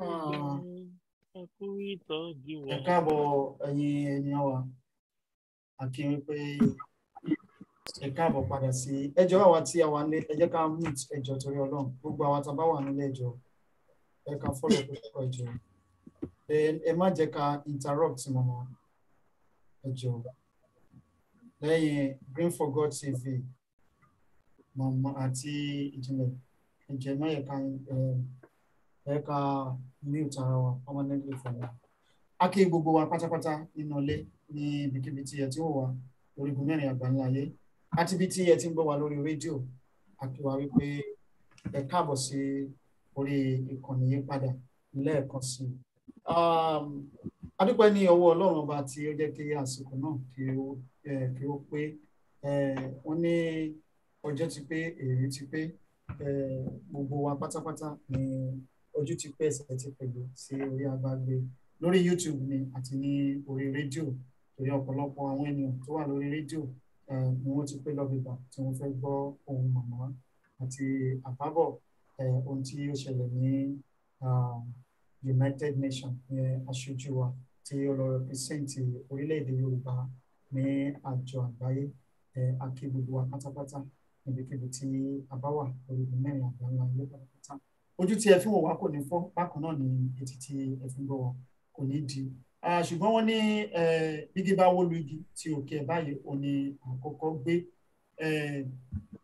Nke ito giwa anyị enyiwa àti wípé padà sí ẹjọ́ àwa tí a wà ní ẹjẹ́ ká mute ẹjọ torí ọlọ́run gbogbo àwa tá a bá wà nílé ẹjọ́ ẹ ká fọ́lọ̀ pẹ̀lú ẹjọ́ ẹ má green for god tv mọ̀mọ́ àti ìjìnlẹ̀ ní ìtara wa permanently for now. a gbogbo wa pátápátá nínú ilé ní ibikíbi tí ẹ ti wò wá orígun mẹ́rin àgbáńlá ayé àti ibi tí ẹ ti ń gbọ́ wa lórí rédíò a kí wa wípé ẹ káàbọ̀ sí orí ìkànnì yìí padà lẹ́ẹ̀kan sí i. a dúpẹ́ ní ọwọ́ ọlọ́run ọba tí ó jẹ́ kí àsìkò náà kí ó pé wọ́n ní ọjọ́ ti pé èrè ti pé gbogbo wa pátápátá ni ojú ti pé ẹsẹ̀ ti pẹ̀lú sí orí agbágbé lórí YouTube ni àti ní orí rédíò torí ọ̀pọ̀lọpọ̀ àwọn ènìyàn tó wà lórí rédíò ni wọ́n ti pé lọ́bìbà tí wọ́n fẹ́ gbọ́ ohun màmá àti àbábọ̀ ohun tí ó ṣẹlẹ̀ ní United Nations ní aṣojú wa tí ó lọ represent orílẹ̀-èdè Yorùbá ní àjọ àgbáyé akí gbogbo wa pátápátá níbikíbi tí a bá wà lórí mẹ́rin àgbáńlá ayé ojú tí ẹ fi wò wá kò ní fọ́ bákan náà ní etí tí ẹ fi gbọ́ wọn kò ní di ṣùgbọ́n wọ́n ní bígí bá wó lu igi tí òkè ẹ̀ báyìí ò ní àkọ́kọ́ gbé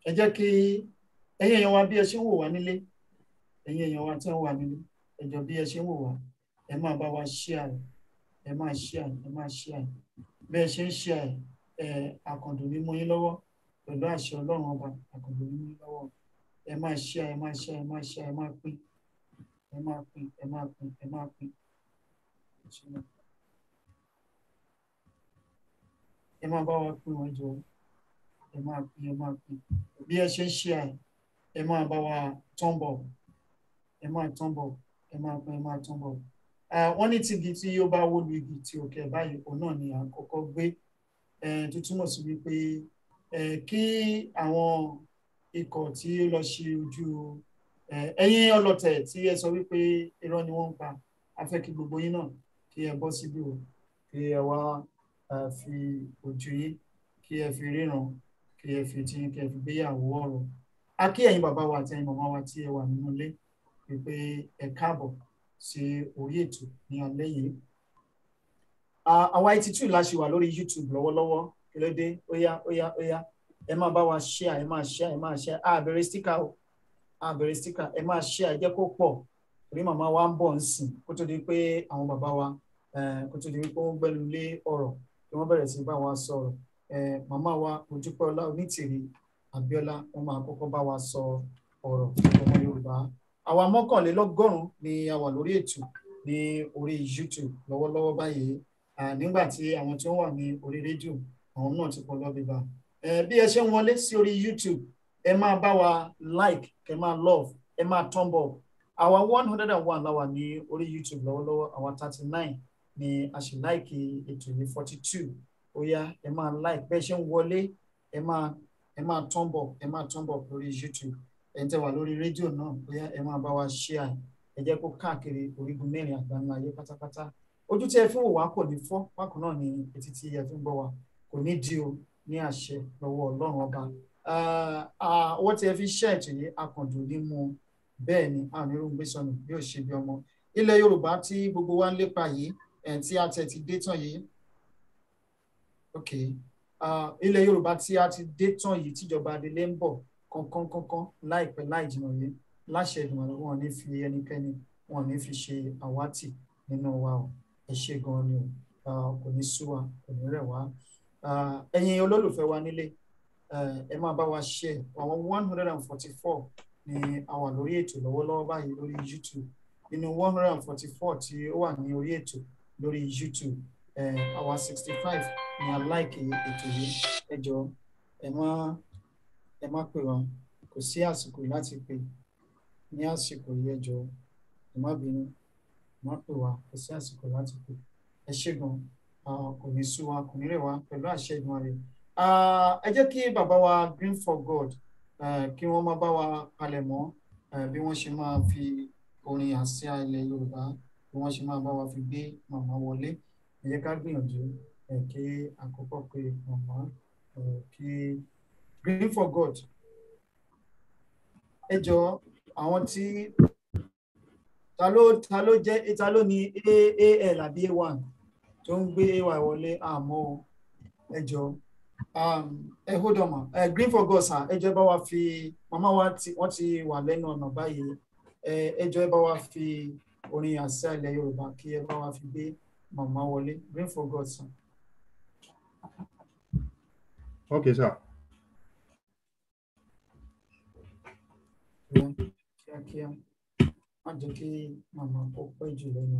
ẹ jẹ́ kí ẹ̀yin èèyàn wa bí ẹ ṣe ń wò wá nílé ẹ̀yin èèyàn wa tí ń wà nílé ẹ bí ẹ ṣe ń wò wá ẹ máa bá wa share ẹ máa share ẹ máa share bẹ́ ẹ ṣe ń share ẹ àkàndùn ní mú yín lọ́wọ́ pẹ̀lú àṣẹ ọlọ́run ọba àkàndùn ní yín lọ́wọ́ ẹ máa ṣe ẹ máa ṣe ẹ máa ṣe ẹ máa pín ẹ máa pín ẹ máa pín ẹ máa pín ẹ máa bá wa pín wọn jọ ẹ máa pín ẹ máa pín bí ẹ ṣe ń ṣe à ẹ máa bá wa tán bọ̀ ẹ máa tán bọ̀ ẹ máa pín ẹ máa tán bọ̀ wọ́n ní tìgì tí yóò bá wó igi tí òkè báyìí òun náà ni à gbé tó túmọ̀ sí wípé kí àwọn ikọ̀ tí ó lọ ṣe ojú ẹ̀yin ọlọ́tẹ̀ tí ẹ sọ wípé irọ́ ni wọ́n ń pa afẹ́ kí gbogbo yín náà kí ẹ bọ́ síbí o kí ẹ wá fi ojú yín kí ẹ fi ríran kí ẹ fi tí kí ẹ fi gbéyàwó ọ̀rọ̀ a kí ẹ̀yin bàbá wa àti ẹ̀yin màmá wa tí ẹ wà nínú ilé wípé ẹ káàbọ̀ sí orí ètò ní alẹ́ yìí àwa eighty la ṣì wà lórí YouTube lọ́wọ́lọ́wọ́ kí ló dé ó yá ó yá ó yá ẹ máa bá wa ṣíà ẹ máa ṣíà ẹ máa ṣíà á bẹ̀rẹ̀ stíkà o á ah, bẹ̀rẹ̀ stíkà ẹ máa ṣíà jẹ́ kó pọ̀ torí màmá wa ń bọ̀ ń sìn kó tó di pé àwọn bàbá wa eh, kó tó di pé wọ́n gbẹ́nu lé ọ̀rọ̀ kí wọ́n bẹ̀rẹ̀ sí bá wa sọ̀rọ̀ eh, màmá wa Mọ́dúpẹ́ọlá Onítìrí Abíọ́lá wọ́n máa kọ́kọ́ bá wa sọ ọ̀rọ̀ ọmọ Yorùbá àwa mọ́kànlélọ́gọ́rùn ni a wà lórí ètò ní orí YouTube lọ́wọ́lọ́wọ́ báyìí ah, nígbà tí àwọn tí wọ́n wà ní orí rédíò àwọn náà ti pọ̀ lọ́bíbá Eh, bí ẹ ṣe ń wọlé sí orí YouTube ẹ máa bá wa like ẹ máa love ẹ máa tọ́ǹbọ̀ àwa one hundred and one láwa ní orí YouTube lọ́wọ́lọ́wọ́ àwa thirty nine ni a sì láìkì ètò ní forty two ó yá ẹ máa like bẹ́ẹ̀ ṣe ń wọlé ẹ máa ẹ máa tọ́ǹbọ̀ ẹ máa tọ́ǹbọ̀ lórí YouTube ẹ ń tẹ wà lórí rédíò náà bóyá ẹ máa bá wa share ẹ jẹ́ kó káàkiri orígun mẹ́rin àgbáńlá ayé pátápátá ojú tí ẹ fi ń kò ní fọ́ bákan náà ni etí tí ẹ fi ń gbọ́ wa kò ní di o ní àṣẹ lọ́wọ́ ọlọ́run ọba owó tí ẹ fi ṣẹ́ ètò yìí akọ̀dùn ní mu bẹ́ẹ̀ ni àmì irúgbé sọnù yóò ṣe bí ọmọ ilẹ̀ yorùbá tí gbogbo wa ń lépa yìí tí a tẹ̀ ti dé tán yìí ok ilẹ̀ yorùbá tí a ti dé tán yìí tíjọba adelé ń bọ̀ kankan kankan láìpẹ́ láì jìnnà yìí láṣẹ ìdùnnà wọn ní fi ẹnikẹ́ni wọn ní fi ṣe àwátì nínú wa ẹ ṣe gan ni o kò ní sú wa kò ní rẹ̀ wá. Ah, ẹ̀yin olólùfẹ́ wa nílé eh, ẹ máa bá wa ṣe àwọn one hundred and forty four ni a wà lórí ètò lọ́wọ́lọ́wọ́ báyìí lórí YouTube nínú one hundred and forty four tí ó wà ní orí ètò lórí YouTube eh, àwa sixty five ni a láìkì ètò yìí ẹ jọ ẹ má ẹ má pè wọn kò sí àsìkò láti pè ní àsìkò yìí ẹ ẹ má bínú ẹ má pè wá kò sí àsìkò láti pè ẹ ṣé gan Ah, kò ní sú wa kò ní rẹ̀ wá pẹ̀lú àṣẹ Èdùmàrè ah, ẹ jẹ́ kí bàbá wa green for god eh, kí wọ́n máa bá wa palẹ̀ mọ́ eh, bí wọ́n ṣe máa fi orin àsíá ilẹ̀ Yorùbá bí wọ́n ṣe máa bá wa fi gbé màmá wọlé ẹ jẹ́ ká gbìyànjú kí àkọ́kọ́ pé màmá kí green for god ẹ jọ àwọn tí ta ló ta ló jẹ́ ta ló ní aal àbí a one tó ń gbé wà wọlé àmọ́ ẹjọ́ um, ẹ hold on ma ẹ green for god sir ẹjọ́ ẹ bá wa fi màmá wa ti wọ́n ti wà lẹ́nu ọ̀nà báyìí ẹjọ́ ẹ bá wa fi orin àṣà ilẹ̀ yorùbá kí ẹ bá wa fi gbé màmá wọlé green for god sir. okay sir. kíákíá má jẹ́ kí màmá kó pẹ́ jù lẹ́nu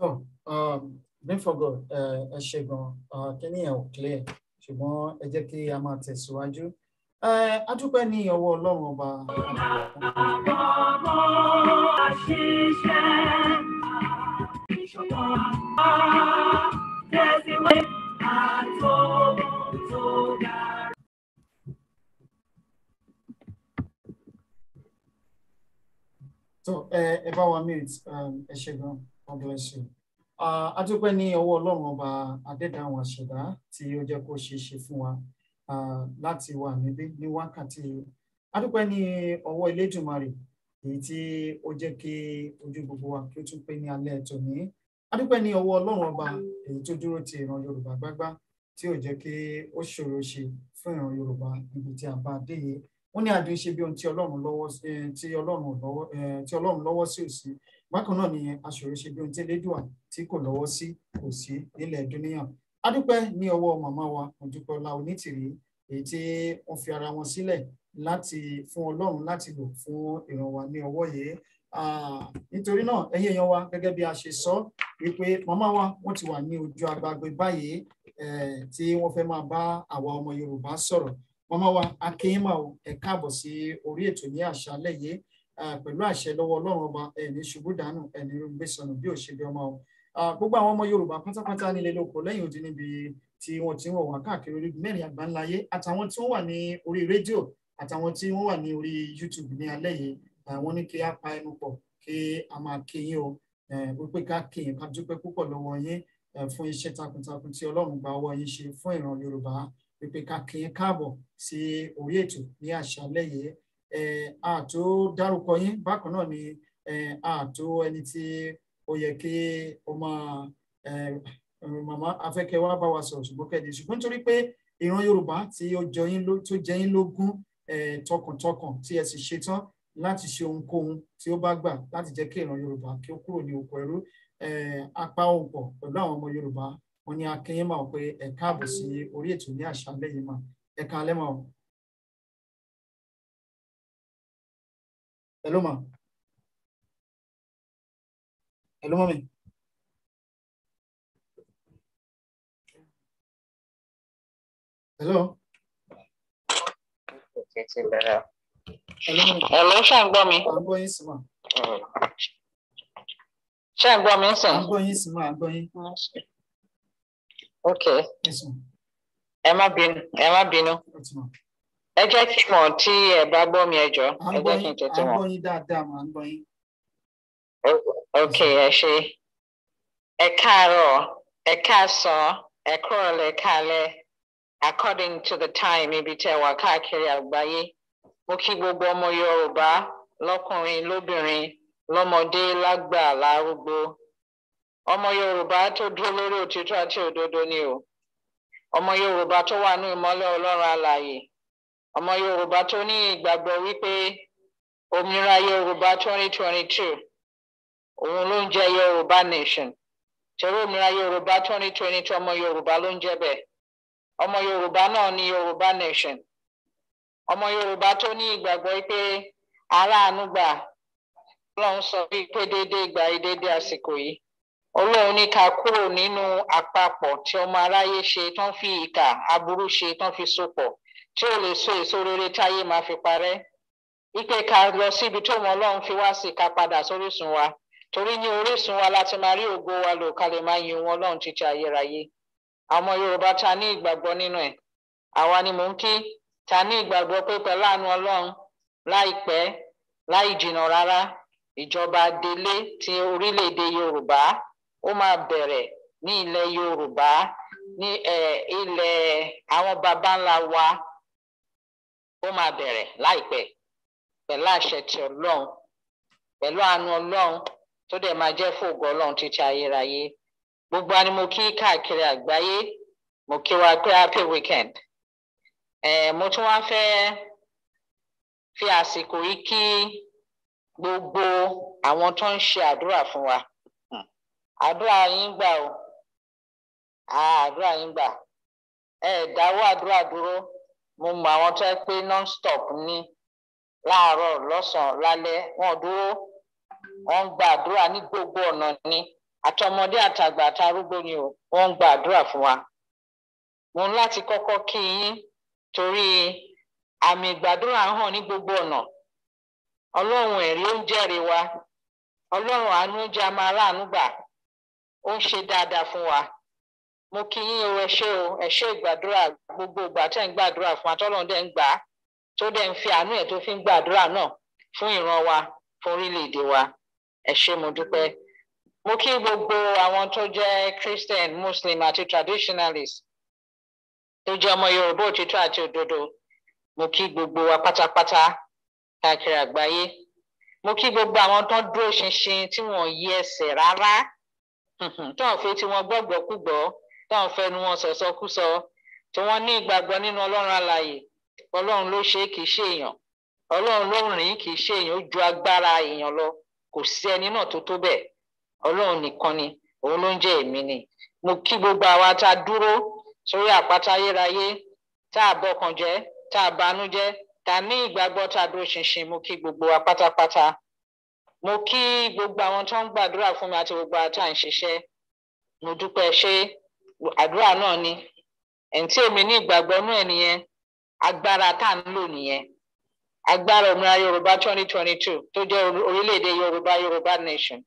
so gbé um, fọgọ uh, ẹ ṣe gan uh, kíní ẹ ò clear ṣùgbọ́n ẹ jẹ́ kí a máa tẹ̀síwájú adúpẹ́ ní ọwọ́ ọlọ́run ọba. àbọ̀bọ̀ àṣìṣe ìṣọ̀kan á tẹ̀síwé àtòkùn so ẹ bá wa mute um, ẹ ṣe gan. God bless you. a dúpẹ́ ní ọwọ́ ọlọ́run ọba adẹ́dá àwọn àṣẹ̀dá tí ó jẹ́ kó ṣe é ṣe fún wa láti wà níbí ní wákàtí a dúpẹ́ ní ọwọ́ Elédùmarè èyí tí ó jẹ́ kí ojú gbogbo wa kí ó tún pé ní alẹ́ tòní a dúpẹ́ ní ọwọ́ ọlọ́run ọba èyí tó dúró ti ìran Yorùbá gbágbá tí ò jẹ́ kí ó ṣòro ṣe fún ìran Yorùbá níbi tí a bá dé yìí wọ́n ní àdúnṣe bí ohun tí ọlọ́run lọ́wọ́ eh, eh, sí bákan náà ni aṣòro ṣe bí ohun tí elédùà tí kò lọ́wọ́ sí kò sí nílẹ̀ dúníyàn adúpẹ́ ní ọwọ́ màmá wa Mọ́júpẹ́ọlá Onítìrí èyí tí wọ́n fi ara wọn sílẹ̀ láti fún Ọlọ́run láti lò fún ìran wa ní ọwọ́ yìí nítorí náà ẹ̀yin èèyàn wa gẹ́gẹ́ bí a ṣe sọ wípé màmá wa wọ́n ti wà ní ojú agbágbé báyìí tí wọ́n fẹ́ máa bá àwa ọmọ Yorùbá sọ̀rọ̀ màmá wa akínyìnmá ẹ káàbọ̀ sí orí ètò ní àṣálẹ́ yìí pẹ̀lú àṣẹ lọ́wọ́ ọlọ́run ọba ẹ̀ní ṣubú dànù ẹ̀ní gbé sọnù bí ò ṣe bí ọmọ o gbogbo àwọn ọmọ yorùbá pátápátá nílé lóko lẹ́yìn odi níbi tí wọ́n ti ń wọ̀ wá káàkiri orí mẹ́rin àgbáńláyé àtàwọn tí wọ́n wà ní orí rédíò àtàwọn tí wọ́n wà ní orí youtube ní alẹ́ yìí àwọn ní kí á pa ẹnu pọ̀ kí a máa kí yín o wípé ká kí yín ká dúpẹ́ púpọ̀ lọ́wọ́ yín fún iṣẹ́ takuntakun tí ọlọ́run gba ọwọ́ yín ṣe fún ìran yorùbá wípé ká kí yín káàbọ̀ sí orí ètò ní àṣálẹ́ yìí àtò dárúkọ yín bákan náà ni àtò ẹni tí ó yẹ kí ó máa màmá afẹ́kẹ́ wá bá wa sọ̀rọ̀ ṣùgbọ́n kẹ́ni ṣùgbọ́n nítorí pé ìran Yorùbá tí ó jẹ yín lógún tọkàntọkàn tí ẹ sì ṣetán láti ṣe ohunkóhun tí ó bá gbà láti jẹ́ kí ìran Yorùbá kí ó kúrò ní oko ẹrú apá òpọ̀ pẹ̀lú àwọn ọmọ Yorùbá wọn ni akínyìn máa pé ẹ káàbọ̀ orí ètò ní àṣálẹ́ yìí mà ẹ káalẹ́ hello ma hello mami. hello. hello ṣé ń gbọ́ mi. à ń gbọ́ yín sí ma. ṣé ń gbọ́ mi sìn. à ń gbọ́ yín sí ma à ń gbọ́ yín. ok ẹ ẹ jẹ́ kí n mọ̀ tí ẹ bá gbọ́ mi ẹ jọ ẹ jẹ́ kí n tètè mọ̀. à ń gbọ́ yín dáadáa mà ń gbọ́ yín. ok ẹ ṣe ẹ káàárọ̀ ẹ káàsán ẹ kúrọ̀lẹ́ kálẹ́ according to the time ibi tẹ́ wà káàkiri àgbáyé mo kí gbogbo ọmọ yorùbá lọ́kùnrin lóbìnrin lọ́mọdé lágbà lárúgbó ọmọ yorùbá tó dúró lórí òtítọ́ àti òdodo ni o ọmọ yorùbá tó wà ní ìmọ́lẹ̀ ọlọ́run alààyè ọmọ yorùbá tó ní ìgbàgbọ́ wípé òmìnira yorùbá twenty two òun ló ń jẹ yorùbá nation tẹ̀rọ òmìnira yorùbá twenty two ọmọ yorùbá ló ń jẹ bẹ́ẹ̀ ọmọ yorùbá náà ní yorùbá nation ọmọ yorùbá tó ní ìgbàgbọ́ wípé aráàánú gbà lọ́n sọ wípé déédéé gba déédéé àsìkò yìí olóhùn ní ká kúrò nínú àpapọ̀ tí ọmọ aráyé ṣe tán fi ìkà aburú ṣe tán fi so tí ó lè so èso rere táyé máa fi parẹ́ ipe ká lọ síbi tó mọ Ọlọ́run fi wá sí ká padà sórísun wa torí ní orísun wa láti máa rí ògo wa lò ká lè máa yin wọn Ọlọ́run títí ayérayé àwọn Yorùbá ta ní ìgbàgbọ́ nínú ẹ̀ àwa ni mò ń kí ta ní ìgbàgbọ́ pé pẹ̀lú Ọlọ́run láìpẹ́ láì jìnnà rárá ìjọba délé ti orílẹ̀-èdè Yorùbá ó máa bẹ̀rẹ̀ ní ilẹ̀ Yorùbá ní ilẹ̀ àwọn baba ńlá wa ó máa bẹ̀rẹ̀ láìpẹ́ pẹ̀lú àṣẹ ti ọlọ́run pẹ̀lú àánú ọlọ́run tó dẹ̀ máa jẹ́ fògo ọlọ́run títí ayérayé gbogbo wa ni mo kí káàkiri àgbáyé mo kí wa pé happy weekend eh, mo tún wá fẹ́ fi àsìkò yìí kí gbogbo àwọn tó ń ṣe àdúrà fún wa hmm. àdúrà yín gbà o àdúrà yín gbà ẹ dáwọ́ àdúrà dúró. mo mọ àwọn tó yẹ pé non-stop ní láàárọ̀ lọ́sàn lálẹ wọn dúró wọn ń gba àdúrà ní gbogbo ọ̀nà ni àtọmọdé àtàgbà àtàrúgbó ni o wọn ń gba àdúrà fún wa. mo ń láti kọ́kọ́ kí yín torí àmì ìgbàdúrà ń hàn ní gbogbo ọ̀nà ọlọ́run ẹ̀rí ó ń jẹ́rìí wa ọlọ́run àánú jẹ́ a máa ráàánú gbà ó ń ṣe dáadáa fún wa. mo kí yín o ẹ ṣé o ẹ ṣé ìgbàdúrà gbogbo ìgbà tẹ́ ń gbàdúrà fún atọ́lọ́run dẹ́ ń gbà á tó dẹ́ ń fi àánú ẹ̀ tó fi ń gbàdúrà náà fún ìran wa fún orílẹ̀-èdè wa ẹ ṣé mo dúpẹ́ mo kí gbogbo àwọn tó jẹ́ Christian Muslim àti traditionalist tó jẹ́ ọmọ Yorùbá òtítọ́ àti òdodo mo kí gbogbo wa pátápátá káàkiri àgbáyé mo kí gbogbo àwọn tó ń dúró ṣinṣin tí wọ́n yí ẹsẹ̀ rárá tó ń fi tí wọ́n gbọ́gbọ́ kúgbọ́ọ́ tá à ń fẹnu wọn sọ̀sọkúsọ tí wọ́n ní ìgbàgbọ́ nínú ọlọ́run alààyè ọlọ́run ló ṣe é kì í ṣe èèyàn ọlọ́run ló rìn kì í ṣe èèyàn ó ju agbára èèyàn lọ kò sí ẹni náà tó tó bẹ́ẹ̀ ọlọ́run nìkan ni òun ló ń jẹ́ èmi ni mo kí gbogbo àwa tá a dúró sórí àpáta ayérayé tá a bọkàn jẹ́ tá a banú jẹ́ tá a ní ìgbàgbọ́ tá a dúró ṣinṣin mo kí gbogbo wa pátápátá mo kí gbogbo àwọn tó ń gbàdúrà fún mi àti gbogbo àtà ń ṣiṣẹ́ mo dúpẹ́ ṣé àdúrà náà ni ẹni tí omi ní ìgbàgbọ́ inú ẹ̀ nìyẹn agbára tá à ń lò nìyẹn agbára òmìnira yorùbá twenty twenty two tó jẹ́ orílẹ̀-èdè yorùbá yorùbá nation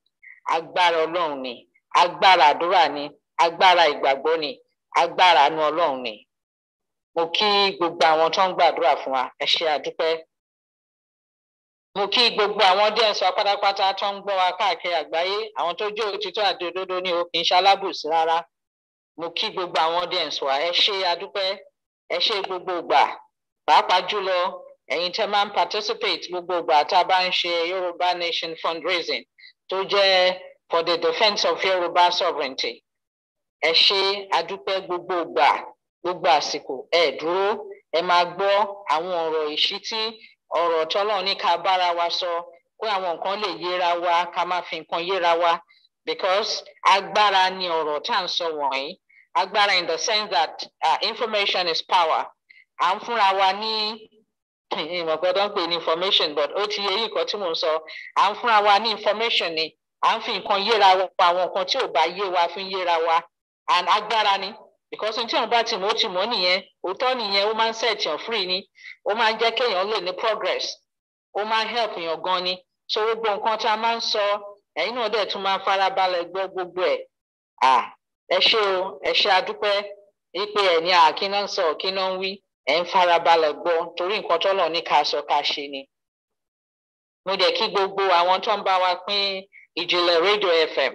agbára ọlọ́run ni agbára àdúrà ni agbára ìgbàgbọ́ ni agbára àánú ọlọ́run ni mo kí gbogbo àwọn tó ń gbàdúrà fún wa ẹ ṣe àdúpẹ́ mo kí gbogbo àwọn díẹ̀ sọ pátápátá tó ń gbọ́ wa káàkiri àgbáyé àwọn tó jẹ́ òtítọ́ àti òdodo ni ò kì í ṣe alábòsí rárá mo kí gbogbo àwọn audience wa ẹ ṣe adúpẹ́ ẹ ṣe gbogbo ìgbà pàápàá jùlọ ẹ̀yin tẹ́ máa ń participate gbogbo ìgbà tá a bá ń ṣe Yorùbá Nation fundraising tó jẹ́ for the defence of Yorùbá sovereignty ẹ ṣe adúpẹ́ gbogbo ìgbà gbogbo àsìkò ẹ dúró ẹ máa gbọ́ àwọn ọ̀rọ̀ ìṣítí ọ̀rọ̀ tọ́lọ́run ní ká bára wa sọ pé àwọn nǹkan lè yéra wa ká má fi nǹkan yéra wa because agbára ni ọ̀rọ̀ tá à ń sọ wọ̀nyí agbára in the sense that uh, information is power à ń fúnra wa ní ìmọ̀ gbọ́dọ̀ ń pè ní information but ó ti yẹ yìí kan tí mò ń sọ à ń fúnra wa ní information ni à ń fi nǹkan yéra wa àwọn nǹkan tí ò bá yé wa fi ń yéra wa and agbára ni because tí wọn bá ti mọ ó ti mọ nìyẹn òótọ́ nìyẹn ó máa ń set yàn free ni ó máa ń jẹ́ kéèyàn lè ní progress ó máa ń help yàn gan ni so gbogbo nǹkan tí a máa ń sọ ẹ̀yin náà dẹ̀ tún máa ń farabalẹ̀ gbọ́ gbogbo ẹ̀ ah ẹ ṣe o ẹ ṣe adúpẹ́ wípé ẹ ní àkínná ń sọ kíná ń wí ẹ ń farabalẹ̀ gbọ́ torí nǹkan tọ́lọ̀ ní ká sọ ká ṣe ni. mo dẹ̀ kí gbogbo àwọn tó ń bá wa pín ìjìnlẹ̀ rédíò fm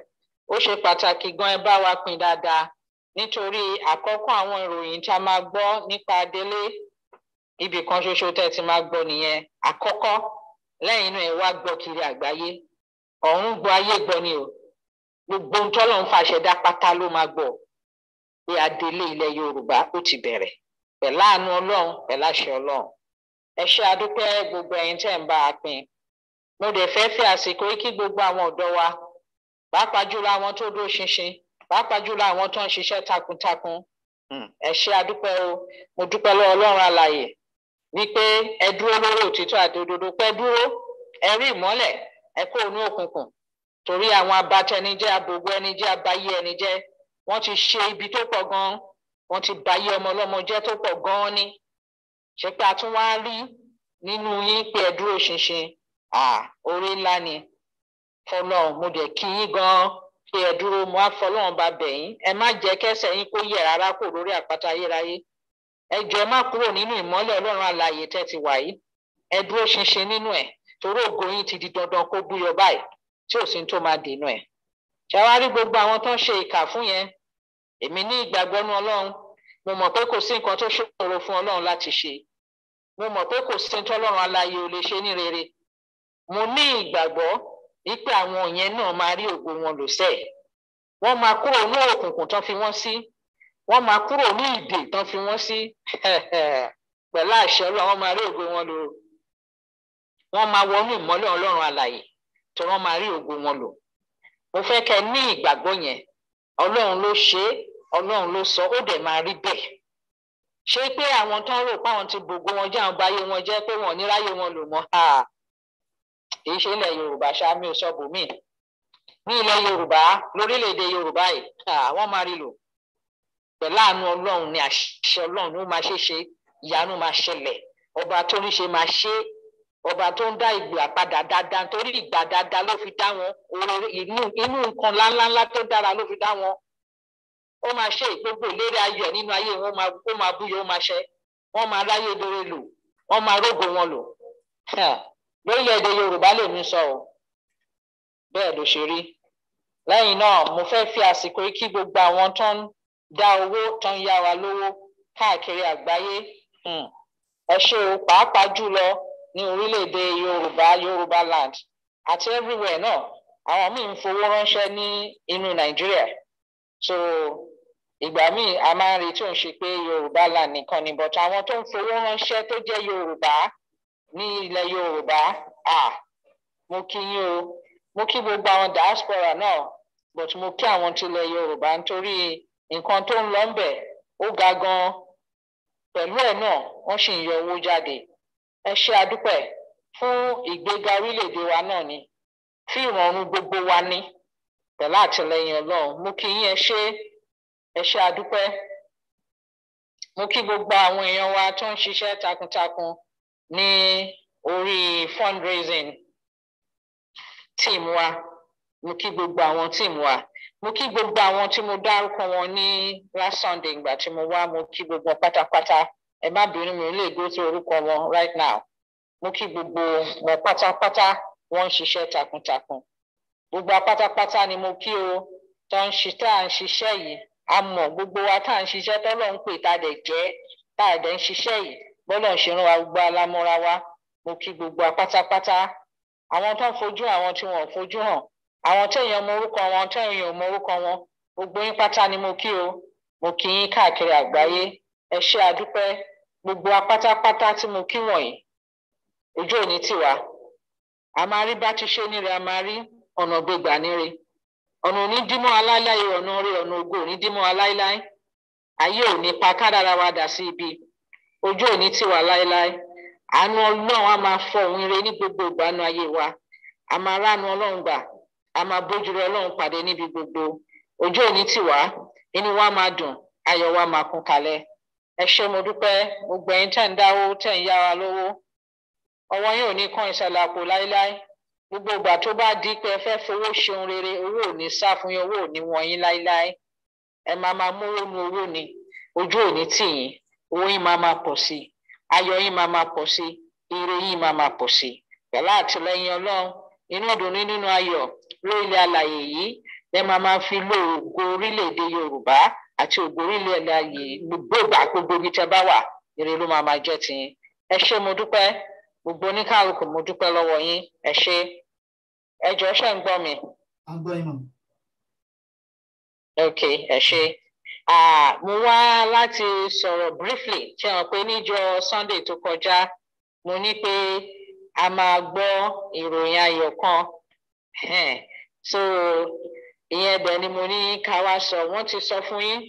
ó ṣe pàtàkì gan ẹ bá wa pín dáadáa nítorí àkọ́kọ́ àwọn ìròyìn tá a máa gbọ́ nípa délé ibì kan ṣoṣo tẹ́ ti máa gbọ́ nìyẹn àkọ́kọ́ lẹ́yìn inú ẹ wá gbọ́ kiri àgbáyé ọ̀run gbọ́ ayé gbọ́ ni o gbogbo ohun tọ́lọ́ ń fàṣẹ dá pátá ló máa gbọ́ pé adelé ilẹ̀ yorùbá ó ti bẹ̀rẹ̀ pẹ̀lá àánú ọlọ́run pẹ̀lá àṣẹ ọlọ́run ẹ ṣe àdúpẹ́ gbogbo ẹ̀yin tẹ́ ń bá a pín mo dẹ̀ fẹ́ fi àsìkò kí gbogbo àwọn ọ̀dọ́ wa pàápàá jùlọ àwọn tó dó ṣinṣin pàápàá jùlọ àwọn tó ń ṣiṣẹ́ takuntakun hmm, ẹ ṣe àdúpẹ́ o mo dúpẹ́ lọ́wọ́ ọlọ́run alààyè wípé ẹ dúró lórí òtítọ́ àti òdodo pẹ́ dúró ẹ rí ìmọ́lẹ̀ ẹ kó inú òkùnkùn torí àwọn abatẹnijẹ́ abogun ẹnijẹ́ abayé ẹnijẹ́ wọ́n ti ṣe ibi tó pọ̀ gan wọ́n ti bayé ọmọ ọlọ́mọ jẹ́ tó pọ̀ gan ni ṣe pé a tún wá rí nínú yín pé ẹ dúró ṣinṣin oore ńlá ni fọlọ mo dẹ̀ kí yín gan pé ẹ dúró mo á fọlọ́run bá bẹ̀ yín ẹ má jẹ́ kẹsẹ̀ yín kó yẹ̀ rárá kò lórí àpáta ayérayé ẹ jọ ẹ má kúrò nínú ìmọ́lẹ̀ ọlọ́run alààyè tẹ́ ti wà yìí ẹ dúró ṣinṣin nínú ẹ̀ torí ògo yín ti di dandan kó búyọ báyìí tí ò sí tó máa dènà ẹ̀ ṣàwárí gbogbo àwọn tó ń ṣe ìkà fún yẹn èmi ní ìgbàgbọ́ nu ọlọ́run mo mọ̀ pé kò sí nǹkan tó ṣòro fún ọlọ́run láti ṣe mo mọ̀ pé kò sí tọ́lọ́run aláyé ò lè ṣe ní rere mo ní ìgbàgbọ́ wípé àwọn yẹn náà máa rí ògo wọn lò sẹ́ẹ̀ wọ́n máa kúrò ní òkùnkùn tán fi wọ́n sí wọ́n máa kúrò ní ìdè tán fi wọ́n sí pẹ̀lú àṣẹ ọlọ́run máa rí ògo wọn lò wọ́n máa wọnú ìmọ́lẹ̀ ọlọ́run alàyè tí wọ́n máa rí ògo wọn lò mo fẹ́ kẹ́ ní ìgbàgbọ́ yẹn ọlọ́run ló ṣe é ọlọ́run ló sọ ó dẹ̀ máa rí bẹ́ẹ̀ ṣé pé àwọn tó ń rò páwọn ti gbogbo wọn jẹ́ àwọn báyé wọn jẹ́ pé wọn ò ní ráyè wọn lò mọ́ èyí ṣe ilẹ̀ yorùbá ṣáàmì òṣọ́bù mi ní ilẹ̀ yorùbá lórílẹ̀‐èdè yorùbá yìí àwọn máa rí lò pẹ̀lú àánú ni àṣẹ ọlọ́run ó máa ṣe ṣe ìyanu máa ṣẹlẹ̀ ọba tó ní ṣe máa ṣe ọba tó ń dá ìgbà padà dáadáa nítorí ìgbà dáadáa ló fi dá wọn inú nǹkan ńláńláńlá tó dára ló fi dá wọn ó máa ṣe ìgbógbó lérí ayọ̀ nínú ayé wọn ó máa búyọ ó máa ṣẹ wọn máa ráyè dóore lò wọn máa rógo wọn lò lórílẹ̀-èdè Yorùbá lèmi sọ o bẹ́ẹ̀ ló ṣe rí lẹ́yìn náà mo fẹ́ fi àsìkò kí gbogbo àwọn tó ń dá owó tó ń yá wa lówó káàkiri àgbáyé ẹ ṣé o pàápàá jùlọ ní orílẹ̀-èdè yorùbá yorùbá land àti everywhere náà àwọn míì ń fowó ránṣẹ́ ní inú nàìjíríà so ìgbà míì a máa ń rí tó ṣe pé yorùbá land nìkan ni but àwọn tó ń fowó ránṣẹ́ tó jẹ́ yorùbá ní ilẹ̀ yorùbá ah mo kí yín o mo kí gbogbo àwọn diaspora náà but mo kí àwọn tilẹ̀ yorùbá nítorí nǹkan tó ń lọ ń bẹ̀ ó ga gan pẹ̀lú ẹ̀ náà wọ́n sì ń yọ owó jáde ẹ ṣe àdúpẹ́ fún ìgbéga orílẹ̀-èdè wa náà ni tí ìrọ̀rùn gbogbo wa ní pẹ̀lú àtìlẹyìn ọlọ́run mo kí yín ẹ ṣe ẹ àdúpẹ́ mo kí gbogbo àwọn èèyàn wa tó ń ṣiṣẹ́ takuntakun ní orí fundraising team wa mo kí gbogbo àwọn team wa mo kí gbogbo àwọn tí mo dárúkọ wọn ní last sunday ìgbà tí mo wá mo kí gbogbo pátápátá ẹ má bínú mi ò lè gbé sí orúkọ wọn right now mo kí gbogbo wọn pátápátá wọn ń ṣiṣẹ́ takuntakun gbogbo apátápátá ni mo kí o tó ń ṣe tá à ń ṣiṣẹ́ yìí a mọ̀ gbogbo wa tá à ń ṣiṣẹ́ tọ́lọ̀ ń pè tá a dẹ̀ jẹ́ tá a dẹ̀ ń ṣiṣẹ́ yìí bọ́lọ̀ ń ṣe rán wa gbogbo alámúra wa mo kí gbogbo apátápátá àwọn tó ń fojú àwọn tí wọn ò fojú hàn àwọn téèyàn mọ orúkọ wọn téèyàn mọ orúkọ wọn gbogbo yín pátá ni mo kí o mo kí yín káàkiri àgbáyé ẹ ṣé àdúpẹ́ gbogbo apátápátá tí mo kí wọ̀nyí ọjọ́ òní tiwa a máa rí bá ti ṣe níre a máa rí ọ̀nà gbégbà níre ọ̀nà òní dímọ́ aláìláyé ọ̀nà orí ọ̀nà ògo òní dímọ́ aláìláyé ayé òní pa kádàrá wa dà sí ibi ọjọ́ òní tiwa láéláé àánú ọlọ́run a máa fọ òun ire ní gbogbo ìgbàanú ayé wa a máa ránu ọlọ́run gbà a máa bójú rẹ ọlọ́run pàdé níbi gbogbo ọjọ́ òní tiwa inú wa máa dùn ayọ̀ wa máa kún kalẹ̀ ẹ ṣé mo dúpẹ́ gbogbo ẹ̀yin tẹ́ ń dáwó tẹ́ ń yára lówó ọwọ́ yín ò ní kan ìsàlẹ̀ àpò láéláé gbogbo ìgbà tó bá di pé ẹ fẹ́ fowó ṣeun rere owó ò ní sá fún yín owó ò ní wọ̀n yín láéláé ẹ máa máa mówó nu owó ni ojú ò ní tì yín owó yín máa máa pọ̀ sí i ayọ̀ yín máa máa pọ̀ sí i ire yín máa máa pọ̀ sí i pẹ̀lú àtìlẹyìn ọlọ́run inú ìdùnnú nínú ayọ̀ lórílẹ̀ àlàyé yìí ẹ máa máa fi lo ògo yorùbá àti ògo orílẹ̀ èdè ayé gbogbo ìgbà gbogbo ibi tẹ́ bá wà ire ló máa máa jẹ́ tiyín ẹ ṣé mo dúpẹ́ gbogbo oníkàlùkù mo dúpẹ́ lọ́wọ́ yín ẹ ṣé ẹ jọ ṣe ń gbọ́ mi. ok ẹ ṣé mo wá láti sọ̀rọ̀ briefly ṣe hàn pé níjọ́ sunday tó kọjá mo ní pé a máa gbọ́ ìròyìn ayọ̀ kan so ìyẹn dẹ̀ ni mo ní ká wá sọ wọ́n ti sọ fún yín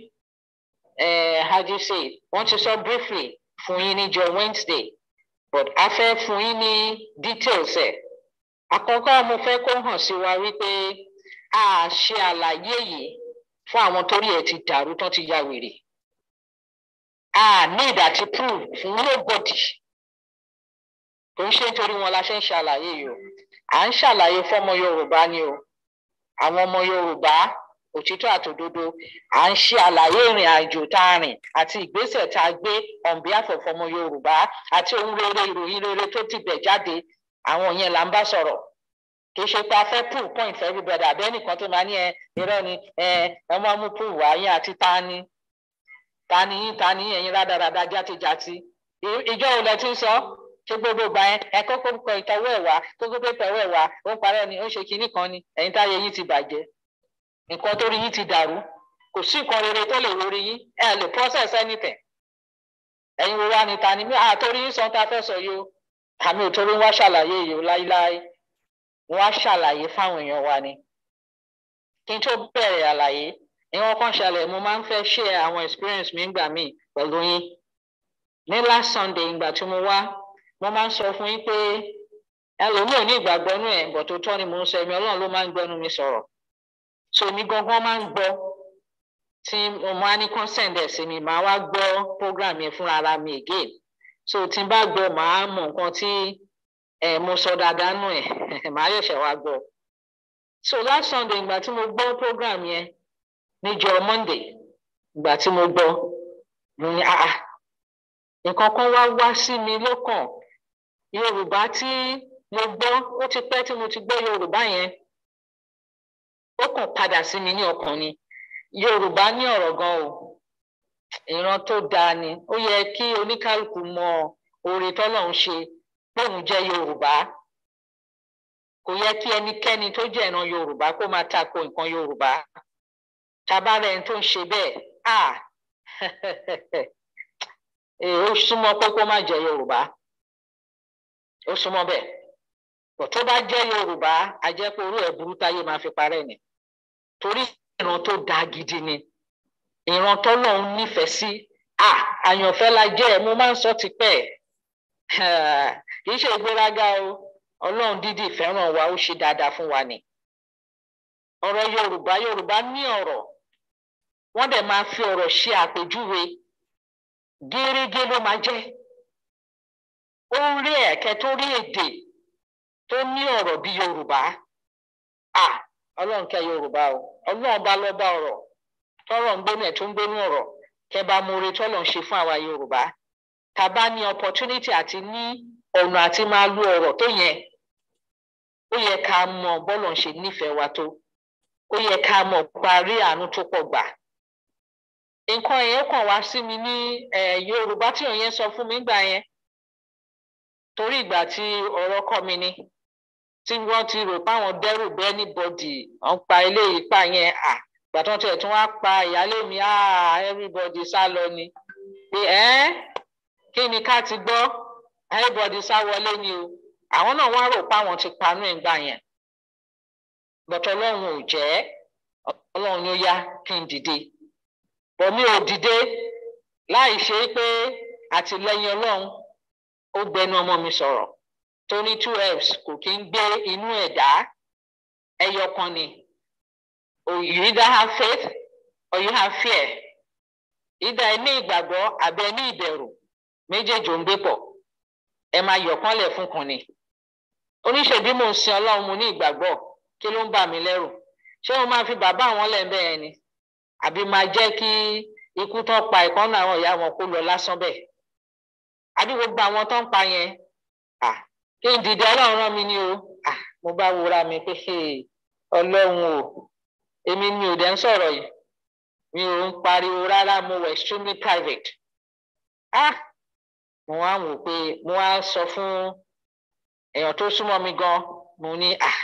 eh, how do you say wọ́n ti sọ briefly fún yín níjọ Wednesday but a fẹ́ fún yín ní details ẹ̀ àkọ́kọ́ mo fẹ́ kó hàn sí wa wípé a ṣe àlàyé yìí fún àwọn torí ẹ̀ ti dàrú tán ti ya wèrè a need àti prove fún nobody kò ń ṣe nítorí wọn la ṣe ń ṣàlàyé yìí o à ń ṣàlàyé fọmọ Yorùbá ni o àwọn ọmọ yorùbá òtítọ́ àtòdodo à ń ṣe àlàyé ìrìn àjò tá a rìn àti ìgbésẹ̀ tá a gbé on behalf of ọmọ yorùbá àti ohun rere ìròyìn rere tó ti bẹ̀ jáde àwọn yẹn là ń bá sọ̀rọ̀ kì í ṣe pé a fẹ́ pull point for everybody àbẹ́ nìkan tó máa ní ẹ irọ́ ni ẹ ẹ mú pull wá yín àti ta ni ta ni yín ta ni yín ẹ̀yin rádaràda játijáti ìjọ òun lẹ ti ń sọ ṣe gbogbo ìgbà yẹn ẹ kókó kọ ìtọwọ́ ẹ̀ wá kókó pépà ẹ̀wọ́ ẹ̀ wá ó parẹ́ ni ó ṣe kinní kan ni ẹ̀yin táyé yín ti bàjẹ́ nǹkan tó rí yín ti dàrú kò sí nǹkan rere tó lè wọrí yín ẹ lè process anything ẹ̀yin wo wá ni ta ni mí àtòrí yín sọ́n ta fẹ́ sọ yìí o àmì òtórí wá ṣàlàyé yìí o láíláí wọ́n ṣàlàyé fáwọn èèyàn wa ni kí n tó bẹ̀rẹ̀ àlàyé ìwọ̀n kan ṣàlẹ̀ mo máa ń fẹ́ share àwọn experience mi ńgbà míì pẹ̀lú yín ní last Sunday ìgbà tí mo wá mo máa ń sọ fún yín pé ẹlòmíì ò ní ìgbàgbọ́ nú ẹ̀ bọ̀ tó tọ́ ni mo ń sọ ẹ̀mí ọlọ́run ló máa ń gbẹ́nu mi sọ̀rọ̀ so mi gangan máa ń gbọ́ tí mo máa ní consent ẹ̀ sí mi màá wá gbọ́ program yẹn fúnra ara mi again so tí n bá gbọ́ màá mọ nǹkan tí ẹ̀ mo sọ dáadáa nú ẹ̀ màá yẹ̀ṣẹ̀ wá gbọ́ so last Sunday ìgbà tí mo gbọ́ program yẹn níjọ́ Monday ìgbà tí mo gbọ́ ní ah nǹkan kan wá wá sí mi lọ́kàn yorùbá tí mo gbọ́ ó ti pẹ́ tí mo ti gbọ́ yorùbá yẹn ó kàn padà sí mi ní ọkàn ni yorùbá ní ọ̀rọ̀ gan o ìran tó dáa ni ó yẹ kí oníkálukú mọ oore tọ́lọ́run ṣe bóun jẹ́ yorùbá kò yẹ kí ẹnikẹ́ni tó jẹ́ ìran yorùbá kó máa tako nǹkan yorùbá tabarẹ tó ń ṣe bẹ́ẹ̀ a eh, ó súnmọ́ pé kó má jẹ́ yorùbá ó súnmọ́ bẹ́ẹ̀ bọ̀ tó bá jẹ́ yorùbá a jẹ́ pé orú ẹ̀ burú táyé máa fi parẹ́ ni torí ìran tó dáa gidi ni ìran tọ́lọ́run nífẹ̀ẹ́ sí à àyànfẹ́ la jẹ́ ẹ̀ mo máa ń sọ tipẹ́ ẹ̀ kì í ṣe ìgbéraga o ọlọ́run dídì fẹ́ràn wa ó ṣe dáadáa fún wa ni ọ̀rọ̀ yorùbá yorùbá ní ọ̀rọ̀ wọ́n dẹ̀ máa fi ọ̀rọ̀ ṣe àpèjúwe gérégé ló máa jẹ́ orí ẹ̀kẹ́ tó rí èdè tó ní ọ̀rọ̀ bí yorùbá à ọlọ́run kẹ́ yorùbá o ọlọ́run bá lọ́ ọ̀rọ̀ tọ́rọ̀ ń gbónú ẹ̀ tó ń gbónú ọ̀rọ̀ kẹ́ bá múre tọ́lọ̀ ń ṣe fún àwa yorùbá tá bá ní opportunity àti ní ọ̀nà àti máa lo ọ̀rọ̀ tó yẹn. ó yẹ ká mọ bọ́lọ̀ ń ṣe nífẹ̀ẹ́ wa tó ó yẹ ká mọ parí àánú tó pọ̀ gbà nǹkan yẹn kàn wá sí mi ní yorùbá tí òun yẹn sọ fún mi gbà yẹn torí ìgbà tí ọ̀rọ̀ kọ́ mi ni tí wọ́n ti rò páwọn dẹ́rù bẹ́ẹ̀ níbọ̀dì wọ́n pa eléyìí pa yẹn à ìgbà tí wọ́n pa ìyáálé mi à everybody sá lọ ni pé ẹ́ kí ni ká ti gbọ́ everybody sá wọlé ni o àwọn náà wá rò páwọn ti panú ìgbà yẹn bọ̀tọ̀ ọlọ́run ò jẹ́ ọlọ́run ló yá kí n dìde bọ̀ ò dìde láì ṣe pé àtìlẹ́yìn ọlọ́run ó gbẹnu ọmọ mi sọ̀rọ̀ tony ní two f's kò kí ń gbé inú dá ẹyọ kan ni oh, you either have faith or you have fear either ẹ ní ìgbàgbọ́ àbí ẹ ní ìbẹ̀rù méjèèjì ò ń gbé pọ̀ ẹ máa yọ̀ kánlẹ̀ fún kan ni oníṣèbí mò ń sin ọlọ́run mo ní ìgbàgbọ́ kí ló ń bà mí lẹ́rù ṣé mo máa fi bàbá àwọn lẹ́ẹ̀bẹ̀ yẹn ni àbí máa jẹ́ kí ikú tán pa ìkànnì àwọn ìyá wọn kó lọ lásán bẹ́ẹ̀ àbí gbogbo àwọn tó ń pa yẹn kí n dìde ọlọ́run rán mi ni o mo bá wúra mi pé ọlọ́run o èmi ni ò dẹ́ ń sọ̀rọ̀ yìí mi ò ń pariwo rárá mo wà extremely private ah mo wá wò pé mo wá sọ fún èèyàn tó súnmọ́ mi gan mo ní ah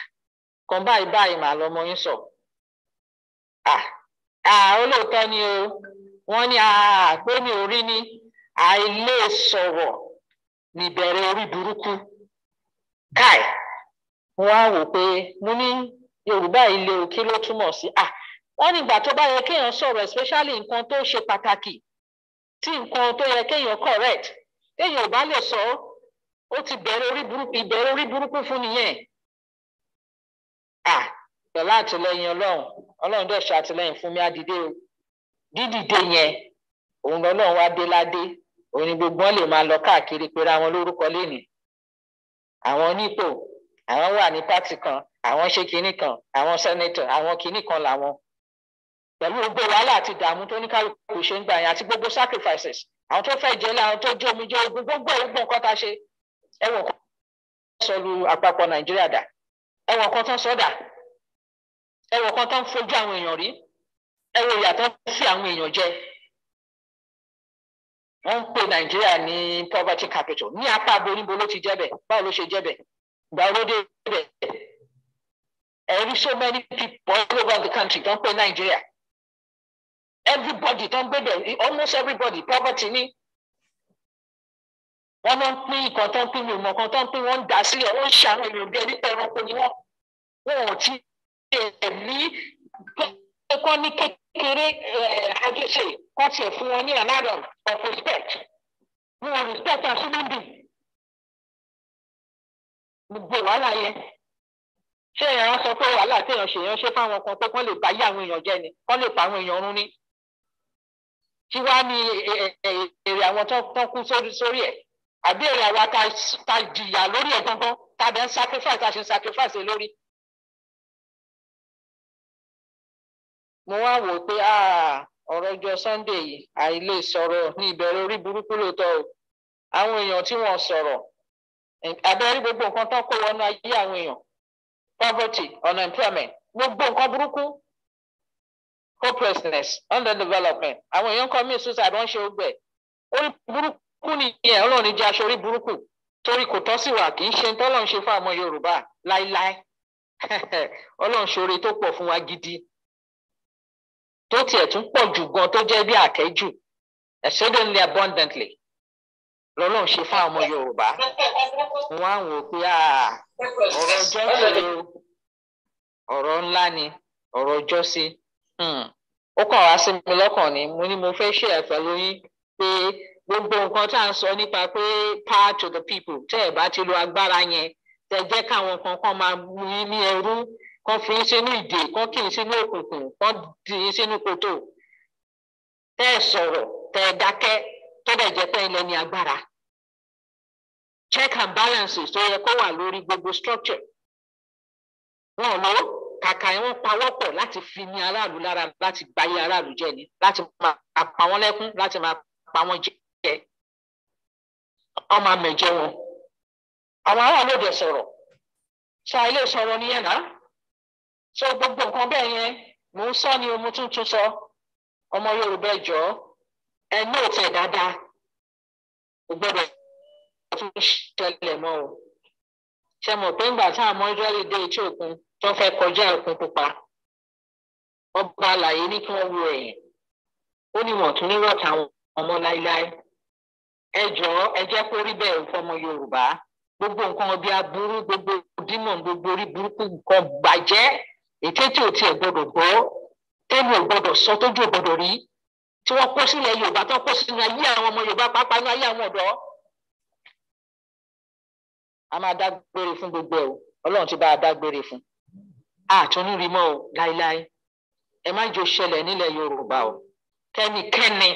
kan báyìí báyìí màá lọ́mọ yín sọ ah ah olóòótọ́ ni o wọ́n ní ah pé mi ò rí ni àìlè sọ̀rọ̀ níbẹ̀rẹ̀ orí burúkú káì mo wá wò pé mo ní yorùbá ilé o kí ló túmọ̀ sí wọ́n ní ìgbà tó bá yẹ kéèyàn sọ̀rọ̀ especially nǹkan tó ṣe pàtàkì tí nǹkan tó yẹ kéèyàn correct kéèyàn ò bá lè sọ ó ti bẹ̀rẹ̀ orí burúkú ìbẹ̀rẹ̀ orí burúkú fún nìyẹn à pẹ̀lú àtìlẹyìn ọlọ́run ọlọ́run dẹ̀ ṣàtìlẹyìn fún mi á o dídìde yẹn òun lọ́lọ́run wá dé ládé òní gbogbo wọn lè máa lọ káàkiri pera wọn lórúkọ lẹ́nì àwọn onípò àwọn wà ní pátì kan àwọn ṣe kinní kan àwọn sẹ́nẹ́tọ̀ àwọn kinní kan làwọn pẹ̀lú gbogbo wàhálà àti ìdààmú tó ní ṣe ń gbà yẹn àti gbogbo sacrifices àwọn tó fẹ́ jẹ́ láwọn tó jẹ́ omijé ogun gbogbo ìgbò nǹkan tá a ṣe ẹ̀wọ̀n kan sọ lu àpapọ̀ nàìjíríà dà ẹ̀wọ̀n kan tán sọ́dà ẹ̀wọ̀n kan tán fojú àwọn èèyàn rí ẹ̀wọ̀n ìyà tán àwọn èèyàn jẹ wọ́n ń pè nàìjíríà ní poverty capital ní apá aboríbo ló ti jẹ́ bẹ̀ báwo ló ṣe jẹ́ bẹ̀ gbà ló so many people all over the country tó ń pè everybody tó ń almost everybody poverty ni. wọ́n ló ń pín nǹkan tó ń pín mi mọ̀ kan tó ń pín wọ́n ń dà sílẹ̀ wọ́n ń ṣàwọn èèyàn bí ẹni pẹ̀lú ọkọ ni wọ́n wọn ò tí ì ní kọ́ ní kékeré eré eh, àjọṣe wọ́n ti fún wọn ní anadol of respect wọn ò respect as human being gbogbo wàhálà yẹn ṣé èèyàn sọ pé wàhálà téèyàn ṣe èèyàn ṣe fáwọn kan pé kán lè bá yé àwọn èèyàn jẹ ni kán lè pa àwọn èèyàn run ni tí wàá ní èrè àwọn tó kú sórí ẹ̀ àbí èrè àwa ta jìyà lórí ẹ̀ gangan tàbí ń sacrifice ta ṣe ń sacrifice lórí mo wá wò pé ah, ọ̀rọ̀ ọjọ́ sunday yìí àìlè sọ̀rọ̀ ní ìbẹ̀rẹ̀ orí burúkú lóòótọ́ o àwọn èèyàn tí wọ́n sọ̀rọ̀ abẹ́rẹ́ gbogbo nǹkan tán kó wọnú ayé àwọn èèyàn poverty unemployment gbogbo nǹkan burúkú hopelessness underdevelopment àwọn èèyàn kan mí suicide wọ́n ṣe ogbẹ́ orí burúkú nìyẹn ọlọ́run ní jẹ́ aṣọ orí burúkú torí kò tọ́ sí wa kì í ṣe tọ́lọ́run ṣe fún àwọn yorùbá láíláí ọlọ́run ṣoore tó pọ̀ fún wa gidi tó tiẹ̀ tún pọ̀ jù gan tó jẹ́ bí àkẹ́jù exceedingly abundantly lọ́lọ́run ṣe fún àwọn ọmọ Yorùbá wọn á wò pé ọ̀rọ̀ ọjọ́ ìṣòro ọ̀rọ̀ ńlá ni ọ̀rọ̀ ọjọ́ sí hmm. ó kàn wá sí mi lọ́kàn ni mo ní mo fẹ́ ṣe ẹ̀fẹ́ lóyún pé gbogbo nǹkan tá à ń sọ nípa pé power to the people tẹ́ ẹ̀ bá ti lo agbára yẹn tẹ́ jẹ́ káwọn kankan máa mú ní ẹrú kọ́ fi ń sínú ìdè kọ́ kì í sínú òkùnkùn kọ́ dì í sínú kòtò tẹ́ ẹ sọ̀rọ̀ tẹ́ ẹ dákẹ́ tó dẹ̀ jẹ́ pé ilẹ̀ agbára check and balances tó yẹ kó wà lórí gbogbo structure wọn ló kàkà wọn pawọ́pọ̀ láti fi ní aráàlú lára láti gbayé aráàlú jẹ ni láti máa pa wọ́n lẹ́kún láti máa pa wọ́n jẹ ọmọ amẹjẹ wọn àwọn aráàlú ò dẹ̀ sọ̀rọ̀ sọ ilé sọ̀rọ̀ nìyẹn náà so gbogbo nǹkan bẹ́ẹ̀ yẹn mò ń sọ ni mo tún tún sọ ọmọ Yorùbá ẹjọ ẹ ní òtẹ dáadáa kò gbọdọ̀ tún ṣẹlẹ̀ mọ́ o ṣe mọ̀ pé ńgbà tá a mọ Ísírẹ́lì dé etí òkun tó fẹ́ kọjá òkun pupa ọba àlàyé ní kí wọ́n wo ẹ̀yìn ó ní wọ́n tún ní rọ̀tà àwọn ọmọ láíláí ẹ jọ̀ọ́ ẹ jẹ́ kó rí bẹ́ẹ̀ fọmọ Yorùbá gbogbo nǹkan ọbẹ̀ aburú gbogbo dímọ̀ gbogbo orí burúkú nǹkan bàjẹ́ èké tí ò tiẹ̀ gbọdọ̀ gbọ́ tẹ́lẹ̀ ò gbọdọ̀ sọ tójú ò gbọdọ̀ rí tí wọ́n kó sílẹ̀ yorùbá tó kó sínú ayé àwọn ọmọ yorùbá pàápàá ní ayé àwọn ọ̀dọ́. a máa dágbére fún gbogbo ẹ o ọlọ́run ti bá a dágbére fún àtúnú rí mọ́ o láéláé ẹ má jò ṣẹlẹ̀ nílẹ̀ yorùbá o kẹ́nikẹ́ni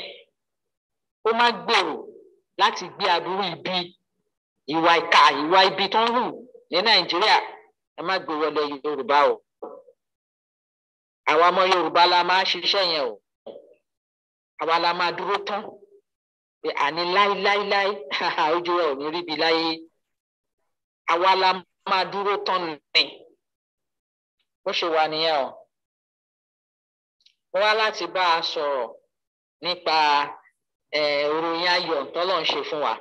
ó má gbèrò láti gbé àdúrú ibi ìwà ìkà ìwà ibi tó ń hù ní nàìjíríà ẹ má gbèrò ọlẹ̀ yorùbá o àwa ọmọ yorùbá la máa ṣiṣẹ́ yẹn o àwa la máa dúró tán pé àní láíláíláí ojú ẹ ò ní ríbi láyé àwa la máa dúró tán ni bó ṣe wà nìyẹn o mo wá láti bá a sọ̀rọ̀ nípa ìròyìn ayọ̀ tọ́lọ̀ ń ṣe fún wa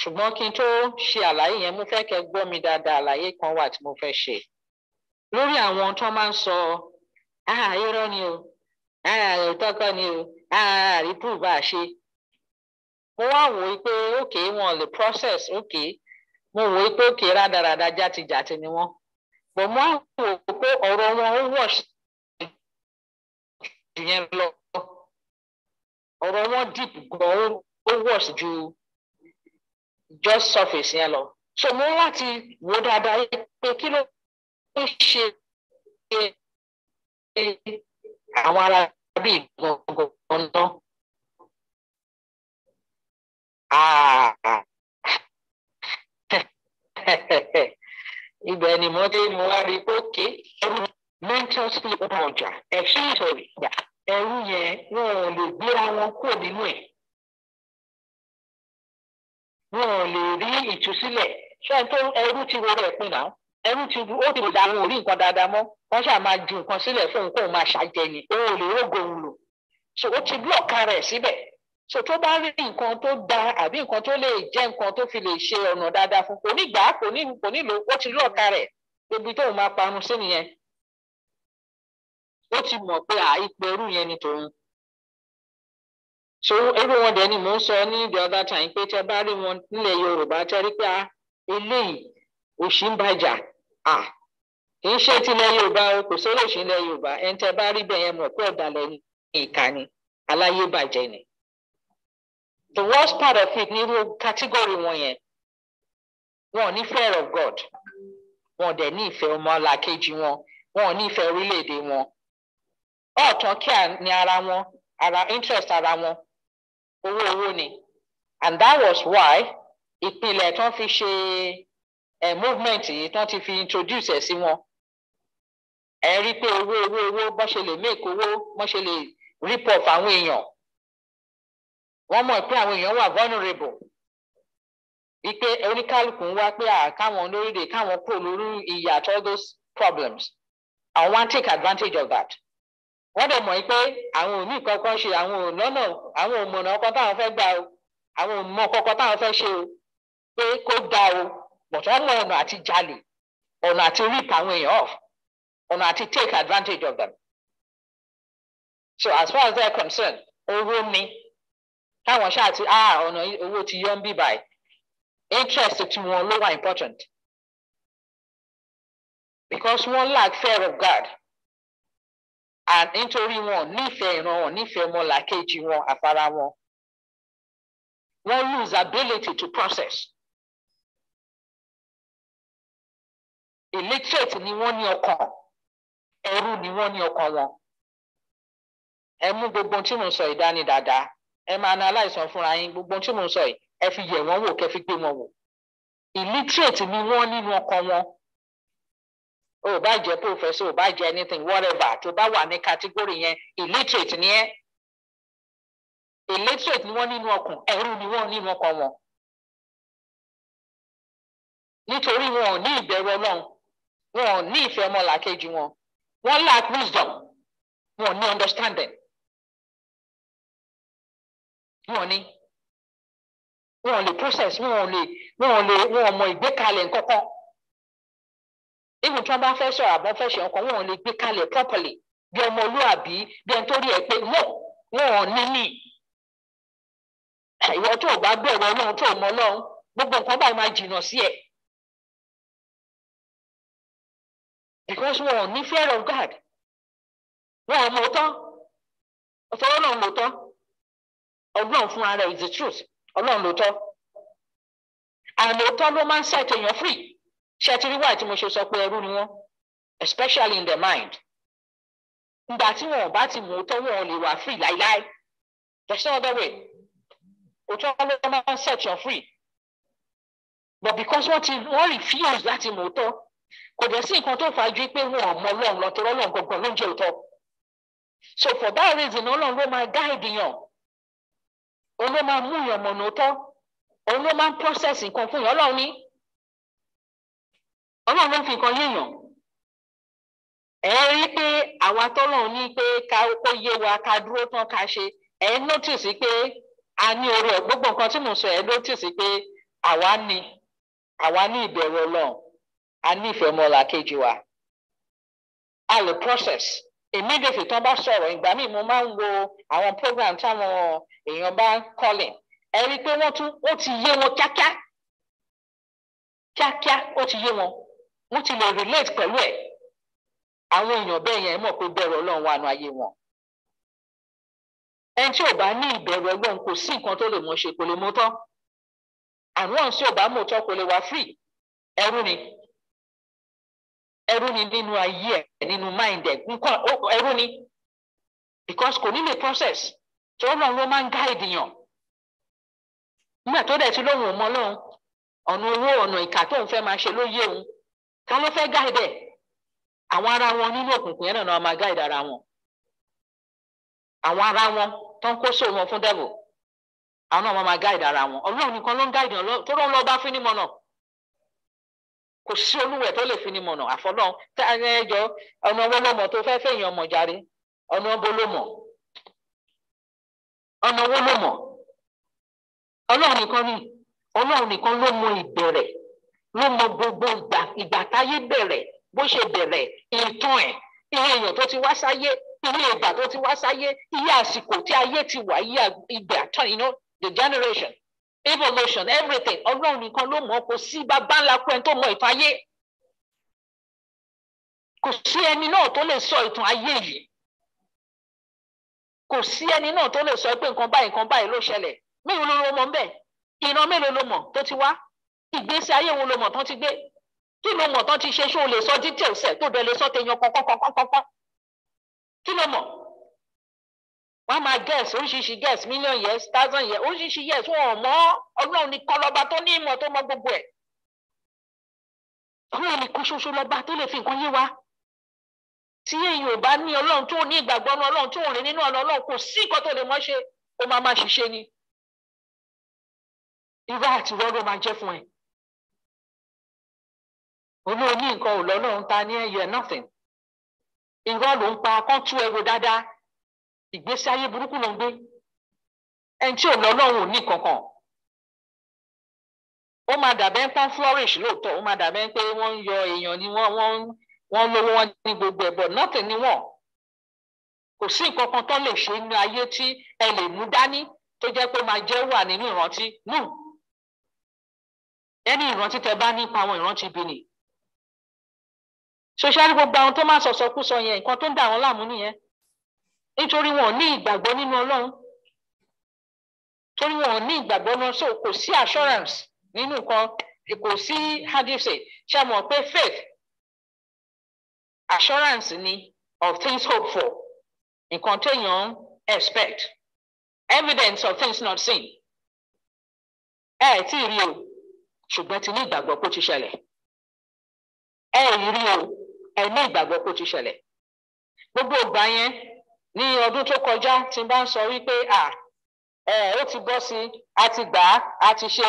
ṣùgbọ́n kí n tó ṣe àlàyé yẹn mo fẹ́ kẹ́ gbọ́ mi dáadáa àlàyé kan wà tí mo fẹ́ ṣe lórí àwọn tó máa ń sọ. So, Ah, irọ́ ni o ìtọ́kọ ah, ni o àrípù ah, bá a ṣe mo wá wò ó pé òkè wọn lè process òkè mo wò ó pé òkè rádaràda játijàti ni wọn bọ̀ mo wò ó pé ọ̀rọ̀ wọn ó wọ̀ jù yẹn lọ ọ̀rọ̀ wọn deep gan ó wọ̀ ju just surface yẹn lọ so mo láti wò dáadáa pé kí ló ń ṣe àwọn ará bí gangan ná. ibẹ̀ ni mo dé mo wá rí òkè ẹrú mental sleep ọmọ ọjà ẹ̀ṣin ìsọ̀rí ìgbà ẹrú yẹn wọn ò lè gbéra wọn kúrò nínú ẹ̀ wọn ò lè rí ìtúsílẹ̀ ṣé ẹni ti rọrọ ẹ̀ pín náà ẹrú ti ó ti ròdà àwọn orí nǹkan dáadáa mọ́ wọ́n ṣáà máa ju nǹkan sílẹ̀ fún nǹkan òun máa ṣàjẹ ni òun ò lè rógo òun lò so ó ti blọ̀ka rẹ̀ síbẹ̀ so tó bá rí nǹkan tó da àbí nǹkan tó lè jẹ́ nǹkan tó fi lè ṣe ọ̀nà dáadáa fún kò ní gbà á kò ní lò ó ti blọ̀ka rẹ̀ ibi tóun máa parun sí nìyẹn ó ti mọ̀ pé à ipò yẹn ni tòun so irú wọn dẹ̀ ni mò ń sọ ní the other time pé tẹ bá rí wọn nílẹ̀ Yorùbá tẹ rí pé eléyìí òṣì ń bàjà kì í ṣe tilẹ̀ yorùbá kò sówó òṣì ilẹ̀ yorùbá ẹni tẹ́ bá rí bẹ́ẹ̀ yẹn mọ̀ pé ọ̀dàlẹ̀ ìkà ni aláyébàjẹ́ ni the worst part of it ní irú kátígọ́rì wọn yẹn wọn ò ní fear of God wọn ò dẹ̀ ní ìfẹ́ ọmọlàkejì wọn wọn ò ní ìfẹ́ orílẹ̀-èdè wọn ọ̀ọ̀tàn kíá ni ara wọn ara interest ara wọn owó owó ni and that was why ìpìlẹ̀ tán fi ṣe movement yìí tán ti fi introduce ẹ̀ sí wọn ẹ rí i pé owó owó owó bó ṣe lè make owó bó ṣe lè rip off àwọn èèyàn wọ́n mọ̀ pé àwọn èèyàn wà vulnerable wípé oníkálukú ń wá pé àkáwọn lórílẹ̀ káwọn kúrò lórí ìyà at all those problems I wá take advantage of that wọ́n dẹ̀ mọ̀ pé àwọn òní kankan ṣe àwọn òlọ́nà àwọn òmọ̀nà ọkọ táwọn fẹ́ gbà o àwọn òmọ̀ kọ̀ọ̀kan táwọn fẹ́ ṣe o pé kó dáa o but ọmọ ọ̀nà àti jalè ọ̀nà àti rip àwọn èèyàn off ọ̀nà àti take advantage of them so as far as they are concerned owó ni táwọn ṣáà ti ah ọ̀nà owó ti yọ ń bí báyìí interest ti wọn ló wà important because wọn lack fear of God and nítorí wọn nífẹ̀ẹ́ ìran wọn nífẹ̀ẹ́ ọmọlàkejì wọn àfara wọn wọn lose ability to process. illiterate ni wọ́n ní ọkàn ẹrú ni wọ́n ní ọkàn wọn ẹ mú gbogbo tí mò ń sọ yìí dání dáadáa ẹ máa na aláìsàn fúnra yín gbogbo tí mò ń sọ yìí ẹ fi yẹ̀ wọ́n wò kẹ́ fi gbé wọn wò illiterate ni wọ́n nínú ọkàn wọn o ò bá jẹ́ professor o ò bá jẹ́ anything whatever tó bá wà ní category yẹn illiterate ni ẹ illiterate ni wọ́n nínú ọkàn ẹrú ni wọ́n nínú ọkàn wọn nítorí wọn ò ní ìbẹ̀rù Ọlọ́run wọn ò ní ìfẹ́ ọmọlàkejì wọn wọn lack wisdom wọn ò ní understanding wọn ò ní wọn ò lè process wọn ò lè wọn ò lè wọn ò mọ ìgbékalẹ̀ nǹkankan even tí wọn bá fẹ́ sọ̀rọ̀ àbọ̀ fẹ́ ṣe ọkàn wọn ò lè gbé kalẹ̀ properly bí ọmọlúàbí bí ẹni tó rí ẹ pé no wọn ò ní ní ìwọ tó o bá bẹ̀rù ọlọ́run tó o mọ ọlọ́run gbogbo nǹkan báyìí máa jìnnà sí ẹ̀. because wọn ò ní fear of God wọn ò mọ̀ tán ọ̀sọ̀rọ̀ náà mọ̀ tán ọlọ́run fún ara is the truth ọlọ́run ló tọ́ àmọ̀tán ló máa ń set èèyàn free ṣe ti rí wà tí mo ṣe sọ pé ẹrú ni wọ́n especially in the mind ngbà tí wọn ò bá ti mọ̀ wọn ò lè wà free láíláí there's no other way òtún ọlọ́run máa ń set èèyàn free but because wọ́n ti wọ́n refuse láti mọ̀ tán kò dẹ̀ sí nǹkan tó fàájú pé wọn ò mọ ọlọ́run lọ torí ọlọ́run gbọ̀ngàn ló ń jẹ́ òótọ́ so for that reason ọlọ́run ló máa guide yàn òun ló máa mú yàn mọ̀nà òótọ́ òun ló máa ń process nǹkan fún yàn ọlọ́run ní ọlọ́run ló ń fi nǹkan yéèyàn ẹ rí i pé àwa tọ́lọ́run ní pé ká kó yé wa ká dúró tán ká ṣe ẹ notice pé a ní orí ọ̀ gbogbo nǹkan tí mò sọ ẹ notice pé àwa ní àwa ní ìbẹ̀rù ọlọ́run a nífẹ̀ẹ́ ọmọlà kejì wa a lè process immediately tán bá sọ̀rọ̀ ìgbà míì mo máa ń wo àwọn program táwọn èèyàn bá ń calling ẹ rí i pé wọ́n tún ó ti yé wọn kíákíá kíákíá ó ti yé wọn wọ́n ti lè relate pẹ̀lú ẹ̀ àwọn èèyàn bẹ́ẹ̀ yẹn mọ̀ pé bẹ̀rù ọlọ́run wà nù ayé wọn ẹni tí ò bá ní ìbẹ̀rù ọlọ́run kò sí nǹkan tó lè mọ̀ ṣe kò lè mọ̀ tán àwọn tí ò bá mọ̀ tán kò lè wá free ẹrú ni ẹrú ni nínú ayé ẹ nínú mind ẹ nǹkan ẹrú ni because kò nílò process tí ọlọ́run ló máa ń guide yàn nígbà tó dẹ̀ tí lóhùn ọmọ lọ́hùn ọ̀nà owó ọ̀nà ìkà tó ń fẹ́ máa ṣe ló yé òun ká ló fẹ́ guide ẹ̀ àwọn ara wọn nínú òkùnkùn yẹn náà máa guide ara wọn àwọn ara wọn tó ń kó sóò wọn fún devil àwọn náà máa guide ara wọn ọlọ́run nìkan ló ń tó bá náà. kò sí olúwẹ̀ tó lè fi ni mọ̀nà àfọlọ́n tá a yẹn jọ ọ̀nà ọwọ́lọ́mọ tó fẹ́ fẹ́ yàn mọ̀ járe ọ̀nà ọbọlọ́mọ ọ̀nà ọwọ́lọ́mọ ọlọ́run nìkan ni ọlọ́run nìkan ló mọ ìbẹ̀rẹ̀ ló mọ gbogbo ìgbà ìgbà táyé bẹ̀rẹ̀ bó ṣe bẹ̀rẹ̀ ìtàn ẹ̀ iye èèyàn tó ti wá sáyé iye ìgbà tó ti wá sáyé iye àsìkò tí ayé ti wà iye ìgbà tán you know the generation evolution everything ọlọ́run nìkan ló mọ̀ kò sí bàbá ńlá kú ẹni tó mọ ìtàn ayé kò sí ẹni náà tó lè sọ ìtàn ayé yìí kò sí ẹni náà tó lè sọ pé nǹkan báyìí nǹkan báyìí ló ṣẹlẹ̀ mélòó ló mọ̀ ń bẹ̀ ìran mélòó ló mọ̀ tó ti wá ìgbésí ayé wo ló mọ̀ tán ti gbé kí ló mọ̀ tán ti ṣe ṣé o lè sọ details ẹ̀ tó bẹ̀ lè sọ tẹ̀yàn kankan kankan kankan kí ló mọ̀ wọ́n máa guess oríṣiríṣi guess million years thousand years oríṣiríṣi years wọn ò mọ ọlọ́run ní kọlọ́ba tó ní ìmọ̀ tó mọ gbogbo ẹ̀ ọlọ́run ní kó ṣoṣo lọ́ba tó lè fi nǹkan yé wa tí èèyàn ò bá ní ọlọ́run tó ní ìgbàgbọ́ ní ọlọ́run tó rìn nínú ọ̀nà ọlọ́run kò sí nǹkan tó lè mọ́ ṣe ó máa máa ṣiṣẹ́ ni irú àtiwọ́ ló máa jẹ́ fún ẹ olóòní nǹkan ò lọ́lọ́run ta ní ẹ̀yẹ nothing irọ́ ló ń pa kán tú ẹrù dáadáa ìgbésí ayé burúkú ló ń gbé ẹni tí ò lọ lọ́hùn ò ní kankan ó máa dàbẹ́ ń pọ́n flourish lóòótọ́ ó máa dàbẹ́ ń pé wọ́n ń yọ èèyàn ni wọ́n wọ́n wọ́n lówó wọn ní gbogbo ẹ̀bọ̀ nothing ni wọ́n kò sí nǹkan kan tó lè ṣe nínú ayé tí ẹ lè mú dání tó jẹ́ pé máa jẹ́ wà nínú ìrántí nù ẹni ìrántí tẹ bá nípa àwọn ìrántí bí ni. sọ́sẹ́ àdúgbò gba ohun tó máa sọ̀sọ̀ kú sọ yẹn nǹkan tó ń dà wọ́n láàmú nìyẹn nítorí wọn ò ní ìgbàgbọ́ nínú ọlọ́run torí wọn ò ní ìgbàgbọ́ náà so kò sí assurance nínú nǹkan kò sí how do you say ṣe mọ̀ pé faith assurance ni of things hoped for nǹkan téèyàn expect evidence of things not seen ẹ ẹ tí ì rí o ṣùgbọ́n ti ní ìgbàgbọ́ kó ti ṣẹlẹ̀ ẹ ì rí o ẹ ní ìgbàgbọ́ kó ti ṣẹlẹ̀ gbogbo ìgbà yẹn ní ọdún tó kọjá tí n bá ń sọ wípé à ẹ ó ti bọ́ sí a ti gbà á a ti ṣe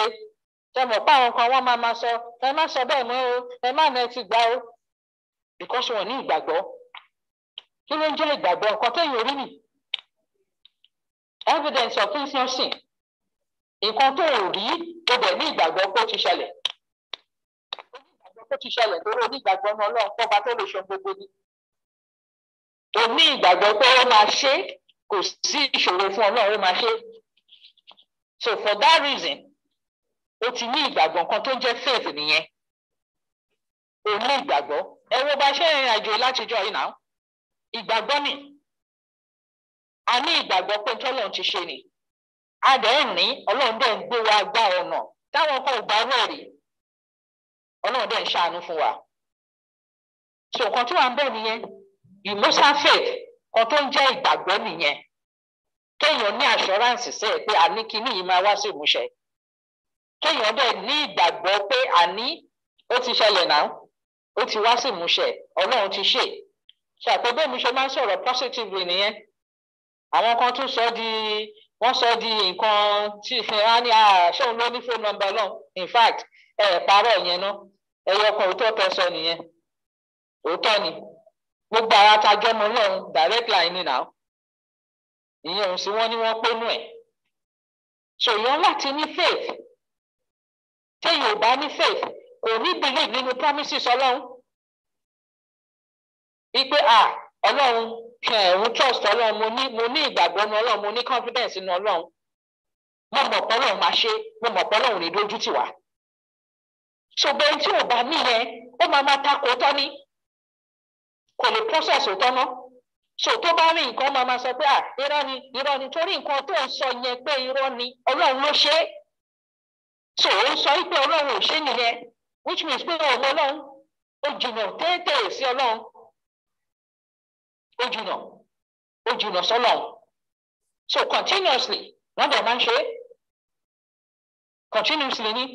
ẹ mọ̀ pé àwọn kan wọ́n máa ma sọ ẹ má sọ bẹ́ẹ̀ mọ́ o ẹ má nà ẹ ti gbà o because wọn ní ìgbàgbọ́ kí ló ń jẹ́ ìgbàgbọ́ nǹkan tó yẹ orí mi evidence of insincere nǹkan tó ò rí o dẹ̀ ní ìgbàgbọ́ pé ó ti ṣẹlẹ̀ ó ní ìgbàgbọ́ pé ó ti ṣẹlẹ̀ torí onígbàgbọ́ náà ọlọ́run pọ́ba tó lè ṣe gbogbo ni. o ní ìgbàgbọ́ pé ó máa ṣe kò sí ìṣòro fún ọ ó máa ṣe so for that reason o ti ní ìgbàgbọ́ nǹkan tó ń jẹ́ faith nìyẹn o ní ìgbàgbọ́ ẹ wo bá ṣe ìrìn àjò látijọ́ yìí náà ìgbàgbọ́ ni a ní ìgbàgbọ́ pé tọ́lọ́run ti ṣe ni a dẹ̀ ń ní ọlọ́run dẹ̀ ń gbé wa gbá ọ̀nà táwọn ọlọ́run ń ṣàánú fún wa so kan ń emotional faith kan tó ń jẹ́ ìgbàgbọ́ nìyẹn kéèyàn ní assurance sẹ́ pé àní kinní yìí máa wá sí ìmúṣẹ kéèyàn dẹ̀ ní ìgbàgbọ́ pé àní ó ti ṣẹlẹ̀ náà ó ti wá sí ìmúṣẹ ọlọ́run ti ṣe ṣàpèjẹ mi ṣe máa ń sọ̀rọ̀ positively nìyẹn àwọn kan tún sọ di wọ́n sọ di nǹkan tí ìfihàn á ní àṣọ̀hún ló ní phone number náà in fact ẹ̀ pààrọ̀ yẹn náà ẹ̀yọkàn òótọ́ pẹ̀sọ nìyẹn òótọ́ ni gbogbo àwọn atajọmọ náà direct line ni now ìyẹn òun sì wọn ni wọn pé nù ẹ ṣòyàn láti ní faith téèyàn ò bá ní faith kò ní believe nínú promises ọlọ́run wípé à ọlọ́run ẹ̀hún trust ọlọ́run mo ní mo ní ìgbàgbọ́ nu ọlọ́run mo ní confidence nu ọlọ́run mo mọ̀ pé ọlọ́run máa ṣe mo mọ̀ pé ọlọ́run ní dójú tì wá ṣùgbọ́n tí ò bá níyẹn ó máa máa takò tọ́ ni kò lè process òótọ́ so tó bá rí nǹkan máa máa sọ pé ah irọ́ ni irọ́ ni torí nǹkan tó ń sọ yẹn pé irọ́ ni ọlọ́run ló ṣe é so ó ń sọ pé ọlọ́run ò ṣe nìyẹn which means pé ọmọ ọlọ́run ó jìnà tẹ́tẹ̀ẹ́ sí ọlọ́run ó jìnà ó jìnà sọlọ́run so continuously wọ́n dẹ̀ máa ń ṣe é continuously ni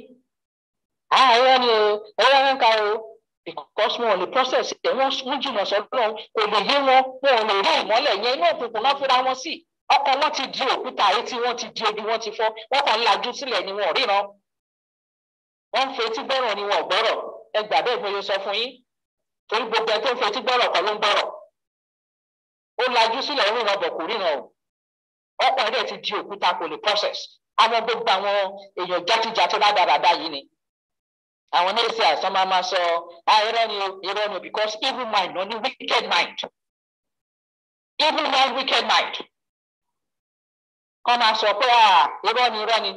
ah irọ́ ni o ẹ̀rọ ń ka o because wọn ò ní process ẹ wọn wọn jìnnà sọ́dọ̀ kò lè yé wọn wọn ò lè rí ìmọ́lẹ̀ yẹn inú òkùnkùn náà fúnra wọn sí ọkọ wọn ti di òkúta ayé tí wọn ti di ebi wọn ti fọ́ wọn kàn lajú sílẹ̀ ni wọn ò ríran wọn ń fetí gbọ́rọ̀ ni wọn ò gbọ́rọ̀ ẹ gbà bẹ́ẹ̀ mo yẹ sọ fún yín torí gbogbo ẹ tó ń fetí gbọ́rọ̀ kan ló ń gbọ́rọ̀ ó lajú sílẹ̀ ó ríran bọ̀ kò ríran o ọkọ rẹ ti di òkúta kò lè process àwọn gbogbo àwọn èèyàn játijàti rádaràda yìí ni àwọn ẹsẹ àsán máa ma sọ irọ́ ni irọ́ ni because evil mind ló ní wicked mind evil mind wicked mind kọ́ máa sọ pé irọ́ ni irọ́ ni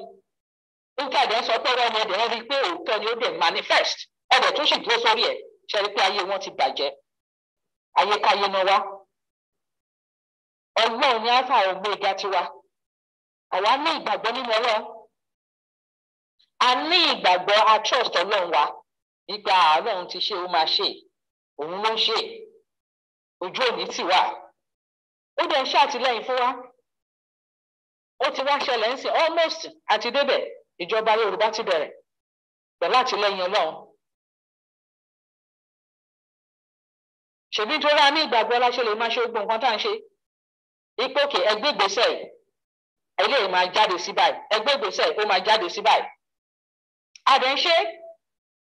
nígbàdé sọ pé irọ́ ni ẹ̀dẹ̀ rí pé òótọ́ ni ó dẹ̀ manifest ẹ̀dẹ̀ tó sì dúró sórí ẹ̀ ṣe rí pé ayé wọn ti bàjẹ́ ayékáyé náà wá ọlọ́run ní alpha omega tiwa àwa ní ìgbàgbọ́ nínú ọlọ́run. a ní ìgbàgbọ́ a trust ọlọ́run wa nípa ọlọ́run ti ṣe ó máa ṣe òun ló ń ṣe ojú òní tì wá ó dẹ̀ ń ṣàtìlẹ́yìn fún wa ó ti wá ṣẹlẹ̀ ń sìn almost àti débẹ̀ ìjọba Yorùbá ti bẹ̀rẹ̀ pẹ̀lú àtìlẹ́yìn ọlọ́run ṣèbí nítorí a ní ìgbàgbọ́ la ṣe lè máa ṣe gbogbo nǹkan tá à ń ṣe ipò òkè ẹgbẹ́ ìgbésẹ̀ ẹ lè máa jáde sí báyìí ẹgbẹ́ ìgbésẹ̀ ó máa jáde sí báyìí àdé ń ṣe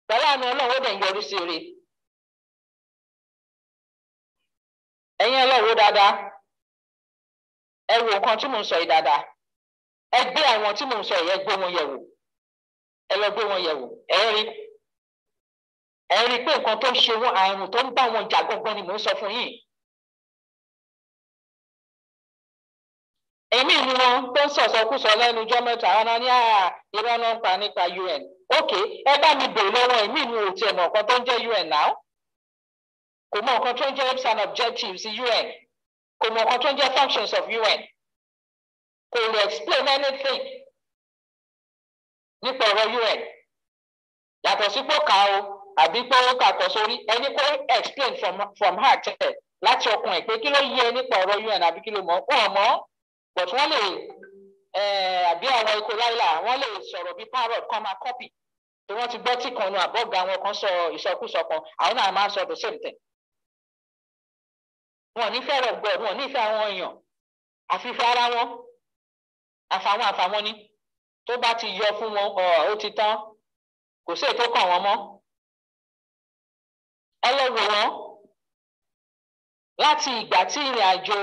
pẹ̀lú àánú ọlọ́run ó dẹ̀ ń yọrí sí rere ẹ̀yin ọlọ́run ó dáadáa ẹ wo nǹkan tí mò ń sọ yìí dáadáa àwọn tí mò ń sọ wọn tó ń ṣe wọn àrùn tó ń bá wọn jà ni mò ń sọ fún èmi wọn UN ok ẹ bá mi bèrè lọ́wọ́ ẹ̀ mí mi ò tiẹ̀ mọ̀ nǹkan tó ń jẹ́ UN now kò mọ̀ nǹkan tó ń jẹ́ aims and objectives UN kò mọ̀ nǹkan tó ń jẹ́ functions of UN kò lè explain anything nípa ọ̀rọ̀ UN yàtọ̀ sí pé ó kà o àbí pé ó kà tọ̀ sórí ẹni kò explain from from her? ẹ̀ láti ọkàn ẹ̀ pé kí ló yẹ nípa ọ̀rọ̀ UN àbí kí ló mọ̀ ọ̀ mọ̀ but wọ́n lè eh, àbí àwọn ikọ̀ láìla wọ́n lè sọ̀rọ̀ bí parrot kan máa copy tí wọ́n ti gbọ́ tí kan nu àbọ̀gà wọn kan sọ ìsọkúsọ kan àwọn náà máa ń sọ the same thing. wọn ò ní fẹ́ rẹ̀ gbọ́ wọn ò ní fẹ́ àwọn èèyàn àfihàn ara wọn àfàwọn àfàwọn ni tó bá ti yọ fún wọn ó ti tán kò sí ètò kàn wọn mọ́ ẹlẹ́wòrán láti ìgbà tí ìrìn àjò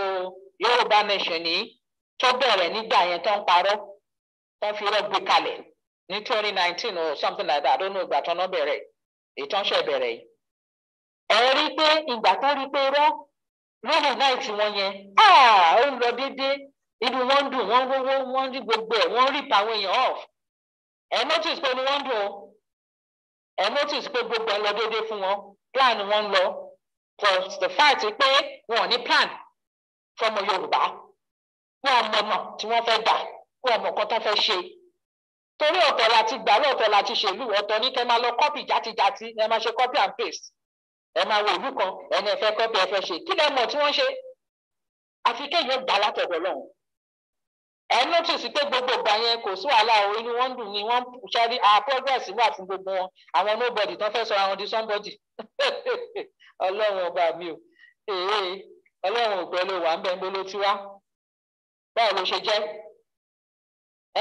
Yorùbá nation ní tó bẹ̀rẹ̀ nígbà yẹn tó ń parọ́ tó ń fi rọ́gbé kalẹ̀ ní twenty nineteen or something like that I don't know ìgbà tán náà bẹ̀rẹ̀ ìtànṣe bẹ̀rẹ̀ yìí ẹ rí pé ìgbà tán rí pé rọ lórí náà tí wọ́n yẹn ah, ó ń lọ déédéé ibi wọ́n ń dùn wọ́n ń wọ́wọ́ wọ́n ń rí gbogbo ẹ̀ wọ́n ń rip àwọn èèyàn off ẹ notice pé ni wọ́n ń dùn o ẹ notice pé gbogbo ẹ lọ déédéé fún wọn plan wọn lọ for the fact pé wọn ò ní plan fọmọ Yorùbá wọn ò mọ̀nà tí wọ́n fẹ́ gbà wọn ò mọ̀ nǹkan tó fẹ́ ṣe torí ọ̀tọ̀ láti gbà lọ́tọ̀ láti ṣèlú ọ̀tọ̀ ní kẹ́ máa lọ kọ́pì játijáti ẹ máa ṣe kọ́pì and paste ẹ máa wo ìlú kan ẹni ẹ fẹ́ kọ́pì ẹ fẹ́ ṣe kí lẹ mọ̀ tí wọ́n ṣe àfi kéèyàn gbà látọ̀dọ̀ lọ́hùn ẹ notice pé gbogbo ìgbà yẹn kò sí wàhálà o inú wọn dùn ni wọn ṣáré our wà fún gbogbo wọn àwọn nobody tán fẹ́ sọ àwọn di somebody ọlọ́run ọba mi o ọlọ́run òpẹ́ ló wà ń bẹ́ẹ̀ ń bó ló ti wá báwo ló ṣe jẹ́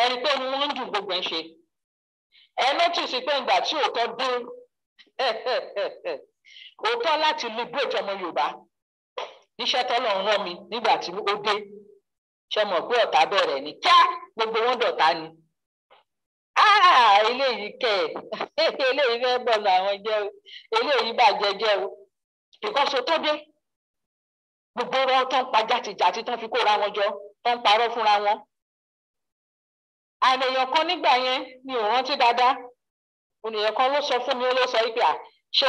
ẹni pé ni wọ́n ń dùn gbogbo ń ṣe ẹ nọ́tìsì pé ìgbà tí òótọ́ dé òótọ́ láti lu bíréèkì ọmọ Yorùbá níṣẹ́ tọ́lọ́run rán mi nígbà tí ó dé ṣe mọ̀ pé ọ̀tá bẹ̀rẹ̀ ni kíá gbogbo wọn dọ̀tá ni ah! eléyìí kẹ eléyìí fẹ́ bọ̀ làwọn jẹ́ o eléyìí bàjẹ́ jẹ́ o ìkọ́sọ tó dé gbogbo wọn tó ń pa jàtìjàtì tó ń fi kóra wọn jọ tó ń parọ́ fúnra wọn àmì èèyàn kan nígbà yẹn mi ò rántí dáadáa ènìyàn kan ló sọ fún mi ó ló sọ pé à ṣé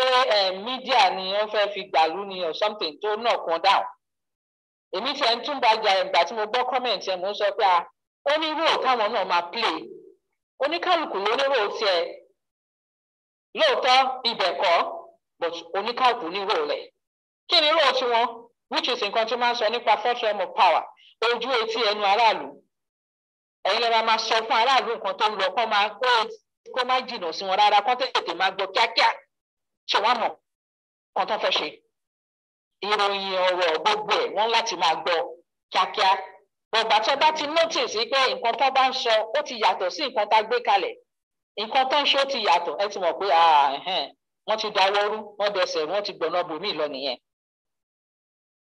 mídíà ni wọ́n fẹ́ fi gbàlú ni or something tó náà kan down èmi tiẹ̀ ń tún bá jà ìgbà tí mo gbọ́ comment ẹ̀ mò ń sọ pé à ó ní rò káwọn náà máa play oníkálukú ló ní rò tiẹ̀ lóòótọ́ ibẹ̀ kọ́ but oníkálukú ní rò rẹ̀ kí ni rò tiwọn which is nǹkan tí wọ́n máa ń sọ nípa first realm of power ojú etí ẹnu aráàlú ẹ̀yin ra máa sọ fún aráàlú nǹkan tó ń lọ kó máa kó e, kó má jìnnà sí wọn rárá kó tètè máa gbọ́ kíákíá ṣé wọ́n mọ̀ kan tó fẹ́ ṣe ìròyìn ọ̀rọ̀ gbogbo ẹ̀ wọ́n láti máa gbọ́ kíákíá bọ̀gbà tó bá ti notice pé nǹkan tó bá ń sọ ó ti yàtọ̀ sí nǹkan tá a gbé kalẹ̀ nǹkan tó ń ṣe ó ti yàtọ̀ ẹ ti mọ̀ pé wọ́n ti dáwọ́rú wọ́n dẹsẹ̀ wọ́n ti gbọ̀nà bòmí lọ nìyẹn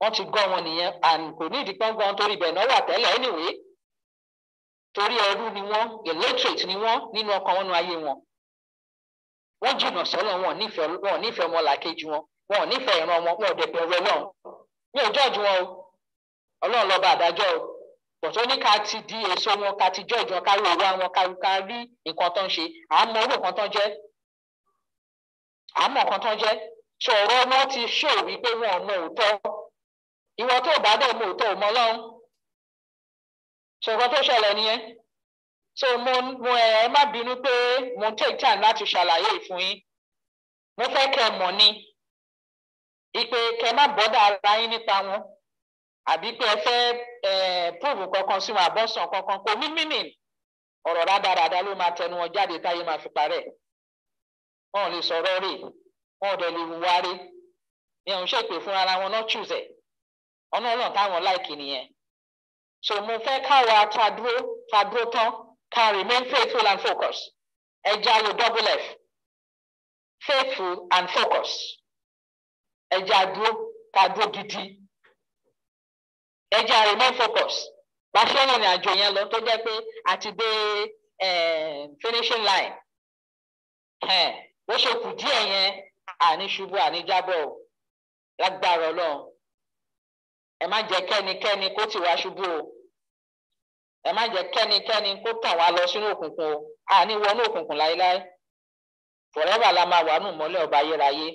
wọ́n ti gọ́ wọn nìyẹn and kò ní ìdí pọ́ngàn torí ibẹ̀ náà wà tẹ́lẹ̀ anyway torí ẹrú ni wọ́n illiterate ni wọ́n nínú ọkàn wọn nu ayé wọn wọ́n jìnnà sọ́lọ̀ wọn nífẹ̀ẹ́ wọn nífẹ̀ẹ́ ọmọ làkejì wọn wọn nífẹ̀ẹ́ ìran wọn wọn dẹ̀pẹ̀ ọ̀rẹ́ náà mi ò jọ́ọ̀jù wọn o ọlọ́run lọ́ba àdájọ́ o bọ̀tọ́ ní ká ti di èso wọn ká ti jọ́ọ̀jù wọn ká rí òwúrọ̀ wọn ká rí nǹkan tó ń ṣe à ń mọ orú nǹkan tó ń jẹ́ à ń mọ nǹkan tó ń jẹ́ sọ̀rọ̀ wọn ti ṣòwò wípé wọn ò mọ òótọ́ ìwọ tó bá dẹ̀ mọ òótọ́ ò mọ ọlọ́run so nǹkan tó ṣẹlẹ̀ nìyẹn so mo mo ẹ ẹ má bínú pé mo take time láti ṣàlàyé ìfún yín mo fẹ́ kẹ́ mọ̀ ni ipe kẹ́ má bọ́dà ara yín nípa wọn àbí pé ẹ fẹ́ ẹ prove kankan sí wọn àbọ̀sàn kankan kò ní meaning ọ̀rọ̀ rádaràda ló máa tẹnu wọn jáde táyé máa fi parẹ́ wọn ò lè sọ̀rọ̀ rè wọn ò dẹ̀ lè wúwa rè ìyẹn ò ń ṣèpè fún ara wọn náà choose ẹ̀ ọ̀nà ọlọ́run táwọn láìkì nìyẹn so mo fẹ́ káwa ta dúró ta dúró tán ká remain faithful and focus ẹ jẹ́ àlò double f faithful and focus ẹ jẹ́ àdúró ta dúró gidi ẹ jẹ́ remain focus bá ṣe ń rìnrìn àjò yẹn lọ tó jẹ́ pé a ti dé finishing line bó ṣe kù díẹ̀ yẹn àní ṣubú àní jábọ̀ lágbára ọlọ́run ẹ má jẹ́ kẹ́nikẹ́ni kó tì wá ṣubú o ẹ má jẹ́ kẹ́nikẹ́ni kó tàn wá lọ sínú òkùnkùn o a ní wọnú òkùnkùn láéláé forever la máa wà nù mọ́lẹ̀ ọba ayérayé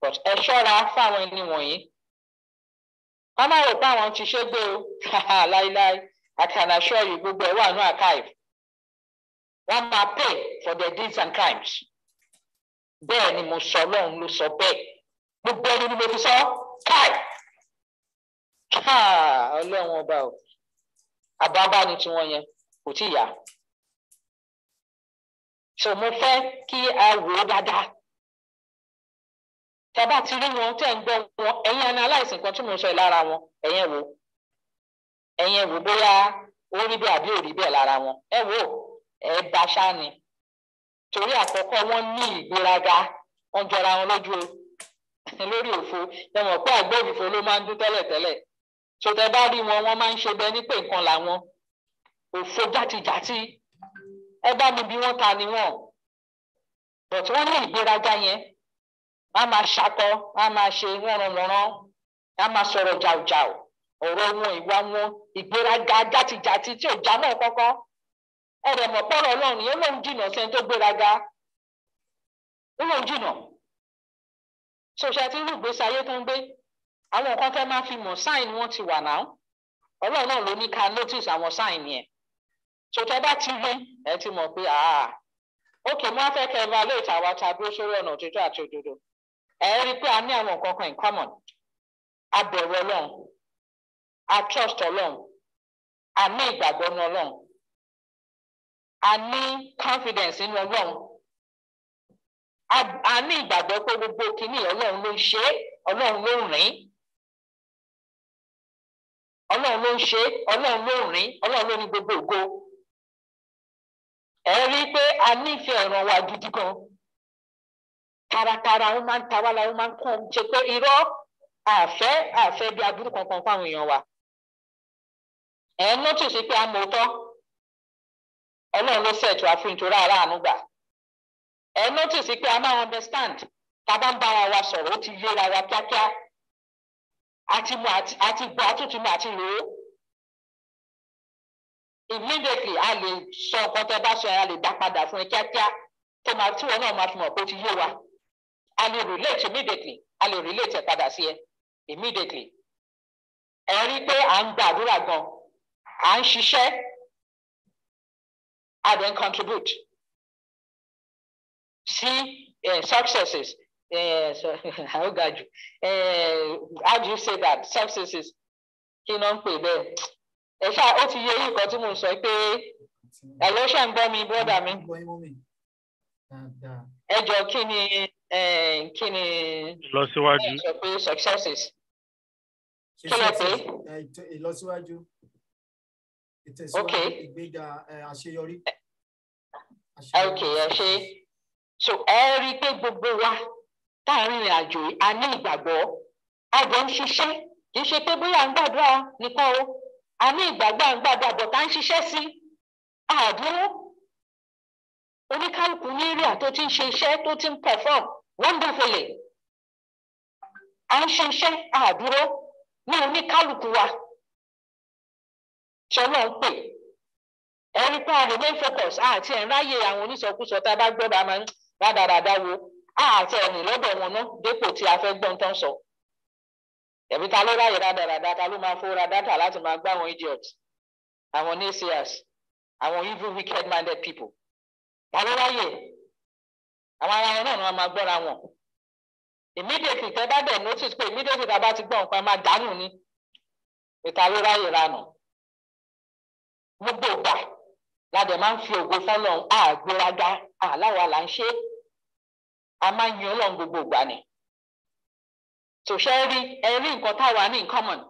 but ẹ ṣọ́ra fáwọn ẹni wọ̀nyí wọ́n máa rò pé àwọn ti ṣègbè o láéláé I can assure you gbogbo ẹ̀ wà ní archive wọ́n máa pay for their deeds and crimes bẹ́ẹ̀ ni mo sọ lọ́hùn ló sọ bẹ́ẹ̀ gbogbo ẹni ni mo fi sọ káì ọlọ́run ọba o. Ababa ni tiwọn yẹn kò tí ì yá so mo fẹ́ kí a wò ó dáadáa tẹ́ bá ti rí wọn tẹ́ ń gbọ́ wọn ẹ̀yin analyse nǹkan tí mo sọ lára wọn ẹ̀yin wò ẹ̀yin wò bóyá ó rí bẹ́ẹ̀ àbí ò rí bẹ́ẹ̀ lára wọn ẹ wò ẹ bá ṣáà ni torí àkọ́kọ́ wọn ní ìgbéraga wọn jọra wọn lójú lórí òfo ẹ mọ̀ pé àgbẹ̀ òfìfo ló máa ń dún tẹ́lẹ̀tẹ́lẹ̀ so bá rí wọn wọn máa ń ṣe bẹ́ẹ̀ ní pé nǹkan làwọn òfo játijàti ẹ bá mi bí wọn ta ni wọn but wọn ní ìgbéraga yẹn wọn máa ṣakọ wọn máa ṣe wọnranwọnran wọn máa sọ̀rọ̀ jàùjàù ọ̀rọ̀ wọn ìwà wọn ìgbéraga játijàti tí ò já náà kọ́kọ́ ẹrẹ mọ pọrọ Ọlọ́run yẹn lòun jìnnà sẹ́ni tó gbéraga ó lòun jìnnà tí ń rúgbèsè ayé tó ń gbé àwọn nǹkan tẹ́ máa fi mọ̀ sign wọn ti wà náà ọlọ́run náà ló ní ká notice àwọn sign yẹn so tẹ́ bá ti rí ẹ ti mọ̀ pé ah ok mo á evaluate àwa tàbí ó ọ̀nà òtítọ́ àti òdodo ẹ rí i pé a ní àwọn nǹkan kan in common a bẹ̀rù ọlọ́run a trust ọlọ́run a ní ìgbàgbọ́ ní ọlọ́run a ní confidence nínú ọlọ́run a ní ìgbàgbọ́ pé gbogbo kìíní ọlọ́run ló ń ṣe ọlọ́run ló ń rìn ọlọ́run ló ń ṣe ọlọ́run ló ń rìn ọlọ́run ló ní gbogbo ògo ẹ rí i pé a nífẹ̀ẹ́ ọ̀ràn wa gidi gan taratara ó máa ń ta wá la ó máa ń kún un ṣe pé irọ́ àfẹ́ àfẹ́ bí aburú kankan fáwọn èèyàn wa ẹ ń nọ́tò sí pé a mọ̀ ọ́tọ́ ọlọ́run ló ṣètò àfihàn tó rárá gbà ẹ ń nọ́tò sí pé a máa understand tá a bá ń bára wa sọ̀rọ̀ ó ti yéra wa kíákíá àti mu àti gbọ́ àtúntò àti lò ó immediately a lè sọ nǹkan tẹ́ bá sọ yẹn a lè dá padà fún ẹ kíákíá tó máa tí wọn náà máa fi mọ̀ pé ó ti yé wa a lè relate immediately a lè relate ẹ padà sí ẹ immediately ẹ rí i pé à ń gba àdúrà gan à ń ṣiṣẹ́ a dẹ̀ ń contribute sí uh, successes uh, so, how you. uh, how do you say that Successes, kí ló ń pè bẹ́ẹ̀ ẹ ṣá ó ti yé nǹkan tí mo sọ pé ẹ ló ṣe ń gbọ́ mi bọ́dà mi ẹ jọ kí ni kí ni ìlọsíwájú sọ pé successes kí lẹ pé ìlọsíwájú ìtẹ̀síwájú ìgbéga àṣeyọrí. Okay. ẹ ṣe so ẹ rí i pé gbogbo wa. tá à àjò a ìgbàgbọ́ ọgbọ́n ń ṣiṣẹ́ kì í ṣe pé bóyá ń gbàdúrà nìkan o a ìgbàgbọ́ ń ṣiṣẹ́ sí àdúró oníkálukú ní tó ti ń ṣe iṣẹ́ tó ti ń perform wonderfully à ń ṣe iṣẹ́ àdúró ní oníkálukú wa ṣọlọ́ ń pè àti ẹ̀yìn lọ́dọ̀ wọn náà dépò tí a fẹ́ gbọ́n tán sọ ẹ̀bí ta ló ráyè rádaràda ta ló máa fowóra dátà láti máa gbá àwọn idiot àwọn naysayers àwọn evil wicked minded people ta ló ráyè àwọn ara wọn náà ni wọn máa gbọ́ra wọn immediately tẹ bá dẹ̀ notice pé immediately tá a bá ti gbọ́ nǹkan máa dànù ni ìta ló ráyè ranà gbogbo ìgbà la dẹ̀ máa ń fi ògo fọ́lọ́run àgbéraga àláwa là ń ṣe é a máa yan ọlọ́run gbogbo ìgbà ni so ṣe rí ẹ̀rí nǹkan táwa ní in common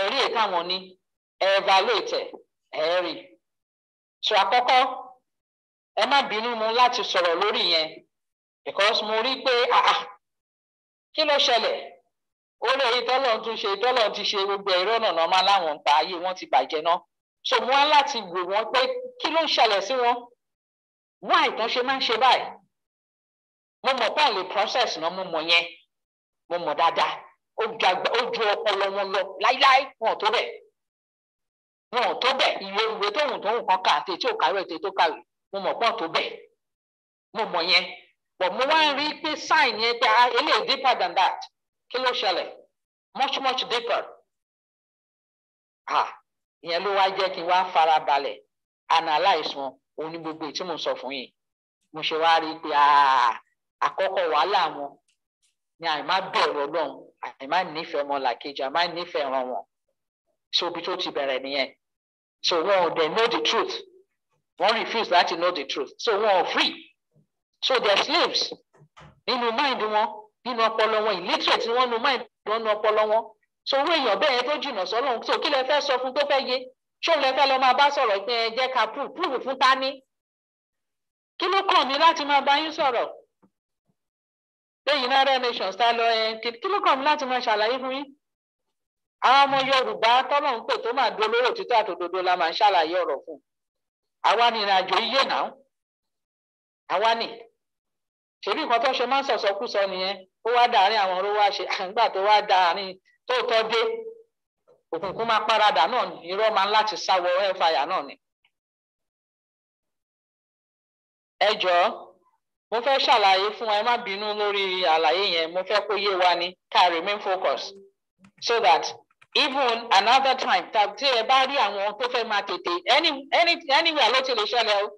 ẹ̀rí èyí táwọn ní evaluate ẹ̀rí so àkọ́kọ́ ẹ má bínú mu láti sọ̀rọ̀ lórí yẹn because mo rí pé àà kí ló ṣẹlẹ̀ ó lè rí tọ́lọ̀ tún ṣe tọ́lọ̀ ti ṣe gbogbo ẹ̀rọ nànà máa láwọn ta ayé wọn ti bàjẹ́ náà so mo wá láti wò wọ́n pé kí ló ń ṣẹlẹ̀ sí wọn wọ́n àìtàn ṣe máa ń ṣe báyìí mo mọ̀ pé àlè process náà mo mọ̀ yẹn mo mọ̀ dáadáa ó ju ọpọlọ wọn lọ láíláí wọn ò tó bẹ̀ wọn ò tó bẹ̀ ìwé ìwé tóhùn tóhùn kan kà àti ètò kàwé ètò ètò kàwé mo mọ̀ pọ̀ tó bẹ̀ mo mọ̀ yẹn but mo wá ń rí pé sign yẹn pé ah, eléyìí deeper than that kí ló ṣẹlẹ̀ much much deeper ah ìyẹn ló wá jẹ́ kí n wá fara balẹ̀ analyse wọn òun ní gbogbo tí mo sọ fún yìí mo ṣe wá rí i pé ah àkọ́kọ́ wàhálà wọn ni àìmá bẹ̀rù ọlọ́run àìmá nífẹ̀ẹ́ ọmọlàkejì àìmá nífẹ̀ẹ́ ẹran wọn so ibi tó ti bẹ̀rẹ̀ nìyẹn so wọn ò dẹ̀ know the truth wọn refuse láti know the truth so wọn ò free so they slaves nínú mind wọn nínú ọpọlọ wọn illiterate ni wọn nu mind wọn nu ọpọlọ wọn so owó èèyàn bẹ́ẹ̀ tó jìnnà sọ́lọ́run so kí lẹ fẹ́ sọ fún tó fẹ́ yé ṣó lẹ fẹ́ lọ máa bá sọ̀rọ̀ pé ẹ jẹ́ ká prove prove fún tání kí ló kàn mí láti máa bá yín sọ̀rọ̀ pé United Nations tá lọ ẹ eh, kí ló kàn mí láti máa ṣàlàyé fún yín àwọn ọmọ Yorùbá tọ́lọ̀ ń pè tó máa do olóró òtítọ́ àtòdodo la máa ń ṣàlàyé ọ̀rọ̀ fún àwa ní ìrìnàjò iye náà àwa ni ṣèbí nǹkan tó ṣe máa ń sọ̀sọ́kúsọ nìyẹn ó wá dàárín àwọn oró wá àgbà tó wá dàárín tó tọ́ dé òkùnkùn máa paradà náà ní irọ́ máa ń láti sáwọ ẹ̀fàyà náà ni. ẹ jọ̀ọ́ mo fẹ́ ṣàlàyé fún ẹ má bínú lórí àlàyé yẹn mo fẹ́ kó yé wa ni ká remain focus so that even another time tí ẹ bá rí àwọn tó fẹ́ máa tètè anywhere ló ti lè ṣẹlẹ̀ o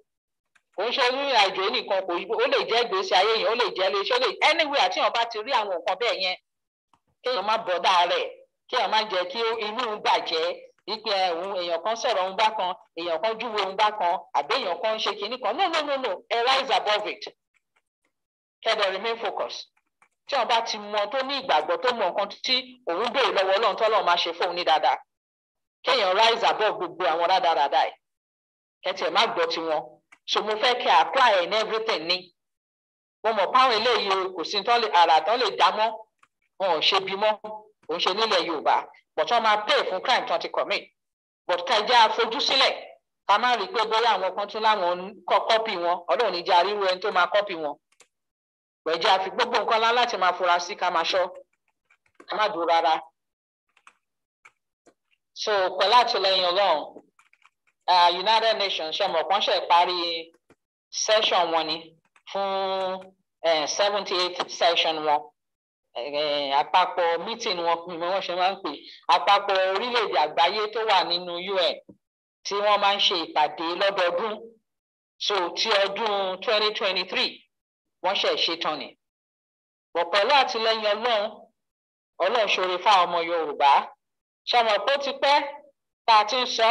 kò ń ṣe rírìn àjò nìkan kò yí ó lè jẹ́ gbèsè ayé yẹn ó lè jẹ́ lè ṣe lè anywhere tí èèyàn bá ti rí àwọn nǹkan bẹ́ẹ̀ yẹn kéèyàn má bọ̀dá rẹ̀ kéèyàn má jẹ́ kí inú ń bàjẹ́ ipe ẹ̀hún èèyàn kan sọ̀rọ̀ ohun bá kan èèyàn kan júwe ohun bá kan àbí èèyàn kan ń ṣe kinní kan no no no no arise above it kẹ́dẹ̀ remain focused tí wọn bá ti mọ tó ní ìgbàgbọ́ tó mọ nǹkan tí òun béèrè lọ́wọ́ Ọlọ́run tọ́lọ́run máa ṣe fóun ní dáadáa kéèyàn rise above gbogbo àwọn rádaràdà ẹ̀ kẹtì ẹ̀ má gbọ́ tiwọn so mo fẹ́ kẹ́ apply in everything ni mo mọ̀ páwọn eléyìí kò sí àrà tán lè dá mọ́ wọn ò ṣe bímọ òun ṣe nílẹ̀ Yorùbá but wọ́n máa pay fún crime tán ti commit but ká jẹ́ afojú sílẹ̀ ká má rí i pé bóyá àwọn kan tún láwọn kọ́ kọ́pì wọn Ọlọ́run ní jẹ́ aríru ẹni tó máa kọ́pì wọn pẹ̀jẹ́ àfi gbogbo nǹkan lá láti máa fura sí ká máa ṣọ́ ká má dúró rárá. so pẹ̀lú àtìlẹyìn ọlọ́run United Nations ṣe mọ̀ kán ṣe parí session wọn ni fún seventy eight session wọn àpapọ̀ meeting wọn ni wọ́n ṣe máa ń pè àpapọ̀ orílẹ̀-èdè àgbáyé tó wà nínú UN tí wọ́n máa ń ṣe ìpàdé lọ́dọọdún so ti ọdún twenty twenty three wọ́n ṣẹ̀ ṣe tán ni bọ̀ pẹ̀lú àtìlẹ́yìn ọlọ́run ọlọ́run ṣoore fáwọn ọmọ yorùbá ṣàmọ̀ pé ó ti pẹ́ tá a ti ń sọ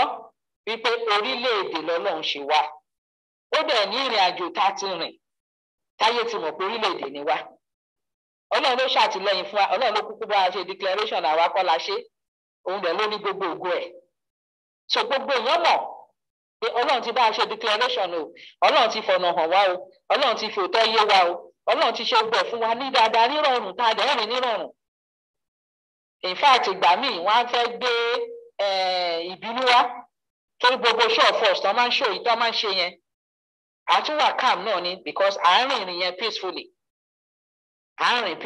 wípé orílẹ̀-èdè lọ́lọ́run ṣe wá ó dẹ̀ ní ìrìn àjò tá a ti rìn táyé ti mọ̀ pé orílẹ̀-èdè ni wá ọlọ́run ló ṣàtìlẹ́yìn fún wa ọlọ́run ló kúkú bá wa ṣe declaration àwa kọ́ la ṣe òun dẹ̀ ló ní gbogbo ògo ẹ̀ so gbogbo èèyàn mọ̀ pé ọlọ́run ti bá a ṣe declaration o ọlọ́run ti fọ̀nà hàn wá o ọlọ́run ti fòótọ́ yé o ọlọ́run ti ṣe gbọ̀ fún wa ní dáadáa nírọ̀rùn tá a dẹ̀ rìn nírọ̀rùn in fact ìgbà míì wọ́n á fẹ́ gbé ìbínú wá torí gbogbo show first máa ń show ìtọ́ máa ń ṣe yẹn náà ni because à ń rìn ìrìn yẹn peacefully à ń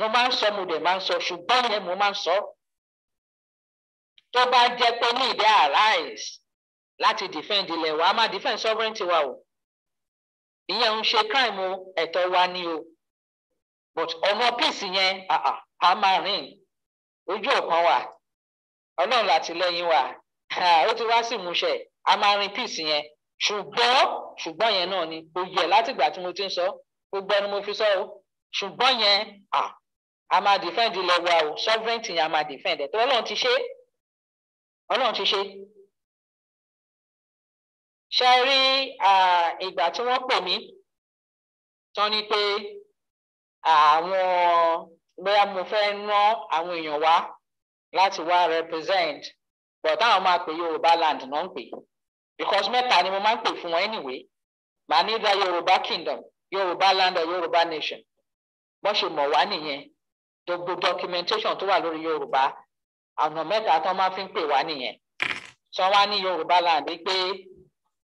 mo máa sọ mo dẹ̀ sọ ṣùgbọ́n yẹn mo máa sọ tó bá jẹ́ pé ní ìdá arise láti defend ilẹ̀ wa a máa defend sovereignty wa o ìyẹn ń ṣe crime o ẹ̀tọ́ wa ni o but ọ̀nà peace yẹn a máa rìn ojú ọ̀kan wa ọlọ́run látìlẹ́yìn wa ó ti wá sí ìmúṣẹ a máa rìn peace yẹn ṣùgbọ́n ṣùgbọ́n yẹn náà ni kò yẹ látìgbà tí mo ti ń sọ gbogbo ẹni mo fi sọ o ṣùgbọ́n yẹn a máa defend ilẹ̀ wa o sovereignty yẹn a máa defend ẹ̀ tó ọlọ́run ti ṣe é ọlọ́run ti ṣe ṣe rí ìgbà tí wọ́n pè mí tán ni pé àwọn bóyá mo fẹ́ rán àwọn èèyàn wá láti wá represent but táwọn máa pè Yorùbá land náà ń pè because mẹ́ta ni mo máa ń pè fún wọn anyway màá ní ìdá Yorùbá kingdom Yorùbá land or Yorùbá nation bọ́n ṣe mọ̀ wá nìyẹn gbogbo documentation tó wà lórí Yorùbá àgbọ̀n mẹ́ta tán máa fi ń pè wá nìyẹn sọ wá ní yorùbá láàbí pé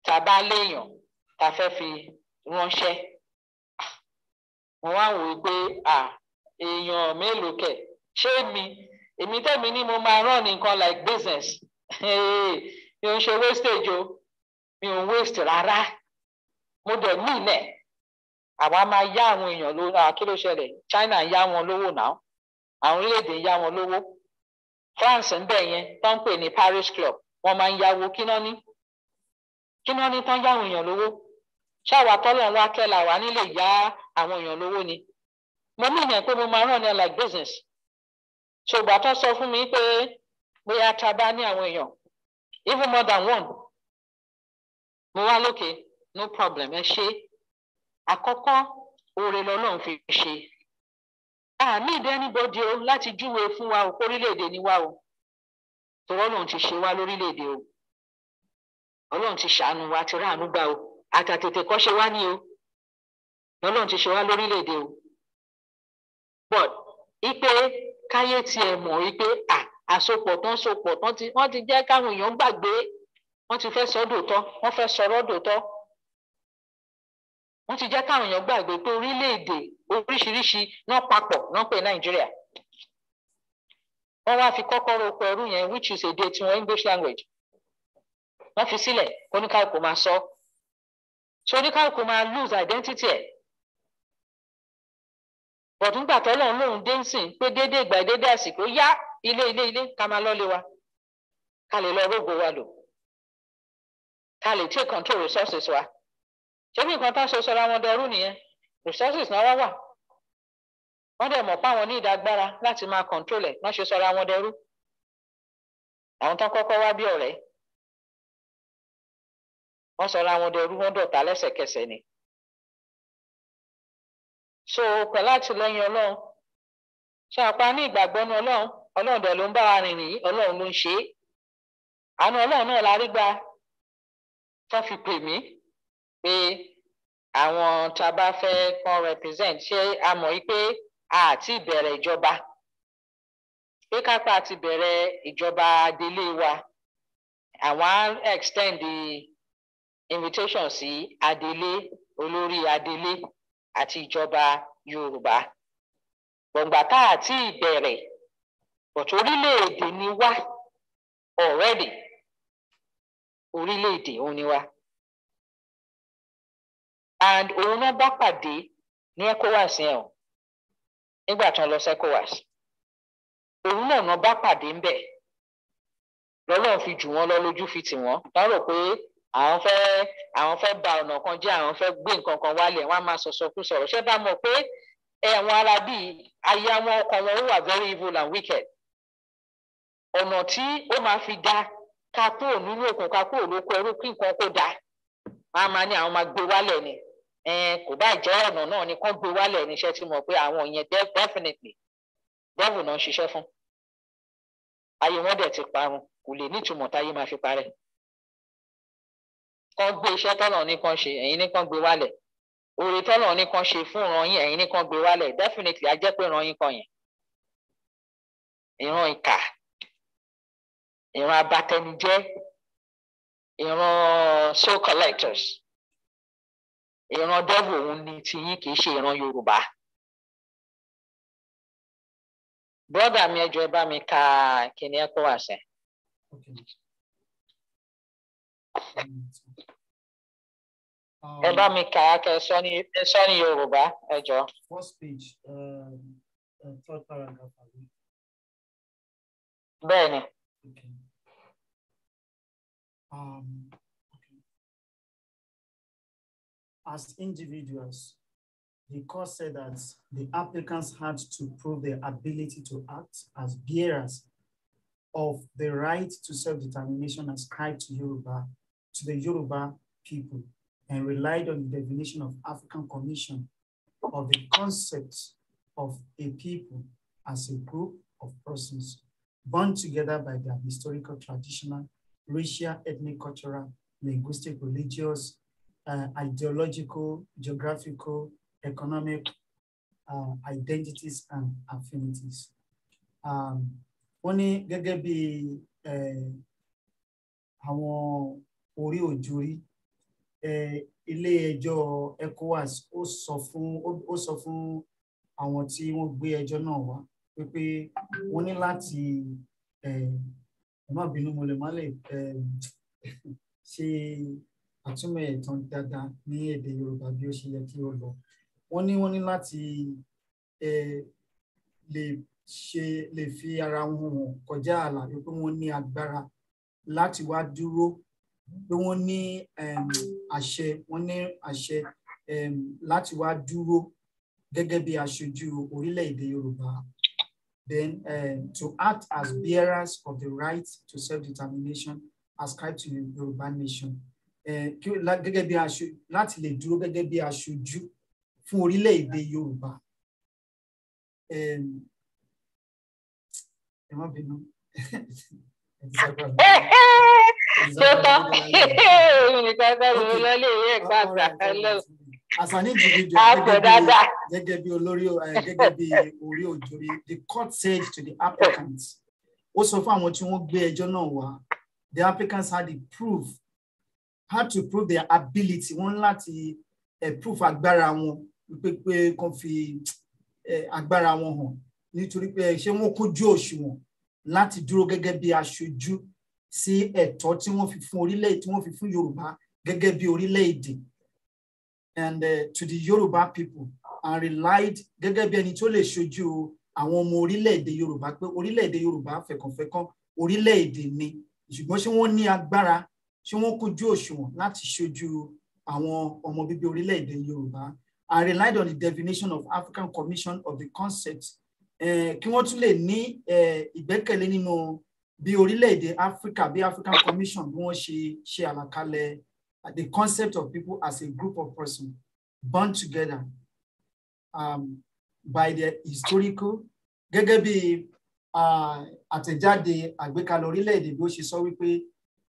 tá a bá léèyàn tá a fẹ́ fi ránṣẹ́ mo wá wò ó pé èèyàn mélòó kẹ̀ ṣé mi èmi tẹ̀mí ni mo máa rán nǹkan like business mi ò ń ṣe wastage o mi ò ń waste rárá mo dẹ̀ ní ilẹ̀ àwa máa yá àwọn èèyàn lówó kí ṣẹlẹ̀ China yá wọn lówó náà àwọn orílẹ̀-èdè yá wọn lówó France ń bẹ̀ yẹn tó ń pè ní Parish Club wọ́n máa ń yáwó kíná ní kíná ní tán yáwọn èèyàn lówó ṣáwa tọ́lọ̀ ń wá kẹ́la wà nílé yá àwọn èèyàn lówó ni mo ní ìyẹn pé mo máa ràn ní like business ṣùgbọ́n tó sọ fún mi pé bóyá ta ní àwọn èèyàn even more than one mo wá lókè no problem ẹ ṣe àkọ́kọ́ oore lọ́lọ́run fi ṣe àmì ìdẹ́nibọ́dé o láti júwe fún wa o orílẹ̀-èdè ni wa o tọ́wọ́ lòun ti ṣe wá lórílẹ̀-èdè o ọlọ́run ti ṣàánú wa ti ráàánú gbà o àtàtètè kọ́ ṣe wá ní o lọ́lọ́run ti ṣe wá lórílẹ̀-èdè o but ipe káyé tiẹ̀ mọ̀ ipe à àsopọ̀ tán sopọ̀ tán ti wọ́n ti jẹ́ káwọn èèyàn gbàgbé wọ́n ti fẹ́ sọ́dọ̀ tán wọ́n fẹ́ sọ̀rọ̀ dòótọ́ wọ́n ti jẹ́ káwọn èèyàn gbàgbé pé orílẹ̀-èdè oríṣiríṣi náà papọ̀ náà pè nàìjíríà wọ́n wá fi yẹn which is èdè tiwọn english language wọ́n fi sílẹ̀ oníkàlùkù máa sọ so oníkàlùkù máa lose identity ẹ̀ bọ̀dún gbà tọ́lọ̀ lóun dé ń sìn pé ìgbà àsìkò yá ilé ilé ilé ká máa lọ́lé wa ká lè lọ wa lò ká lè take control resources wa. ṣé bí nǹkan tá a ṣe sọra wọn dọrú nìyẹn resources náà wá wà wọ́n dẹ̀ mọ̀ páwọn ní ìdágbára láti máa control ẹ̀ wọ́n ṣe sọra wọn dẹrú àwọn tán kọ́kọ́ wá bí ọ̀rẹ́ wọ́n sọra wọn dẹrú wọ́n dọ̀tá lẹ́sẹ̀kẹsẹ̀ ni so pẹ̀lú àtìlẹ́yìn Ọlọ́run ṣe àpá ní ìgbàgbọ́ ní Ọlọ́run Ọlọ́run dẹ̀ ló ń bá wa rìn rìn Ọlọ́run ló ń ṣe é àánú Ọlọ́run náà la rí gbà tó fi pè mí pé àwọn tá a bá fẹ́ kàn represent ṣé a mọ̀ yí pé a ti bẹ̀rẹ̀ ìjọba pé kápá ti bẹ̀rẹ̀ ìjọba délé wa àwọn extend the invitation sí adelé olórí adelé àti ìjọba yorùbá gbọ̀ngbà tá a ti bẹ̀rẹ̀ but orílẹ̀-èdè ni wá already orílẹ̀-èdè òun ni wá and òun náà bá pàdé ní ECOWAS yẹn o nígbà tí wọ́n lọ sí ECOWAS òun náà náà bá pàdé ńbẹ̀ lọ́lọ́run fi jù wọn lọ lójú fi tì wọn. wọ́n rò pé àwọn àwọn ba ọ̀nà kan jẹ́ àwọn fẹ́ gbé nǹkan kan wálẹ̀ wọ́n á máa sọ̀sọ̀ kú sọ̀rọ̀ ṣé bá mọ̀ pé ẹ̀wọ̀n ara bíi aya wọn ọkàn wọn wà very evil and wicked ọ̀nà tí ó máa fi da ká nínú òkun kò bá jẹ́ ọ̀nà náà ni kán gbé wálẹ̀ níṣẹ́ tí mo pé àwọn yẹn definitely devil náà ń ṣiṣẹ́ fún ayé wọn dẹ̀ ti parun kò lè nítumọ̀ táyé máa fi parẹ́ kán gbé iṣẹ́ tọ́nà ní kán ṣe ẹ̀yin ní kán gbé wálẹ̀ òrè tọ́nà ní kán ṣe fún ìran yín ẹ̀yin ní kán gbé wálẹ̀ definitely a jẹ́ pé ìran yín kan yẹn ìran ìkà ìran abatẹnijẹ́ ìran soul collectors ìran dẹ́vù òun ni tiyín kì í ṣe ìran yorùbá. brọ́dà mi ẹjọ́ ẹ bá mi ka kíni ẹ kó àṣẹ. ẹ bá mi kà á kẹ sọ ní ẹ sọ ní yorùbá ẹjọ. first page uh, uh, as individuals, the court said that the applicants had to prove their ability to act as bearers of the right to self-determination ascribed to Yoruba, to the Yoruba people, and relied on the definition of African Commission of the concept of a people as a group of persons bound together by their historical, traditional, racial, ethnic, cultural, linguistic, religious, uh, ideological, geographical, economic uh, identities and affinities. Um, wọ́n ní gẹ́gẹ́ bí uh, àwọn orí òjòrí uh, ilé ẹjọ́ ECOWAS ó sọ fún ó sọ fún àwọn tí wọ́n gbé ẹjọ́ náà wá pé wọ́n ní láti uh, ẹ má bínú mo lè má lè um, ṣe àtúmọ̀ ìtàn dáadáa ní èdè Yorùbá bí ó ṣe yẹ kí ó lọ wọ́n ní wọ́n ní láti lè ṣe lè fi ara wọn hàn kọjá ààlà pé wọ́n ní agbára láti wá dúró pé wọ́n ní àṣẹ wọ́n ní àṣẹ láti wá dúró gẹ́gẹ́ bí aṣojú orílẹ̀-èdè Yorùbá then to act as bearers of the right to self-determination ascribed to the Yorùbá nation gẹ́gẹ́ bí aṣojú láti lè dúró gẹ́gẹ́ bí aṣojú fún orílẹ̀-èdè Yorùbá gẹ́gẹ́ bí olórí gẹ́gẹ́ bí orí òjòrí the court said to the applicants ó sọ fún àwọn tí wọ́n gbé ẹjọ́ náà wá the applicants had the proof How to prove their ability wọ́n láti eh, prove agbára wọn pé pé kàn fi eh, agbára wọn hàn nítorí pé eh, ṣé wọ́n kójú òṣùwọ̀n láti dúró gẹ́gẹ́ bí aṣojú sí ẹ̀tọ́ tí wọ́n fi fún orílẹ̀ tí wọ́n fi fún Yorùbá gẹ́gẹ́ bí orílẹ̀ and uh, to the Yorùbá people and relied gẹ́gẹ́ bí ẹni tó lè ṣojú àwọn ọmọ orílẹ̀-èdè Yorùbá pé orílẹ̀-èdè Yorùbá fẹ̀kànfẹ̀kàn orílẹ̀ ni ṣùgbọ́n ṣé wọ́n ní agbára ṣé wọ́n kojú òṣùwọ̀n láti ṣojú àwọn ọmọ bíbí orílẹ̀-èdè Yorùbá I relied on the definition of African Commission of the concept kí wọ́n tún lè ní ìgbẹ́kẹ̀lé nínú bí orílẹ̀-èdè Africa bí African Commission bí wọ́n ṣe ṣe àlàkalẹ̀ the concept of people as a group of persons bound together um, by their historical gẹ́gẹ́ bí àtẹ̀jáde àgbékalẹ̀ orílẹ̀-èdè bí ó ṣe sọ wípé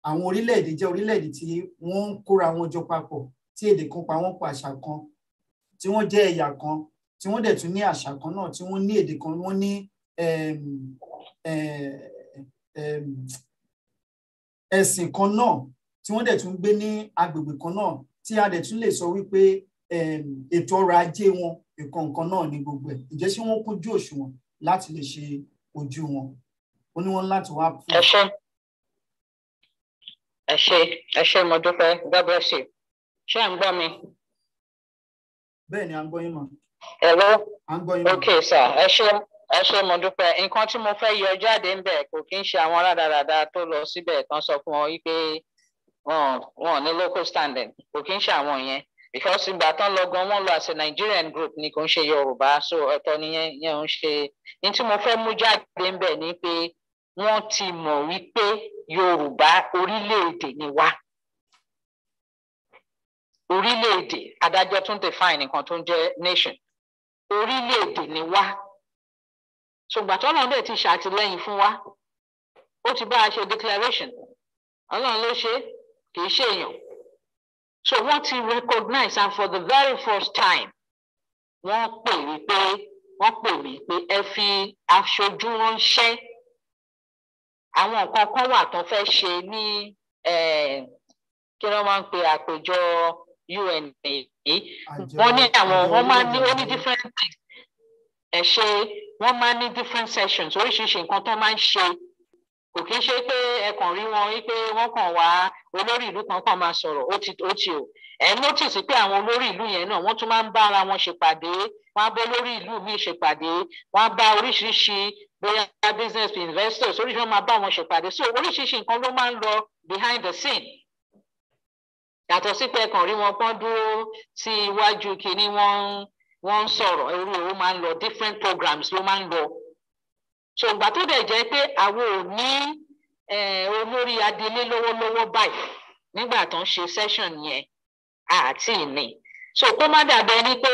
àwọn orílẹ̀-èdè jẹ́ orílẹ̀-èdè tí wọ́n ń kóra wọn jọ papọ̀ tí èdè kan pa wọ́n pa àṣà kan tí wọ́n jẹ́ ẹ̀yà kan tí wọ́n dẹ̀ tún ní àṣà kan náà tí wọ́n ní èdè kan wọ́n ní ẹ̀sìn kan náà tí wọ́n dẹ̀ tún gbé ní agbègbè kan náà tí a dẹ̀ tún lè sọ wípé ètò ọrọ̀ ajé wọn nǹkan nǹkan náà ní gbogbo ẹ̀ ǹjẹ́ ṣé wọ́n kúnjú òṣùwọ̀n láti lè ṣe ojú wọn ó ní wọn láti wá. ẹ ṣeun ẹ ṣé ẹ ṣé mo dúpẹ́ god bless you ṣé à ń gbọ́ mi. bẹ́ẹ̀ni à ń gbọ́ yín mọ. hello ok sir ẹ ṣé ẹ ṣé mo dúpẹ́ nǹkan tí mo fẹ́ yọ jáde ń bẹ kò kí ń ṣe àwọn rádaràda tó lọ síbẹ̀ kan sọ fún wọn wípé wọn ní local standing kò kí ń ṣe àwọn yẹn because ìgbà tán lọ gan wọn lọ àṣẹ Nigerian group ni kò ń ṣe Yorùbá so ọ̀tọ̀ nìyẹn yẹn ń ṣe ní tí mo fẹ́ mú jáde ń bẹ ni pé wọ́n ti mọ̀ wípé yorùbá orílẹ̀-èdè ni wá orílẹ̀-èdè adájọ́ tún define nǹkan tó ń jẹ́ nation orílẹ̀-èdè ni wá ṣùgbọ́n tọ́lọ́run dẹ̀ ti ṣàtìlẹ́yìn fún wa ó ti bá a ṣe declaration ọlọ́run ló ṣe kì í ṣe èèyàn so wọ́n ti recognize and for the very first time wọ́n pè mí pé wọ́n pè mí pé ẹ fi aṣojú ránṣẹ́ àwọn nǹkan kan wà tó fẹ́ ṣe ní eh, kí wọ́n máa ń pe àpèjọ UN èyí wọ́n ní àwọn wọ́n máa ní ó ní different ẹ̀ ṣe wọ́n máa ní different sessions oríṣiríṣi nǹkan tó máa ń ṣe kò kí ń ṣe pé ẹ kàn rí wọn wípé wọ́n kàn wá olórí ìlú kan kàn máa sọ̀rọ̀ ó ti ó ti o ẹ notice pé àwọn olórí ìlú yẹn náà wọ́n tún máa ń bá ara wọn ṣèpàdé wọ́n á bá olórí ìlú mi ṣèpàdé wọ́n á bá oríṣiríṣi bóyá business investors oríṣiríṣi wọn máa bá wọn ṣèpàdé so oríṣiríṣi nǹkan ló máa ń lọ behind the scene yàtọ̀ sí pé ẹkàn rí wọn pọ́n dúró sí iwájú kínní wọ́n ń sọ̀rọ̀ irú owó máa ń lọ different programs ló máa ń lọ so ìgbà tó dẹ̀ jẹ́ pé àwọn ò ní olórí adelé lọ́wọ́lọ́wọ́ báyìí nígbà tó ń ṣe session yẹn àti ìní so kó má dàbẹ́ ni pé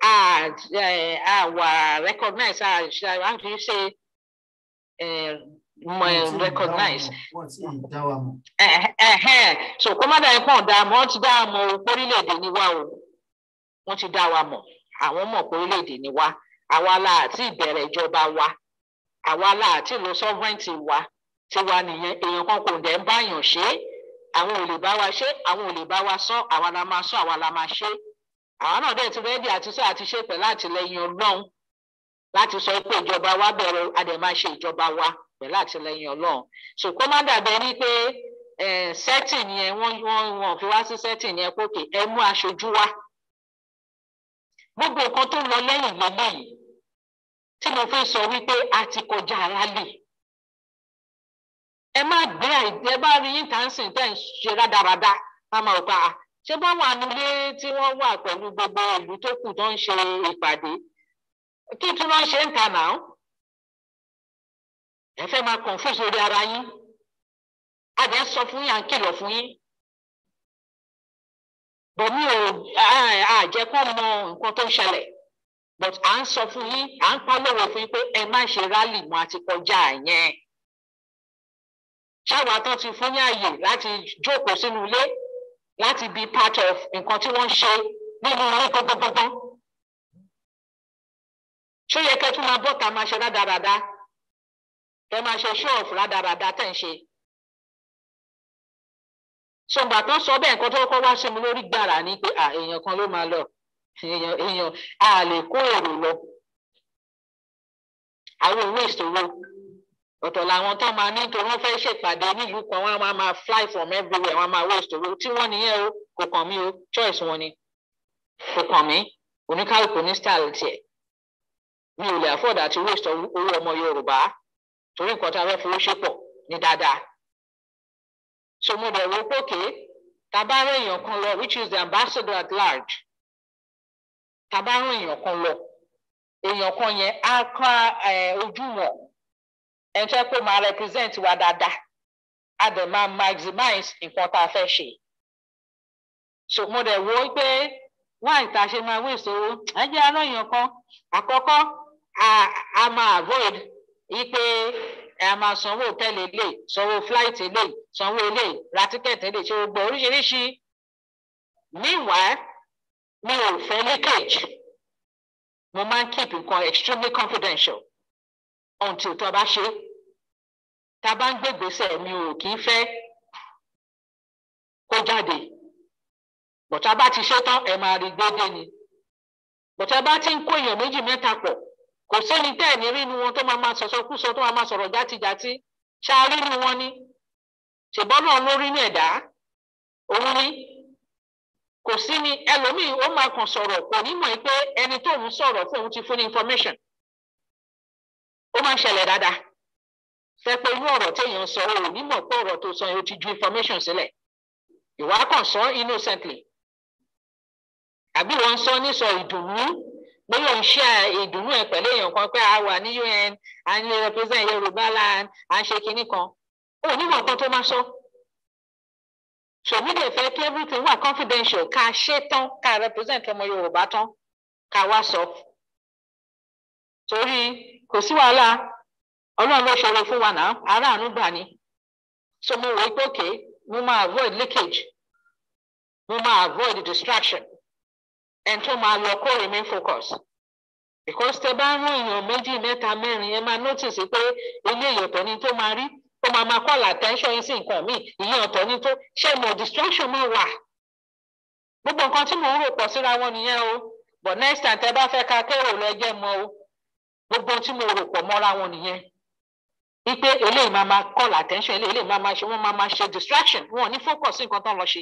a wà recognize a fi ṣe mọ recognize. so kó má dà ẹ́ pọ̀ dá mọ́ wọ́n ti dá a mọ̀ o orílẹ̀-èdè ni wá o wọ́n ti dá wa mọ̀ àwọn mọ̀ pé orílẹ̀-èdè ni wá àwa la àti ìbẹ̀rẹ̀ ìjọba wa àwa la àti ìlò sovereignty wa tiwa nìyẹn èèyàn kan kò dẹ̀ ń báyàn ṣe àwọn ò lè bá wa ṣe àwọn ò lè bá wa sọ àwa la máa sọ àwa la máa ṣe àwa náà dẹ̀ ti rẹ́dí àti sọ àti ṣe pẹ̀lú àtìlẹyìn ọlọ́run láti sọ pé ìjọba wa bẹ̀rẹ̀ a dẹ̀ máa ṣe ìjọba wa pẹ̀lú àtìlẹyìn ọlọ́run so kó má dàbẹ̀ ni pé sẹ́tìn yẹn wọ́n wọ́n wọ́n fi wá sí sẹ́tìn yẹn pókè ẹ mú aṣojú wá gbogbo nǹkan tó lọ lẹ́yìn lélẹ́yìn tí mo fi sọ wípé a ti kọjá aráàlú ẹ má gbé àìdẹ bá rí yín tá ń sìn tẹ́ ń ṣe rádaràda má máa pa ah, ṣé báwọn anulé tí wọ́n wà pẹ̀lú gbogbo ìlú tó kù tó ń ṣe ìpàdé kí tí wọ́n ṣe ń ta náà ẹ fẹ́ máa confuse orí ara yín àbẹ̀ sọ fún yín à ń kìlọ̀ fún yín bọ̀ mi ò àjẹ́ kó mọ nǹkan tó ń ṣẹlẹ̀ but à ń sọ fún yín à ń pálọ̀wọ̀ fún yín pé ẹ má ṣe rálì mọ́ àti kọjá yẹn ṣáwa tán ti fún yín àyè láti jókòó sínú ilé láti be part of nǹkan tí wọ́n ń ṣe nínú orí gbọ́ngbọ́ngbọ́n ṣó yẹ kẹ́ tún máa bọ́ ta máa ṣe rádaràda kẹ́ máa ṣe ṣọ́ọ̀fù rádaràda tẹ̀ ń ṣe. sọgbà tó sọ bẹ́ẹ̀ nǹkan tó kọ́ wá sí mi lórí gbàrà ni pé èèyàn kan ló máa lọ èèyàn èèyàn a lè kó èrò lọ. àwọn òwe ìṣòro ọ̀tọ̀ làwọn tó máa ní torí wọ́n fẹ́ ṣèpàdé nílùú kan wọ́n á máa fly from everywhere wọ́n á máa wé ìṣòro tí wọ́n nìyẹn o kò kàn mí o choice wọn ni kò kàn mí oníkálukú ní style tiẹ̀ mi ò lè afford àti waste owó ọmọ yorùbá torí nǹkan tá a fẹ́ fowó ṣe pọ̀ ní dáadáa so mo bẹ̀ pókè tá a bá rán èèyàn kan lọ which is the ambassador at large tá a bá rán èèyàn kan lọ èèyàn kan yẹn á ká ojú wọn ẹ̀ ń fẹ́ kó máa represent wa dáadáa a dẹ̀ máa maximize nǹkan tá a fẹ́ ṣe so mo dẹ̀ wò pé wáyé tá a ṣe máa wéṣọ ẹ jẹ́ aráyàn kan àkọ́kọ́ a máa avoid wípé a máa sanwó hòtẹ́ẹ̀lì ilé sanwó flight ilé sanwó ilé ra tíkẹ́ẹ̀tì ilé ṣe gbogbo oríṣiríṣi meanwhile mi ò fẹ́ leakage mo máa ń keep nǹkan extremely confidential until tó a bá ṣe tá a bá ń gbé gbèsè mi ò kì í fẹ́ kó jáde bọ̀tá bá ti ṣe tán ẹ̀ máa rí gbé dé ni bọ̀tá bá ti ń kó èèyàn méjì mẹ́ta pọ̀ kò sẹ́ni tẹ́ ẹ̀ ní rí inú wọn tó máa máa sọ̀sọ́ kú sọ tó máa máa sọ̀rọ̀ játijàti ṣá rí inú wọn ni ṣèbọ́n náà ló rí inú ẹ̀dá òun ni kò sí ni ẹlòmíì ó máa kàn sọ̀rọ̀ kò ní mọ̀ pé ẹni tó ń sọ̀rọ̀ fún òun ti fún ní information ó máa ń ṣẹlẹ̀ dáadáa fẹ́ pé inú ọ̀rọ̀ téèyàn sọ ò ní pé ọ̀rọ̀ tó sọ yẹn ó ti ju information sílẹ̀ ìwà kàn sọ innocently àbí wọ́n sọ nísọ ìdùnnú bóyá òun ṣe ìdùnnú ẹ pẹ̀lú èèyàn kan pé a wà ní UN a ní represent Yorùbá land a ṣe kinní kan ó níwọ̀n kan tó máa sọ ṣòmídé fẹ́ kí everything wà confidential ká ṣe tán ká represent ọmọ Yorùbá tán ká wá sọ torí kò sí wàhálà Ọlọ́run ló ṣòro fún wa náà aráàánú gbà ni so mo wò ó pé òkè mo máa avoid leakage mo máa avoid distraction. ẹni tó máa lọ kó remain focus because tẹ bá ń rún èèyàn méjì mẹ́ta mẹ́rin ẹ máa notice pé eléyìí ọ̀tọ̀ ni tó máa rí tó máa máa call attention sí nǹkan míì ìyẹn ọ̀tọ̀ ni tó ṣe mo distraction máa wà gbogbo nǹkan tí mò ń rò pọ̀ síra wọn nìyẹn o but next time tẹ bá fẹ́ ka kérò lọ jẹ́ mọ́ o gbogbo tí mo rò pọ̀ mọ́ra wọn nìyẹn wípé eléyìí máa máa call attention eléyìí máa máa ṣe wọ́n máa máa ṣe distraction wọn ò ní focus sí nǹkan tó ń lọ ṣe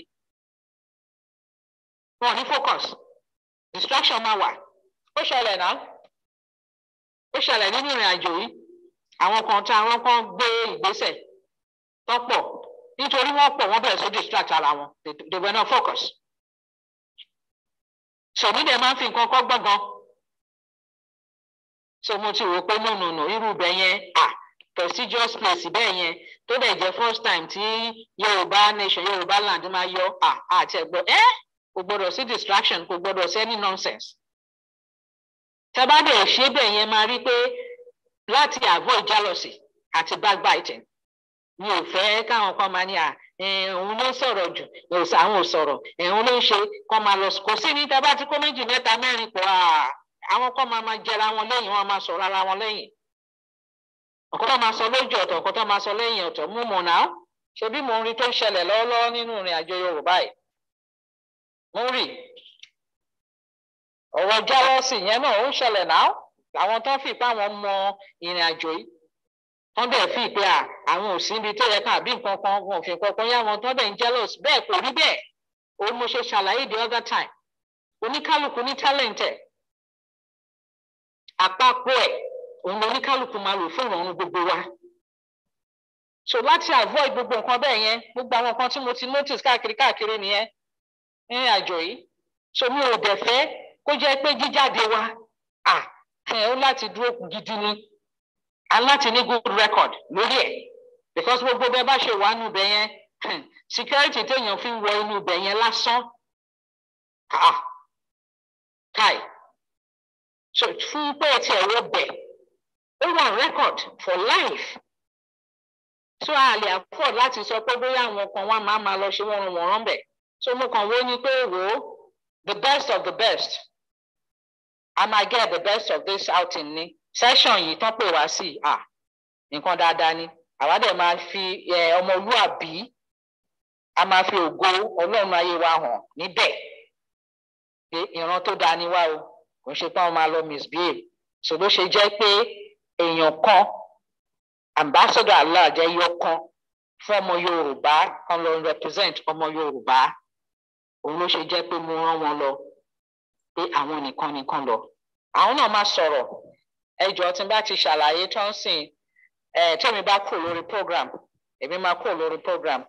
wọn ò ní focus distraction máa wà ó ṣẹlẹ̀ náà ó ṣẹlẹ̀ nínú ìrìn àjò yìí àwọn kan tí àwọn kan gbé ìgbésẹ̀ tó pọ̀ nítorí wọ́n pọ̀ wọ́n bẹ̀rẹ̀ sí distract ara wọn they were not focused sọmi dẹ̀ máa ń fi nǹkan kọ́ gbọ̀ngàn so mo ti rò pé nùnùnù irú ibẹ̀ yẹn ah prestigious place bẹ́ẹ̀ yẹn tó dẹ̀ jẹ́ first time tí Yorùbá nation Yorùbá land máa yọ ah àti ẹ̀gbọ́n ẹ́. Eh? kò gbọdọ̀ sí distraction kò gbọdọ̀ sí any nonsense tẹ́ bá dẹ̀ ṣe bẹ́ẹ̀ yẹn máa rí pé láti avoid jealousy àti backbiting mi ò fẹ́ káwọn kan máa ní à òun ló sọ̀rọ̀ jù àwọn ò sọ̀rọ̀ òun ló ń ṣe kọ́ máa lọ kò sí ní tẹ́ bá ti kó méjì mẹ́ta mẹ́rin pọ̀ àwọn kan máa máa jẹra wọn lẹ́yìn wọn máa sọ̀rọ̀ ara wọn lẹ́yìn ọ̀kan tó máa sọ lójú ọ̀tọ̀ ọ̀kan tó máa sọ lẹ́yìn ọ̀tọ̀ mú mọ̀ náà ṣebí mo ń rí tó ń ṣẹlẹ̀ lọ́wọ́lọ́wọ́ nínú ìrìn àjò Yorùbá yìí Múrì ọ̀rọ̀ jálọ́sì yẹn náà ó ń ṣẹlẹ̀ náà àwọn tó ń fi ipá wọn mọ ìrìn àjò yìí wọ́n dẹ̀ fi ìpè à àwọn ò sí ibi tó yẹ ká àbí nǹkan kan wọn ò fi nǹkan kan yá wọn tó dẹ̀ ń jealous bẹ́ẹ̀ kò rí bẹ́ẹ̀ òun mo ṣe ṣàlàyé the other time oníkálukú ní talent ẹ̀ àpapọ̀ ẹ̀ òun oníkálukú máa lò fún ìrọ̀rùn gbogbo wa so láti avoid gbogbo nǹkan bẹ́ẹ̀ yẹn gbogbo àwọn nǹkan tí mo ti notice káàkiri káàkiri nìyẹn ní àjọ yìí so mi ò dẹ̀ fẹ́ kó jẹ́ pé jíjáde wa à ẹ̀ ó láti dúró gidi ni a láti ní good record lórí ẹ̀ because gbogbo bẹ́ẹ̀ bá ṣe wà nù bẹ́ yẹn hmm, security téèyàn fi wọ inú bẹ́ yẹn lásán ah kai so fún pé ẹ tiẹ̀ wọ bẹ̀ ó wà record for life so a lè afford láti sọ pé bóyá àwọn kan wá máa máa lọ ṣe wọ́n rán wọ́n rán bẹ́ẹ̀ so mo kàn wó ni pé wò the best of the best i ma get the best of this outing ni session yìí tán pè wá sí à nǹkan dáadáa ni àwa dẹ̀ máa fi ọmọlúàbí a máa fi ògo ọlọ́run ayé wa hàn níbẹ̀ pé ìran tó dáa ni wá o kò ń ṣe pé wọ́n máa lọ misbehave so ló ṣe jẹ́ pé èèyàn kan ambassador Allah yọ kan fún ọmọ Yorùbá kan lọ represent ọmọ Yorùbá òun ló ṣe jẹ́ pé mo rán wọn lọ pé àwọn nìkan nìkan lọ àwọn náà máa sọ̀rọ̀ ẹjọ́ tí n bá ti ṣàlàyé tán sìn ẹ tẹ́mi bá kúrò lórí program èmi máa kúrò lórí program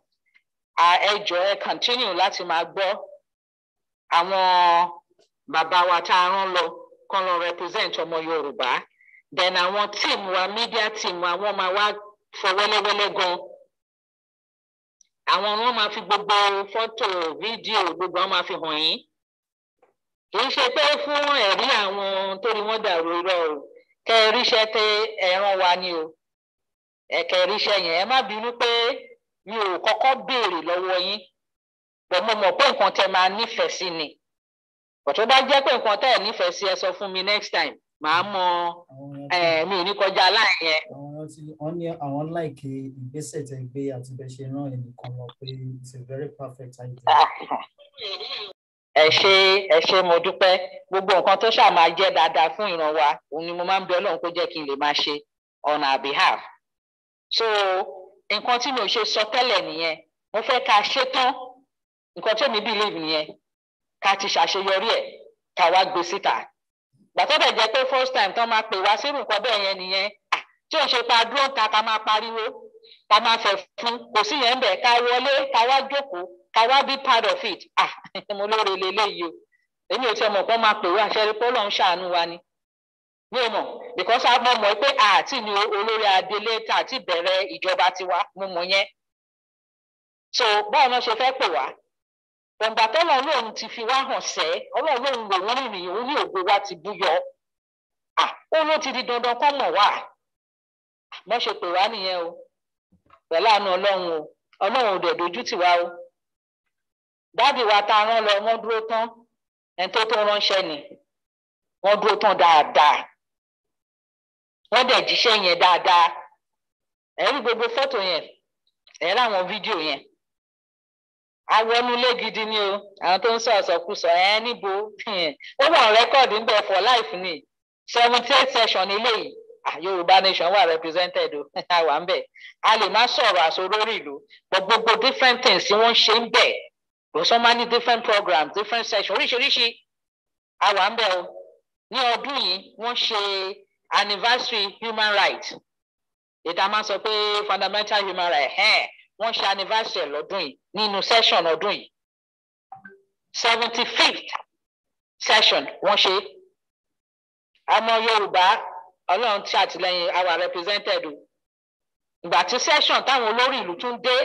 ẹjọ́ ẹ continue láti máa gbọ́ àwọn bàbá wa tá a rán lọ kán lọ represent ọmọ Yorùbá then àwọn team wa media team wa wọ́n máa wá fọwọ́lẹ́wọ́lẹ́ gan-an àwọn ni wọ́n máa fi gbogbo fọ́tò fídíò gbogbo wọn máa fi hàn yín kì í ṣe pé fún ẹ̀rí àwọn torí wọ́n dàrú irọ́ o kẹ́ ẹ ríṣẹ́ tẹ ẹran wa ni o ẹ̀kẹ́ ríṣẹ́ yẹn ẹ má bínú pé mi ò kọ́kọ́ béèrè lọ́wọ́ yín bọ̀ mo mọ̀ pé nǹkan tẹ máa nífẹ̀ẹ́ sí ni bọ̀ bá jẹ́ pé nǹkan tẹ ẹ̀ nífẹ̀ẹ́ sí ẹ sọ fún mi next time màá mọ mi ò ní kọjá láàyè yẹn. wọ́n ní àwọn láìkè ìgbésẹ̀ tẹ̀ gbé àti bẹ́ẹ̀ ṣe rán ẹnìkan lọ pé it's a very perfect idea. ẹ ṣe ẹ ṣe mo dúpẹ́ gbogbo nǹkan tó ṣáà máa jẹ́ dáadáa fún ìran òun ni mo máa ń bẹ Ọlọ́run kó jẹ́ kí n lè máa ṣe on our behalf. so nǹkan tí ò ṣe sọ tẹ́lẹ̀ nìyẹn mo fẹ́ ká ṣe tán nǹkan tí mi believe nìyẹn ká ti ṣàṣeyọrí ẹ̀ ká wá gbé síta. gbàtọ́bẹ̀ jẹ́ pé first time tán máa pè wá sírù nǹkan bẹ́ẹ̀ yẹn nìyẹn tí ò ń ṣe pa dúró ta ká máa pariwo ká máa fẹ̀ fún kò sí yẹn bẹ̀ ká wọlé ká wá jókòó ká wá be part of it ah mo lóore lélẹ́yìí o èmi ò tiẹ̀ mọ̀ pé wọ́n máa pè wá àṣẹ rí pé Ọlọ́run ṣàánú wa ni mi ò mọ̀ because a mọ̀ mọ̀ pé àti ni olórí adelé tà ti bẹ̀rẹ̀ ìjọba tiwa mo mọ̀ yẹn so báwo náà ṣe fẹ́ pè wá gbọ̀ngbà tọ́lọ̀ lóun ti fi wá hàn sẹ́ ọlọ́run lóun wò wọ́n rìnrìn òun ní ògo wa ti búyọ ó ló ti di dandan kọ́ mọ̀ wá mọ́ ṣe pè wá nìyẹn o pẹ̀lú àánú ọlọ́run o ọlọ́run ò dẹ̀ dojú tì wá o dáàbì wa ta rán lọ wọ́n dúró tán ẹni tó tó ránṣẹ́ ni wọ́n dúró tán dáadáa wọ́n dẹ̀ jíṣẹ́ yẹn dáadáa ẹ̀ gbogbo fọ́tò yẹn ẹ̀ àwọn fídíò yẹn awọnulé gidi ni o àwọn tó ń sọ ọ̀sọ̀kùsọ ẹ níbo ó wà rẹ́kọ̀dì ń bẹ̀ for life ni seventy eight session ilé yìí ah, yorùbá nation wà represented o àwa ń bẹ̀ a lè má sọ̀rọ̀ àsorórí ìlú but gbogbo different things tí wọ́n ṣe ń bẹ̀ kò sọ ma different programs different session oríṣiríṣi àwa ń bẹ̀ o ní ọdún yìí wọ́n ṣe anniversary human rights ìta máa sọ pé fundamental human rights wọ́n ṣe anniversary lọ́dún yìí nínú session ọdún yìí seventy fifth session wọ́n ṣe ọmọ Yorùbá Ọlọ́run tí àtìlẹ́yìn our represented o ìgbà tí session táwọn olórí ìlú tún dé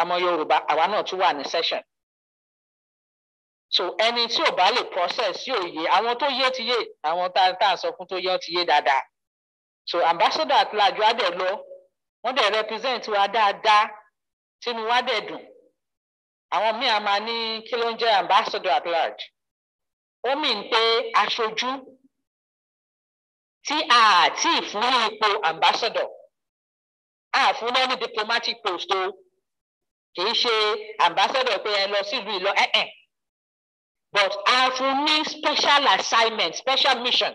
àmọ́ Yorùbá àwa náà tún wà ní session so ẹni tí ò bá lè process sí òye àwọn tó yé ti yé àwọn tá a sọ fún tó yé ti yé dáadáa so ambassador àtìlájú adé lọ wọ́n dẹ̀ represent wa dáadáa tínú wa dẹ̀ dùn àwọn míì a máa ní kí ló ń jẹ́ ambassador at large ó mì ń pé aṣojú tí a ti fún ní ipò ambassador a fún lẹ́nu diplomatic post o kì í ṣe ambassador pé ẹ lọ sílùú ìlọ ẹ ẹ but a fún ní special assignment special mission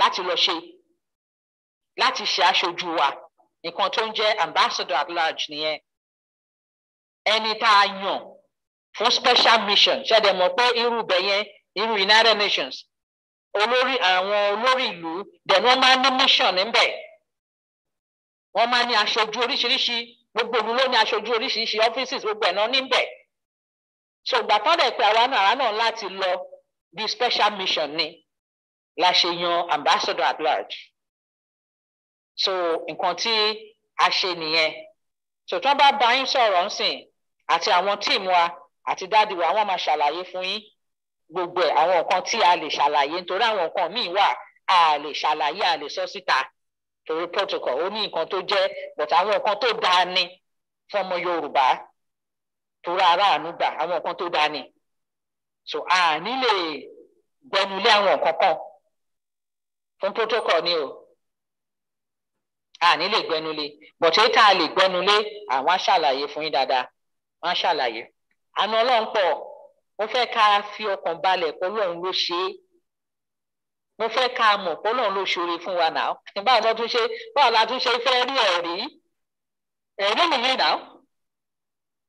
láti lọ ṣe láti ṣe aṣojú wa nǹkan tó ń jẹ́ ambassador at large nìyẹn ẹni tá a yàn fún special mission ṣẹ̀dẹ̀ mọ̀ pé irú ibẹ̀ yẹn irú United Nations olórí àwọn olórí ìlú dẹ̀ wọ́n máa ní mission níbẹ̀ wọ́n máa ní aṣojú oríṣiríṣi gbogbo ìlú ló ní aṣojú oríṣiríṣi offices gbogbo ẹ̀ náà so ìgbà tán dẹ̀ pé àwa náà àwa náà láti lọ bí special mission ni la ṣe yan ambassador at large so nǹkan tí a ṣe nìyẹn so tí wọ́n bá bá yín sọ̀rọ̀ ńsìn àti àwọn tíìmù wa àti dáàdi wa wọ́n máa ṣàlàyé fún yín gbogbo ẹ̀ àwọn nǹkan tí a lè ṣàlàyé nítorí àwọn nǹkan míì wà a lè ṣàlàyé a lè sọ síta torí protocol ó ní nǹkan tó jẹ́ but àwọn nǹkan tó dáa ni fún ọmọ Yorùbá torí aráàánú gbà àwọn nǹkan tó dáa ni so a nílè gbẹnulé àwọn nǹkan kan fún protocol ni o a nílè gbẹnulé but èyí tá a lè gbẹnulé àwọn á fún yín dáadáa wọn á ṣàlàyé àna ọlọ́run pọ̀ mo fẹ́ ká fi ọkàn balẹ̀ pé ọlọ́run ló ṣe é mo fẹ́ ká mọ̀ pé ọlọ́run ló ṣoore fún wa náà báwo la tún ṣe báwo la tún ṣe fẹ́ rí ẹ̀rí ẹ̀rí nìyí náà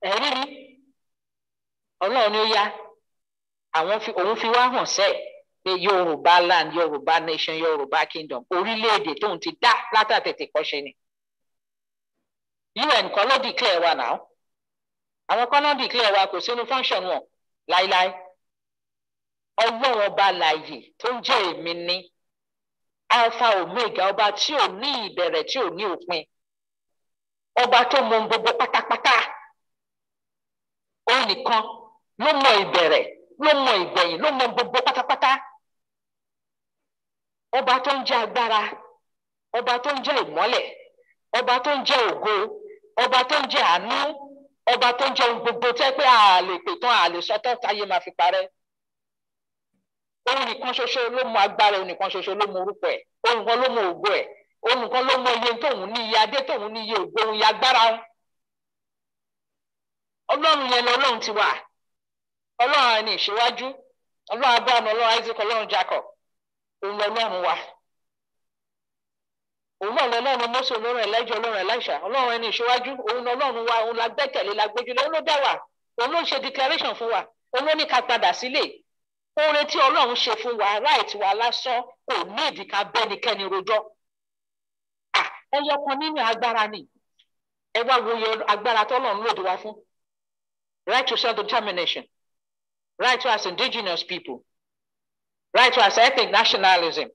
ẹ̀rí ni ọlọ́run ni ó yá àwọn fi òun fi wá hàn sẹ́ẹ̀ pé yorùbá land yorùbá nation yorùbá kingdom orílẹ̀-èdè tóun ti dá látàtètè kọ́ṣe ni un kọ́ ló dìklẹ̀ wa náà. àwọn kan náà dìklẹ̀ wa kò sínú function wọn láíláí ọlọ́run ọba láàyè tó ń jẹ́ èmi ní alpha omega ọba tí ò ní ìbẹ̀rẹ̀ tí ò ní òpin ọba tó mọ gbogbo pátápátá òun nìkan ló mọ ìbẹ̀rẹ̀ ló mọ ìgbẹ̀yìn ló mọ gbogbo pátápátá ọba tó ń jẹ́ agbára ọba tó ń jẹ́ ìmọ́lẹ̀ ọba tó ń jẹ́ ògo ọba tó ń jẹ́ àánú. ọba tó ń jẹ gbogbo tẹ́ pé a lè pè tán a lè sọ táyé máa fi parẹ́ òun nìkan ṣoṣo ló mọ agbára òun nìkan ṣoṣo ló mọ orúkọ ẹ̀ òun nìkan ló mọ ògo ẹ̀ òun nìkan ló mọ iye tóun ní iye adé tóun ní iye ògo òun iye agbára òun ọlọ́run yẹn ni ọlọ́run ti wà ọlọ́run ni ìṣíwájú ọlọ́run abraham ọlọ́run isaac ọlọ́run jacob òun lọ́lọ́run wa. òun náà lọ́lọ́run mọ́sí olórun ẹlẹ́jọ́ olórun ẹlẹ́ṣà ọlọ́run ẹni ìṣíwájú òun ọlọ́run wa òun la gbẹ́kẹ̀lé la gbójúlé òun ló dá wa òun ló ń ṣe declaration fún wa òun ló ní ká padà sílé oore tí ọlọ́run ṣe fún wa right wa lásán kò ní ìdíkà bẹ́nikẹ́ni rojọ́ ẹyọ kan nínú agbára ni ẹ wá wo yọ agbára tọ́lọ́run lòdì wa fún right to self determination right to as indigenous people right to as ethnic nationalism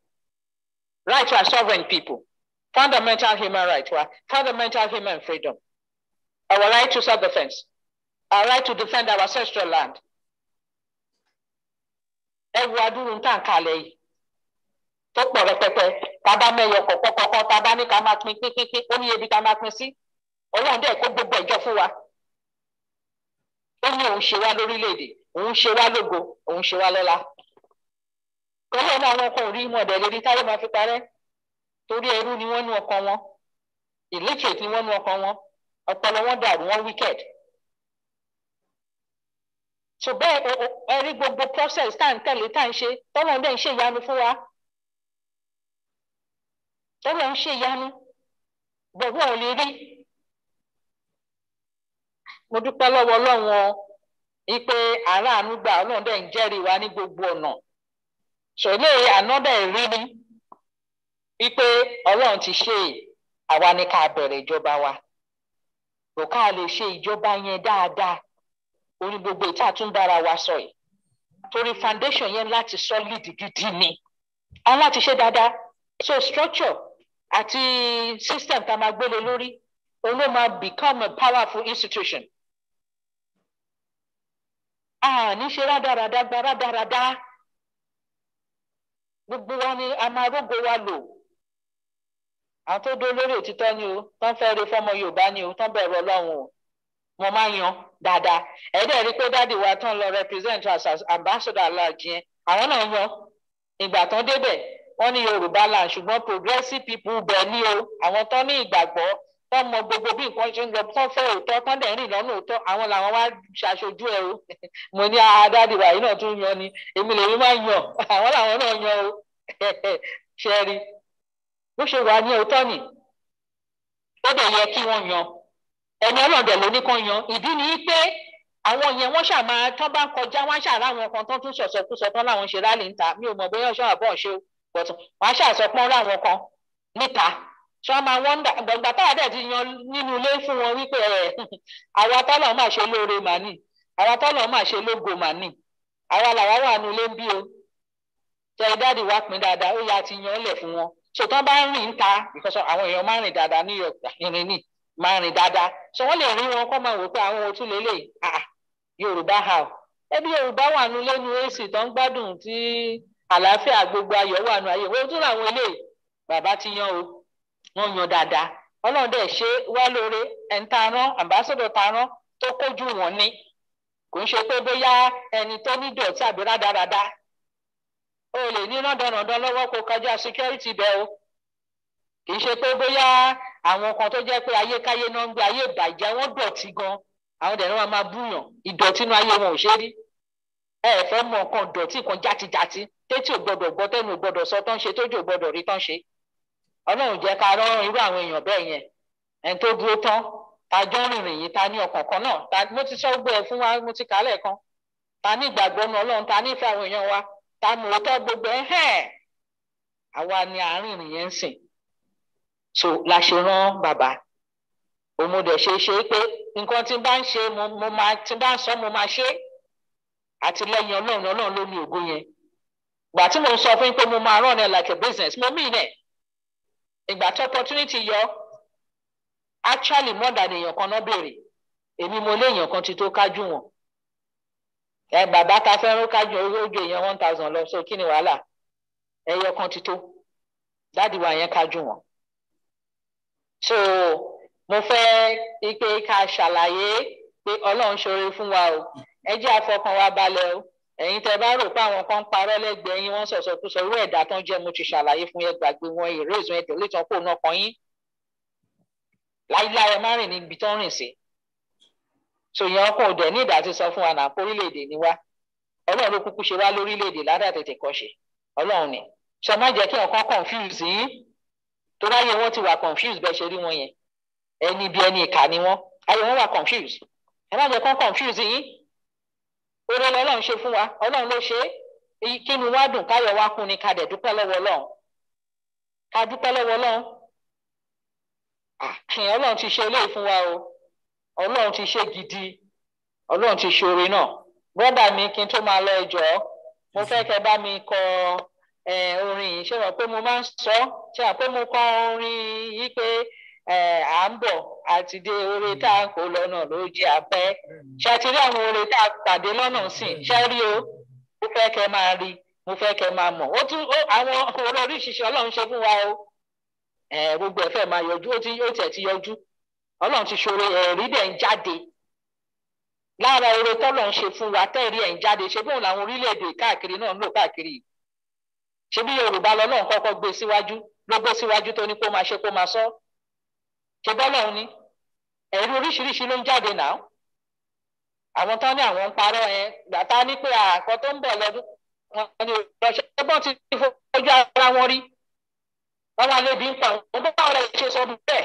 right to as sovereign people fundamental human right wa fundamental human freedom our right to self-defense our right to defend our ancestral land ẹ wo adúrú ń tàn kalẹ̀ yìí tó pọ̀ rẹpẹpẹ tábà mẹ́yọ kọ̀kọ́kọ́kọ́ tábà ní ká máa pín pín pín pín ó ní ebi ká máa pín sí ọlọ́run dẹ̀ kó gbogbo ìjọ fún wa ó ní òun ṣe wá lórílẹ̀‐èdè òun ṣe wá lógo òun ṣe wá lọ́lá kọ́lọ́ náà wọn kò rí mọ̀ọ́dẹ̀ lórí táyé máa fi parẹ́ torí ẹrú ni wọn nú ọkọ wọn illiterate ni wọn nú ọkọ wọn ọpọlọ wọn dàrú wọn wicked so bẹ́ẹ̀ ẹ rí gbogbo process tá à tẹ̀lé tá à ṣe tọ́lọ́ dẹ̀ ń ṣe fún wa tọ́lọ́ ń ṣe gbogbo ò rí mo dúpẹ́ lọ́wọ́ Ọlọ́run Ọlọ́run dẹ̀ ń jẹ́rìí wa ní wípé ọlọ́run ti ṣe àwa ni ká bẹ̀rẹ̀ ìjọba wa kò ká lè ṣe ìjọba yẹn dáadáa orí gbogbo ìta tún bára wa sọ yìí torí foundation yẹn láti solid gidi ni a láti ṣe dáadáa so structure àti system tá a máa gbélé lórí òun ló máa become a powerful institution a ní ṣe rádaràdá gba rádaràdá gbogbo wa ni a máa rógo wa lò àwọn tó dúró lórí òtítọ́ ni o tó ń fẹ́ re fọ́mọ Yorùbá ni o tó ń bẹ̀rù Ọlọ́run o wọ́n máa yan dáadáa ẹ̀ẹ́dẹ̀ rí pé dáàdì wa tán lọ represent as ambassador aláàjì yẹn àwọn náà yan ìgbà tán débẹ̀ wọ́n ní Yorùbá land ṣùgbọ́n progressive people bẹ̀ ni o àwọn tán ní ìgbàgbọ́ tán mọ gbogbo bí nǹkan ṣe ń lọ tán fẹ́ òótọ́ tán dẹ̀ rìn lọ́nà òótọ́ àwọn làwọn wá ṣàṣojú ẹ o mo ní ah, dáàdì wa yìí náà tún yan ni èmi lèmi máa yan àwọn làwọn náà yan o ṣẹ́ẹ́rì bó ṣe wà ní òótọ́ nì ó yẹ kí wọ́n yan ẹni ọlọ́dẹ̀ ló ní kán yan ìdí ni pé àwọn yẹn wọ́n ṣà tán bá kọjá wọ́n ṣà láwọn kan tán tún sọ̀sọ̀ kú sọ̀tán láwọn ṣe rálì níta mi ò mọ̀ bóyá ọ̀ṣọ́ àbọ̀ ṣe bọ̀tún wọ́n ṣà sọ láwọn kan níta ṣọ́ máa wọ́n dà gbọ̀ngbà táwa dẹ̀ ti yan nínú ilé fún wọn wípé ẹ̀ àwa tọ́lọ̀ máa ṣe lóore màní àwa tọ́lọ̀ máa ṣe lógo màní àwa làwa wà nulẹ̀ bí o tẹ dáàdì wá pín dáadáa ó yà ti yan ọ́ fún wọn so bá ń rìn ta because àwọn èèyàn máa ń rìn dáadáa New York ìrìn ni máa ń rìn dáadáa so wọ́n lè rí wọn kọ́ máa wò pé àwọn òtún lélẹ̀ ah Yorùbá how ẹbí Yorùbá wà nù lẹ́nu ac tán gbádùn tí àlàáfíà gbogbo ayọ̀ wà nù ayé wọ́n tún làwọn eléyìí bàbá ti yan o wọ́n yan dáadáa Ọlọ́run ṣe wá lóore ẹni tá rán àmbásọ́dọ̀ tá rán tó kójú wọn ni kò ń ṣe pé bóyá ẹni tó ní dọ̀tí àbí rádaràda o lè ní rándanràndan lọ́wọ́ kó kọjá security bẹ́ẹ̀ o kì í ṣe pé bóyá àwọn kan tó jẹ́ pé ayékáyé náà ń gbé ayé ìbàjẹ́ wọ́n dọ̀tí gan àwọn dẹ̀ náà máa búyàn ìdọ̀tí inú ayé wọn ò ṣe rí ẹ fẹ́ mọ nǹkan dọ̀tí kan játijàti tétí ò gbọdọ̀ gbọ́ tẹ́nu ò gbọdọ̀ sọ tán ṣe tójú ò gbọdọ̀ rí tán ṣe ọlọ́run jẹ́ ká rọrùn irú àwọn èèyàn bẹ́ẹ̀ yẹn ẹni tó dúró tán ta jọ rìnrìn yìí ta ní ọkàn kan náà mo ti sọ gbọ́ ẹ fún wa mo ti kà á ta ní ìgbàgbọ́ ọlọ́run ta ní ìfẹ́ àwọn èèyàn wa tá a mọ̀ tọ́ gbogbo ẹ̀ hẹ́ẹ̀ àwa ni àárín ìrìn yẹn ń sìn so la ṣe rán bàbá òun dẹ̀ ṣe ṣe pé nǹkan tí n bá ń ṣe mo máa tí n bá ń sọ mo máa ṣe àti lẹ́yìn ọlọ́run ọlọ́run ló ní ògo yẹn ìgbà tí mo ń sọ fún pé mo máa rán ẹ like a business mo mí nẹ ìgbà tí opportunity yọ actually more than èèyàn kan náà béèrè èmi mo lé èèyàn kan ti tó kájú wọn ẹ bàbá ta fẹ́ ró kájú owó ju èèyàn one thousand lọ so kí ni wàhálà ẹyọ kan ti tó dáàdi wa yẹn kájú wọn. so mo fẹ́ pé ká ṣàlàyé pé ọlọ́run ṣoore fún wa o ẹ jẹ́ àfọkàn wa balẹ̀ o ẹ̀yin tẹ́ bá rò pé àwọn kan ń parọ́ lẹ́gbẹ̀ẹ́ yín wọ́n sọ̀sọ̀ kú sọ irú ẹ̀dá tán jẹ́ mo ti ṣàlàyé fún yẹn gbàgbé wọn èrè ìzún ẹ̀tẹ̀ létan kó náà kàn yín láíláí ẹ má rìn níbi tán rìn sí so ìyẹn kò dẹ̀ ní ìdásí sọ fún wa náà pé orílẹ̀-èdè ni wá ọlọ́run ló kúkú ṣe wá lórílẹ̀-èdè ládàtètè kọ́ ṣe ọlọ́run ni sọ má jẹ́ kí ọ̀kan confuse yín tó ráyè wọn ti wà confuse bẹ́ẹ̀ ṣe rí wọn yẹn ẹni bí ẹni ìkà ni wọn ayé wọn wà confuse ẹ má jẹ́ kán confuse yín oore lọ́lọ́run ṣe fún wa ọlọ́run ló ṣe é kí ni wá dùn káyọ̀ wá kún ni ká dẹ̀ dúpẹ́ lọ́wọ́ ọlọ́run ká dúpẹ́ lọ́wọ́ ọlọ́run ọlọ́run ti ṣe eléyìí fún wa o ọlọ́run ti ṣe gidi ọlọ́run ti ṣe oore náà bọ́dà mi kí n tó máa lọ ẹjọ́ mo fẹ́ kẹ́ bá mi kọ orin yìí ṣé wọ́n pé mo máa ń sọ ṣé wọ́n pé mo kọ orin yìí pé à ń bọ̀ àti dé oore tá a kó lọ́nà ló jẹ́ apẹ́ ṣe ti rí àwọn oore tá a pàdé lọ́nà sìn ṣe rí o mo fẹ́ kẹ́ máa rí mo fẹ́ kẹ́ máa mọ̀ ó tún àwọn oore oríṣiríṣi ọlọ́run ṣe fún wa o gbogbo ẹ̀fẹ̀ máa yọjú ó tiẹ̀ ti yọjú ọlọ́run ti ṣòro ẹ̀rí dẹ̀ ń jáde lára oore tọ́lọ̀ ń ṣe fún wa tẹ́ẹ̀rí ẹ̀ ń jáde ṣé bóun làwọn orílẹ̀-èdè káàkiri náà ń lò káàkiri yìí ṣé bí yorùbá lọ́lọ́run kọ́kọ́ gbé síwájú ló gbé síwájú tó ní kó máa ṣe kó máa sọ ṣe bọ́lọ́run ni ẹ̀rí oríṣiríṣi ló ń jáde náà àwọn tán ní àwọn ń parọ́ ẹ gbàtà ní pé àkọ́ tó ń bọ̀ lọ́dún wọn ni ìrọ̀ṣẹ́ ẹgbọ́n ti fojú ara wọn rí wọn wá lébi ń pa wọn bá ọ̀rẹ́ ṣe sọ bẹ́ẹ̀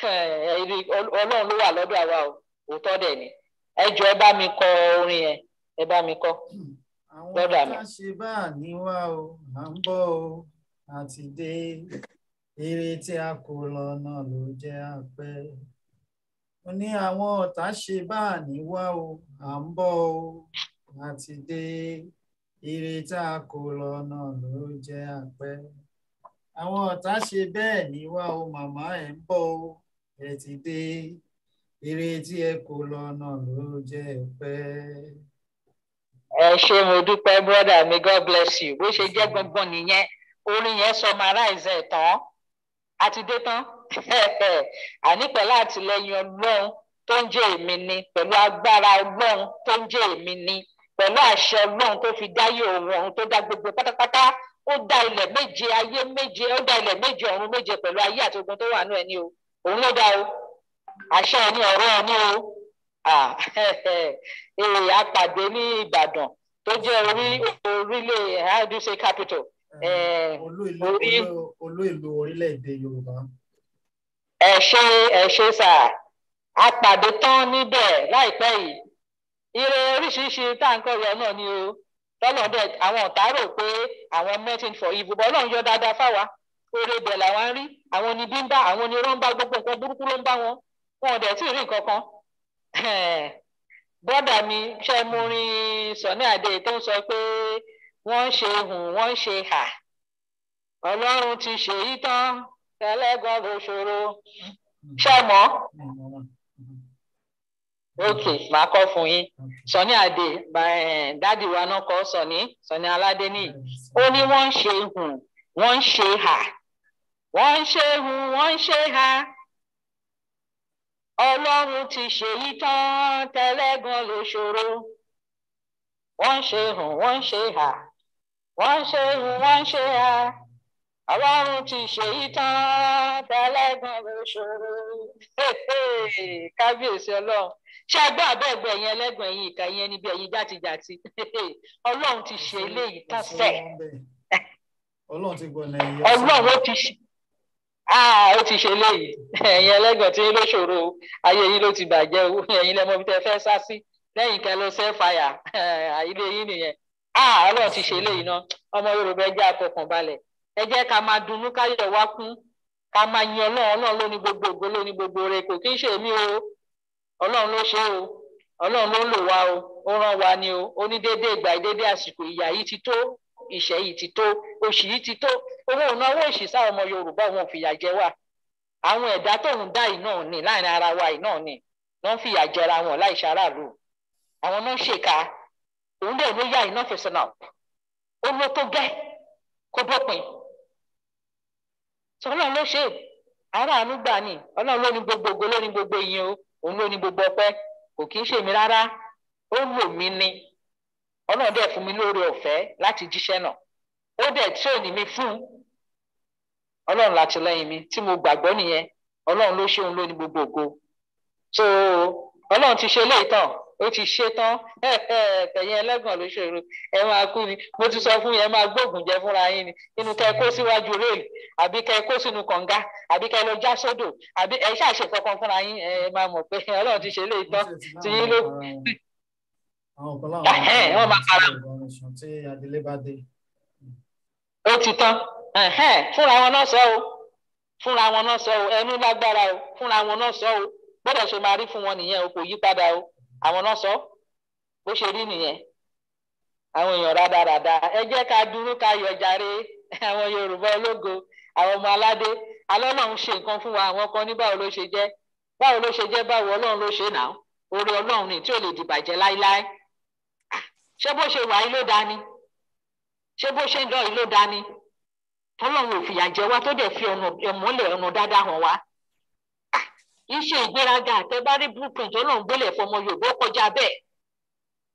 ọlọ́run ló wà lọ́dọ̀ àwa o òótọ́ dẹ̀ ni ẹ jọ ẹ bá mi kọ orin yẹn ẹ bá mi kọ lọ́dọ̀ àmì. àwọn akáṣe bá a níwá o à ń bọ̀ o àti dé eré tí a kò lọ́nà ló jẹ́ apẹ́ ó ní àwọn ọ̀tá ṣe bá a níwá o à ń bọ̀ o àti dé eré tá a kò lọ́nà ló jẹ́ apẹ́ àwọn ọ̀tá ṣe bẹ́ẹ̀ níwá o màmá ẹ̀ ń bọ̀ o ẹ ti dé ire tí ẹ kó lọ́nà ló jẹ́ pẹ́. ẹ ṣé mo dúpẹ́ brọ́dà mi god bless you bó ṣe jẹ́ gbọ̀ngbọ̀n nìyẹn orin yẹn summarize ẹ̀ tán a ti dé tán àní pẹ̀lú àtìlẹyìn ọlọ́run tó ń jẹ́ èmi ni pẹ̀lú agbára ọlọ́run tó ń jẹ́ èmi ni pẹ̀lú àṣẹ ọlọ́run tó fi dáyé òun ọ̀run tó dá gbogbo pátápátá ó dá ilẹ̀ méje ayé méje ó dá ilẹ̀ méje ọ̀run méje pẹ̀lú ayé àti ogun tó wà nú ẹni o òun ló dá o àṣà ẹni ọ̀rọ̀ ẹni o èè àpàdé ní Ìbàdàn tó jẹ́ orí orílẹ̀ how do you say capital. olú ìlú orílẹ̀-èdè Yorùbá. ẹ ṣe ẹ ṣe sà àpàdé tán níbẹ̀ láìpẹ́ yìí ire oríṣiríṣi tá à ń kọ́ ọ̀rọ̀ náà ni o tọ́lọ̀ dẹ̀ àwọn ọ̀tá rò pé àwọn mẹ́tìn for ibu bọ́ọ̀lù ọ̀hún yọ dáadáa fáwa èrè bẹ̀ làwọn rí àwọn ni bímbá àwọn ni rọ́ńbà gbogbo nǹkan burúkú ló ń bá wọn wọn ò dẹ̀ tí ì rí nǹkan kan bọ́dà mi ṣe mú rin sọ̀ní àdé tó ń sọ pé wọ́n ń ṣe hùn wọ́n ń ṣe hà ọlọ́run ti ṣe yí tán ẹlẹ́gàn ló ṣòro ṣe mọ́ ok màá kọ́ fún yín sọ̀ní àdé dáàdì wa náà kọ́ sọ̀ní sọ̀ní aládé ní ó ní wọ́n ń ṣe hùn wọ́n ń ṣe hà wọ́n ń ṣe hu wọ́n ṣe ha ọlọ́run ti ṣèyí tán tẹ́lẹ́gan ló ṣòro wọ́n ń ṣe hu wọ́n ṣe ha wọ́n ń ṣe hu wọ́n ń ṣe ha ọlọ́run ti ṣèyí tán tẹ́lẹ́gan ló ṣòro kábíyèsí ọlọ́run ṣàgbọ́ àbẹ̀gbẹ̀ yẹn lẹ́gbọ̀n yìí ìka yẹn níbi ẹ̀yìn játijàti ọlọ́run ti ṣe eléyìí tán fẹ́ ọlọ́run ti gbọ̀nà ẹ̀yà ọlọ́run ó ti ṣe ó ti ṣe léyìí ẹ̀yin ẹlẹ́gàn tí yín ló ṣòro ayé yín ló ti bàjẹ́ owó ẹ̀yin lẹ́mọ bí tẹ fẹ́ sá sí lẹ́yìn kẹ ló ṣe fàyà ilé yín nìyẹn ọlọ́run ti ṣe léyìí náà ọmọ yorùbá ẹ jẹ́ àfọkàn balẹ̀ ẹ jẹ́ ká máa dunnú káyọ̀ wá kún ká máa yin ọlọ́run ọlọ́run ló gbogbo ògo ló gbogbo rẹ̀ kò kí ń ṣe mí o ọlọ́run ló ṣe o ọlọ́run ló lò wá o ó ìṣẹ́ yìí ti tó òṣì yìí ti tó owó ìnáwó òṣì sáwọn ọmọ Yorùbá wọn ò fìyà jẹ wá àwọn ẹ̀dá tóun dá yìí ni láàrin ara wa yìí náà ni wọ́n fìyà jẹra wọn láì ṣaráàlú àwọn náà ṣèkà òun dẹ̀ ló yá iná fẹsẹ̀ náà ó ló tó gẹ́ kó bópin sọlá ló ṣe aráàánú gbà ní ọlọ́run ló ní gbogbogbò ló ní gbogbo ìyẹn o òun ló ní gbogbo ọpẹ́ kò kí ń ṣèmi rárá ó lò mí ni ọlọ́run dẹ̀ fún mi lóore ọ̀fẹ́ láti jíṣẹ́ náà ó dẹ̀ tírénì mi fún ọlọ́run látìlẹ́yìn mi tí mo gbàgbọ́ nìyẹn ọlọ́run ló ṣeun lónìí gbogbo ògo so ọlọ́run ti ṣe léyìí tán ó ti ṣe tán tẹ̀yìn ẹlẹ́gàn ló ṣòro ẹ máa kú ni mo ti sọ fún yín máa gbóògùn jẹ fúnra yín ni inú kẹ kó síwájú réèlì àbí kẹ kó sínú kànga àbí kẹ lọ já sódò àbí ẹ ṣàṣe fúnra yín ẹ máa mọ̀ pé ọlọ́run ti ṣe léyìí tán tìyín ló àwọn kan láwọn wọ́n máa fara tí adelé bá dé. ó ti tán fúnra wọn náà sọ o fúnra wọn náà sọ o ẹnu lágbára o fúnra wọn náà sọ o gbọ́dọ̀ ṣe máa rí fún wọn nìyẹn o kò yí padà o àwọn náà sọ bó ṣe rí nìyẹn àwọn èèyàn rádaràda ẹ jẹ́ ká dúró ká yọ̀ jàre àwọn Yorùbá ológo àwọn ọmọ aládé alẹ́ náà ń ṣe nǹkan fún wa àwọn kan ní báwo ló ṣe jẹ́ báwo ló ṣe jẹ́ báwo Ọlọ́run ló ṣe náà oore Ọlọ́run ni tí ò lè dìbàjẹ́ láíláí ṣé bó ṣe wà yìí ló ni ṣé bó ṣe ń lọ yìí ló dáa ni tọ́lọ́run ò fìyà jẹ wá tó dẹ̀ fi ọ̀nà ẹ̀mọ́lẹ̀ ọ̀nà dáadáa hàn wá iṣẹ́ ah, ìgbéraga àtẹ́bárí blueprint ọlọ́run gbélé fọmọ yorùbá ó kọjá bẹ́ẹ̀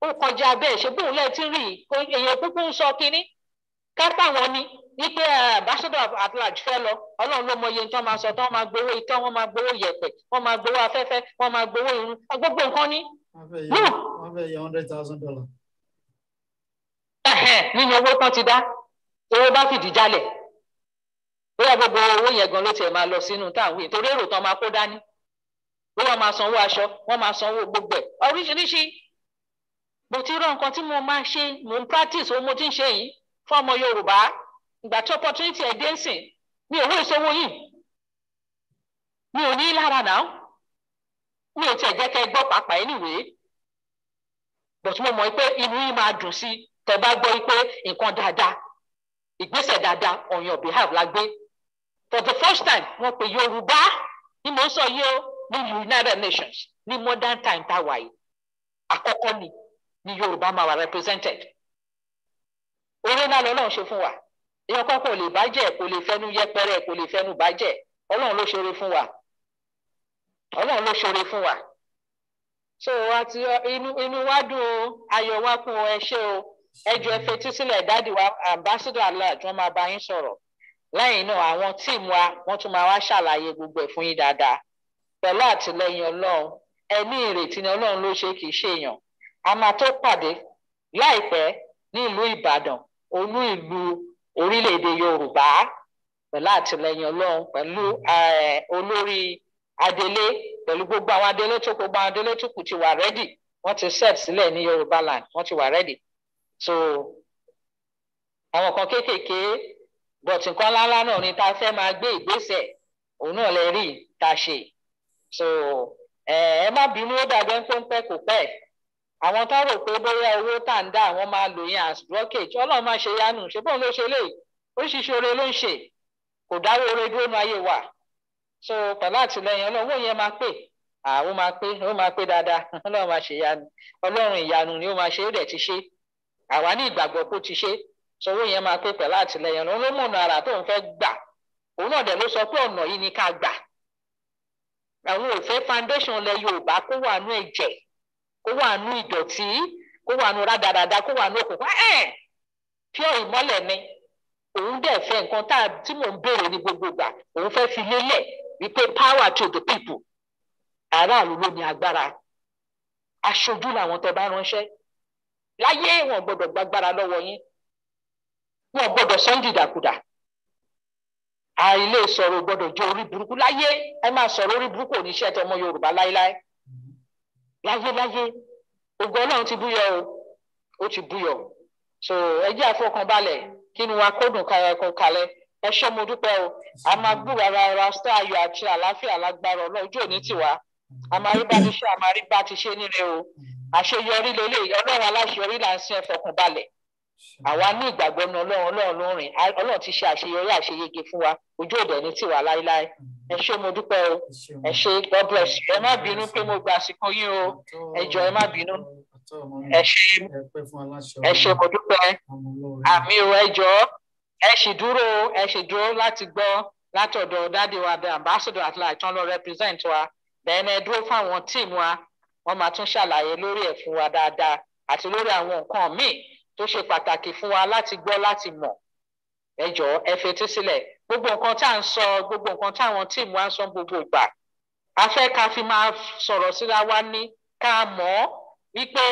ó kọjá bẹ́ẹ̀ ṣe bóun lẹ́ẹ̀ tí ń rí èèyàn kúkú ń sọ kínní kápá wọn ni wípé ambassador at large fẹ́ lọ ọlọ́run ló mọ iye tán máa sọ tán máa gbowó itán wọ́n máa gbowó yẹ̀pẹ̀ wọ́n máa gbowó afẹ́fẹ́ wọ́n máa gbowó irun gbogbo nǹkan ni. wọ́n fẹ́ yẹ one hundred thousand dollars. nínú owó tán ti dá owó bá fìdí jálẹ̀ bóyá gbogbo owó yẹn gan ló tiẹ̀ máa lọ sínú táwọn èyí torí èrò tán máa kó dání bóyá máa sanwó aṣọ wọn máa sanwó gbogbo ẹ̀ oríṣiríṣi mo ti rán nǹkan tí mo máa ṣe mo ń practice ohun mo ti ń ṣe yìí fún ọmọ Yorùbá ìgbà tí opportunity dé mi ò ìṣòwò yìí mi ò ní lára náà mi ò tiẹ̀ jẹ́ tẹ́ bá gbọ́ pé nǹkan dáadáa ìgbésẹ̀ dáadáa on your behalf la gbé for the first time wọ́n pe yorùbá ni mo ń sọ yìí o ní united nations ní modern time tá a wà yìí àkọ́kọ́ ni ni yorùbá máa wà represented oore náà lọ́lọ́run ṣe fún wa èèyàn kan kò lè bàjẹ́ kò lè fẹ́nu yẹpẹrẹ kò lè fẹ́nu bàjẹ́ ọlọ́run ló ṣoore fún wa ọlọ́run ló ṣoore fún wa so àti inú inú wa dùn o ayọ̀ wa kún ẹ ṣé o ẹjọ ẹ fetí sílẹ̀ dáàdi wa ambassador alert wọ́n máa bá yín sọ̀rọ̀ lẹ́yìn náà àwọn tíìmù wa wọ́n tún máa wá ṣàlàyé gbogbo ẹ̀ fún yín dáadáa pẹ̀lú àtìlẹ́yìn Ọlọ́run ẹ ìrètí ni Ọlọ́run ló ṣe kì í ṣe èèyàn a máa tó pàdé láìpẹ́ ní ìlú Ìbàdàn olú ìlú orílẹ̀-èdè Yorùbá pẹ̀lú àtìlẹ́yìn Ọlọ́run pẹ̀lú eh, olórí adelé pẹ̀lú gbogbo àwọn adelé tó gbogbo àwọn adelé tó kù ti wà rẹ́dì wọ́n ti set sílẹ̀ ní Yorùbá land wọ́n ti wà rẹ́dì so àwọn kan kéékèèké bọ̀tì nǹkan ńláńlá náà ni tá a fẹ́ máa gbé ìgbésẹ̀ òun náà lè rí tá a ṣe so ẹ má bínú ó dàgbẹ́ ń pé ń pẹ́ kò pẹ́ àwọn tó rò pé bóyá owó tá à ń dá àwọn máa lò yẹn as blockage ọlọ́run máa ṣe yánu ṣé bóun ló ṣe lè oríṣiríṣi oore ló ń ṣe kò dáwọ́ oore dúró nu ayé wa so pẹ̀lú àtìlẹyìn ọlọ́run owó yẹn máa pè àwọn máa pé ó máa pé dáadáa ọlọ́run máa ṣe yánu ọlọ́run ìyanu ni ó máa ṣe é dẹ̀ ti ṣe é àwa ní ìgbàgbọ́ kó ti ṣe sọwọ́ yẹn máa pé pẹ̀lú àtìlẹyìn òun ló mọ̀nà àrà tó ń fẹ́ gbà òun náà dẹ̀ ló sọ pé ọ̀nà yìí ni ká gbà àwọn ò fẹ́ foundation lẹ Yorùbá kó wà nú ẹ̀jẹ̀ kó wà nú ìdọ̀tí kó wà nú rádaràda kó wà nú òkùnkùn ẹ̀ pure ìmọ́lẹ̀ ni òun dẹ̀ fẹ́ nǹkan tá tí mò ń béèrè ní gbogbo gbà òun fẹ́ fi lélẹ̀ wípé power to the people aráàlú ló ní agbára aṣojú làwọn tó bá ránṣẹ́ láyé wọn gbọ́dọ̀ gbàgbára lọ́wọ́ yín wọn gbọ́dọ̀ sọńdìdàkudà àìlè sọ̀rọ̀ gbọ́dọ̀ jẹ́ orí burúkú láyé ẹ máa sọ̀rọ̀ orí burúkú oníṣẹ́ tọmọ Yorùbá láéláé láyé láyé ògo Ọlọ́run ti búyọ o ó ti búyọ so ẹ jẹ́ àfọkànbalẹ̀ kí ni wàá kódùn kalẹ̀ ẹ ṣé mo dúpẹ́ o a máa gbúra ara ara sọ ayọ̀ àti àlàáfíà lágbára Ọlọ́run ojú òní tiwa a máa rí bá ti ṣe a máa rí bá ti ṣe nílé o àṣeyọrí lélẹ̀ ọlọ́run aláṣeyọrí là ń sin ẹ̀fọ́kùn balẹ̀ àwa ní ìgbàgbọ́ ní ọlọ́run ọlọ́run ló rìn ọlọ́run ti ṣe àṣeyọrí àṣeyege fún wa ojú òde ní tiwa láéláé ẹ ṣé mo dúpẹ́ o ẹ ṣé god bless you ẹ má bínú pé mo gba àsìkò yín o ẹ jọ̀ọ́ ẹ má bínú ẹ ṣé ẹ ṣé mo dúpẹ́ àmì o ẹ jọ̀ọ́ ẹ ṣì dúró ẹ ṣì dúró láti gbọ́ látọ̀dọ̀ dáàdi the ambassador at large tán lọ represent wa bẹ́ẹ̀ ni ẹ dúró fáwọn tíìmù wa wọ́n máa tún ṣàlàyé lórí ẹ̀ fún wa dáadáa àti lórí àwọn nǹkan míì tó ṣe pàtàkì fún wa láti gbọ́ láti mọ̀ ẹ jọ̀ọ́ ẹ fetí sílẹ̀ gbogbo nǹkan tá à ń sọ gbogbo nǹkan táwọn tíìmù wa ń sọ gbogbo ìgbà a fẹ́ ká fi máa sọ̀rọ̀ síra wa ní ká mọ̀ ọ́ wípé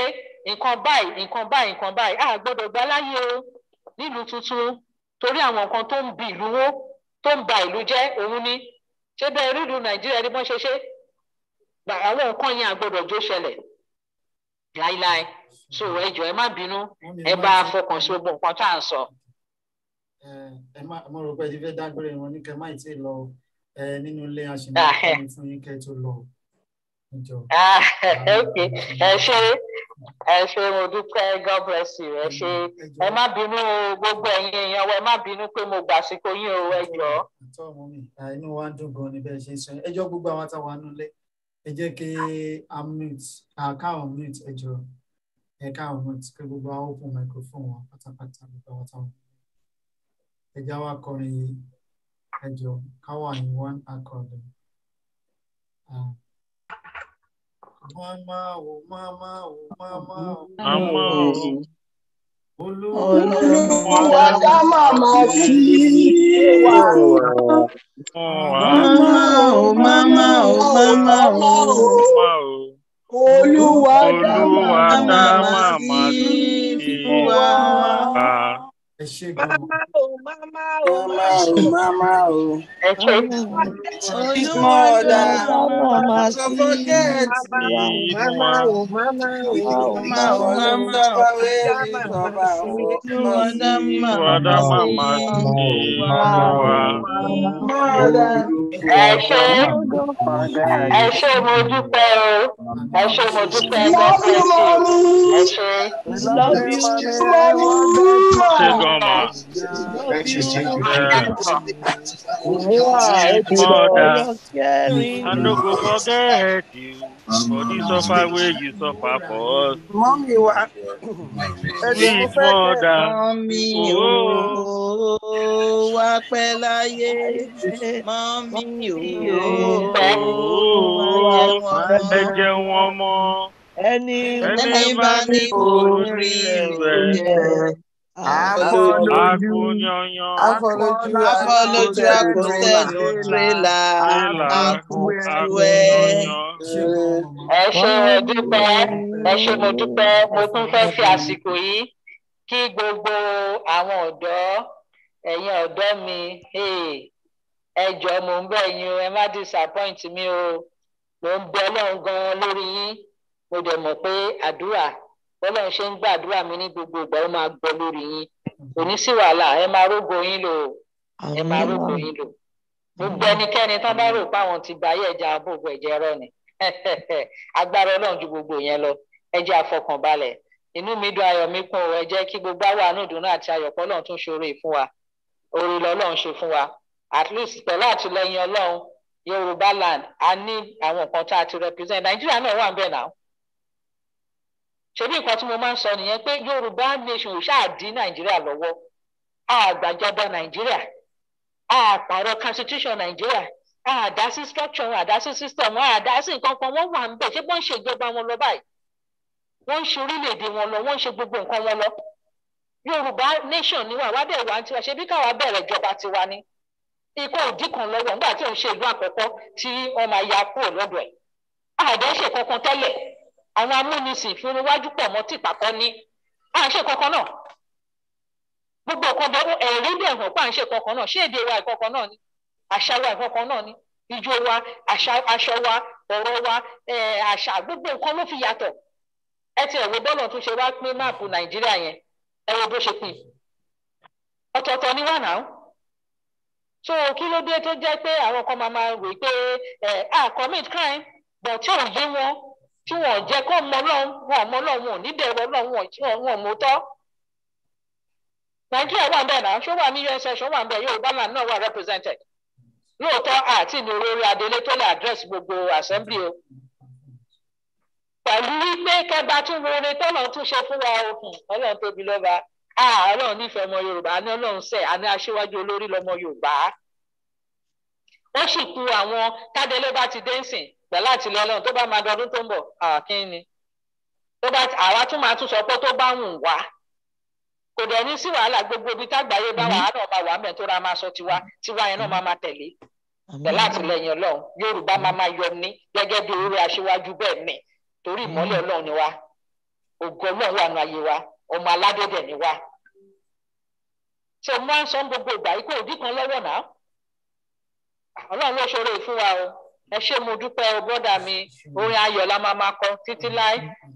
nǹkan báyìí nǹkan báyìí nǹkan báyìí a gbọ́dọ̀ gbà láyé o nílùú tuntun torí àwọn nǹkan tó ń bi ìlú wó tó ń ba ìlú jẹ́ òun ni ṣé bẹ́ẹ̀ rí ìlú Nàìjíríà ni wọ́n ṣe ṣe àwọn nǹkan yẹn àgbọ́dọ̀ jó ṣẹlẹ̀ láíláí so ẹ jọ̀ọ́ ẹ má bínú ẹ bá fọkàn sí gbogbo nǹkan tá à ń sọ. ẹ má mo rò pé ẹ dágbére wọn ní kẹ má ì tí lọ nínú ilé aṣèlú fún yín kẹ tó lọ. ẹ ṣe ẹ ṣe mo dúpẹ́ god bless you ẹ ṣe ẹ má bínú gbogbo ẹ̀yin èèyàn ẹ má bínú pé mo gbàsíkò yín o ẹ jọ̀ọ́. ẹ jọ̀ọ́ gbogbo àwọn àtàwọn àánú lẹ́yìn ẹ jẹ́ kí a mute ká ọ̀ mute ẹ jọ ẹ ká ọ̀ mute kí gbogbo àwọn open microphone wọn pátápátá gbogbo àwọn táwọn ẹ já wa kọrin yìí ẹ jọ ká wà one accord. mama o mama o mama o mama o. Olúwa dá màmá sí wa. Màmá o, màmá o, màmá o. Olúwa dá màmá sí wa. Ẹ ṣe Mama oh, mama mama Mama oh, mama mama mama mama, mama, mama, mama. ẹ ṣé ẹ ṣé mo dúpẹ́ o ẹ ṣé mo dúpẹ́ ẹ ṣé. ṣé gọ́mà I no go forget you for the suffer wey you suffer for us. Mọ́mí wa, ẹ ti mo fẹ́ kẹ́ mọ́mí oh. o, wá pẹ́ láyé, mọ́mí yóò pẹ́ ẹ jẹ́ wọn mọ́ ẹni bá ní orí rẹ̀ akọlójú akọlójú akọsẹ́nu tírélà akúwẹ́. ẹ ṣé mo dúpẹ́ ẹ ṣé mo dúpẹ́ mo tún fẹ́ fi àsìkò yìí kí gbogbo àwọn ọ̀dọ́ ẹ̀yin ọ̀dọ́ mi. Hey ẹ jọ̀ọ́ mò ń bẹ̀ yín o ẹ má disappoint mi o mò ń bẹ̀ Ọlọ́run gan-an lórí yín mo dẹ̀ mọ̀ pé àdúrà Ọlọ́run ṣe ń gbàdúrà mi ní gbogbo ìgbà ó máa gbọ́ lórí yín kò ní sí wàhálà ẹ máa rógo yín lò ẹ máa rógo yín lò gbogbo ẹnikẹ́ni tán bá rò pé àwọn ti bá yẹ ẹja àbòbò ẹ̀jẹ̀ ẹ̀rọ ni agbára Ọlọ́run ju gbogbo yẹn lọ ẹ jẹ́ àfọkànbalẹ̀ inú mi dùn ayọ̀ mi kún o ẹ jẹ́ kí gbogbo àwọn àánú ìdùnnú àti ayọ̀pọ̀ Ọlọ́run tún ṣe oore fún wa oore lọ́lọ́run ṣe fún wa at least pẹ̀lú àtìlẹyìn ọlọ́run yorùbá land a ní àwọn nǹkan tá a ti represent nàìjíríà náà wà ń bẹ̀ náà ṣebí nǹkan tí mo máa ń sọ nìyẹn pé yorùbá nation ò ṣáà dí nàìjíríà lọ́wọ́ àgbàjọba nàìjíríà àpàrọ̀ constitution nàìjíríà àdásí structure wọn àdásí system wọn àdásí nǹkan kan wọn wà ń bẹ̀ ṣé wọ́n ń ṣe ìjọba wọn lọ báyìí wọ́n ń ṣe orílẹ̀-èdè wọn lọ wọ́n ń ṣe gbogbo nǹkan wọn lọ yorùbá nation ni wà wá bẹ̀ wá tiwa ṣebí káwa bẹ̀rẹ̀ ìjọba tiwa ni ikú òdì kan lọ́wọ́ nígbà tí òun ṣe ìlú àkọ́kọ́ tí wọ́n máa ya kúrò lọ́dọ̀ ẹ̀ àdé ṣe kankan tẹ́lẹ̀ àwọn amúnisìn ìfúnniwájú pọ̀ mọ́ tìpá kan ní à ń ṣe kankan náà gbogbo nǹkan bẹ ẹ̀rí dẹ̀ hàn pé à ń ṣe kankan náà ṣé èdè wa ìkankan náà ni àṣà wa ìkankan náà ni ijó wa aṣọ wa ọ̀rọ̀ wa àṣà gbogbo nǹkan ló fi yàtọ̀ ẹ ti ẹ̀wọ̀ bọ́ọ̀lù tún ṣe wá pín máàpù nàìjíríà yẹn ẹ wo bó ṣe pín ọ̀tọ̀ọ̀tọ̀ ni wà náà so kí ló dé tó jẹ́ pé àwọn kan máa máa wí pé a commit crime but tí ò yé wọn tí wọn jẹ́ kó mọ Ọlọ́run wọn mọ Ọlọ́run wọn ò ní bẹ̀rù Ọlọ́run wọn tí wọn wọn mọ tọ́ Nàìjíríà wà bẹ́ẹ̀ náà ṣó wà ní us ṣó wà bẹ́ẹ̀ Yorùbá land náà wà represented lóòótọ́ àti ní olórí adelé tó lè address gbogbo assembly o pẹ̀lú wípé kẹba tún wo orin tọ́lọ́ tún ṣe fún wa o ọlọ́run tóbi lọ́ba ọlọ́run nífẹ̀ẹ́ ọmọ yorùbá ní ọlọ́run ṣe àní aṣíwájú olórí lọmọ yorùbá wọ́n sì ku àwọn tádélé bá ti dẹ́nsìn pẹ̀lú àti lọ́lọ́run tó bá máa dọdún tó ń bọ̀ kí ni tó bá àwa tún máa tún sọ pé tó bá wùn wá kò dẹ̀ ní sí wàhálà gbogbo ibi tágbàáyé bá wàhálà náà máa wà mẹ́ tó ra máa sọ tiwa tiwa yẹn náà máa máa tẹ̀lé pẹ̀lú àtìlẹyìn ọlọ́run yorùbá máa máa yọ ní gẹ́gẹ́ bí orí aṣíwájú bẹ́ẹ̀ ni torí ìmọ́lẹ̀ ọlọ́run ni wa ògo ọlọ́run wà nù ayé wa ọmọ aládẹ́dẹ̀ ni wá so máa ń san gbogbo ìgbà ikú òbí kan lọ́wọ́ náà ọlọ́run ló ṣòro ìfún wa o ẹ ṣé mo dúpẹ́ o bọ́dà mi orin ayọ̀ la máa máa kọ títí láé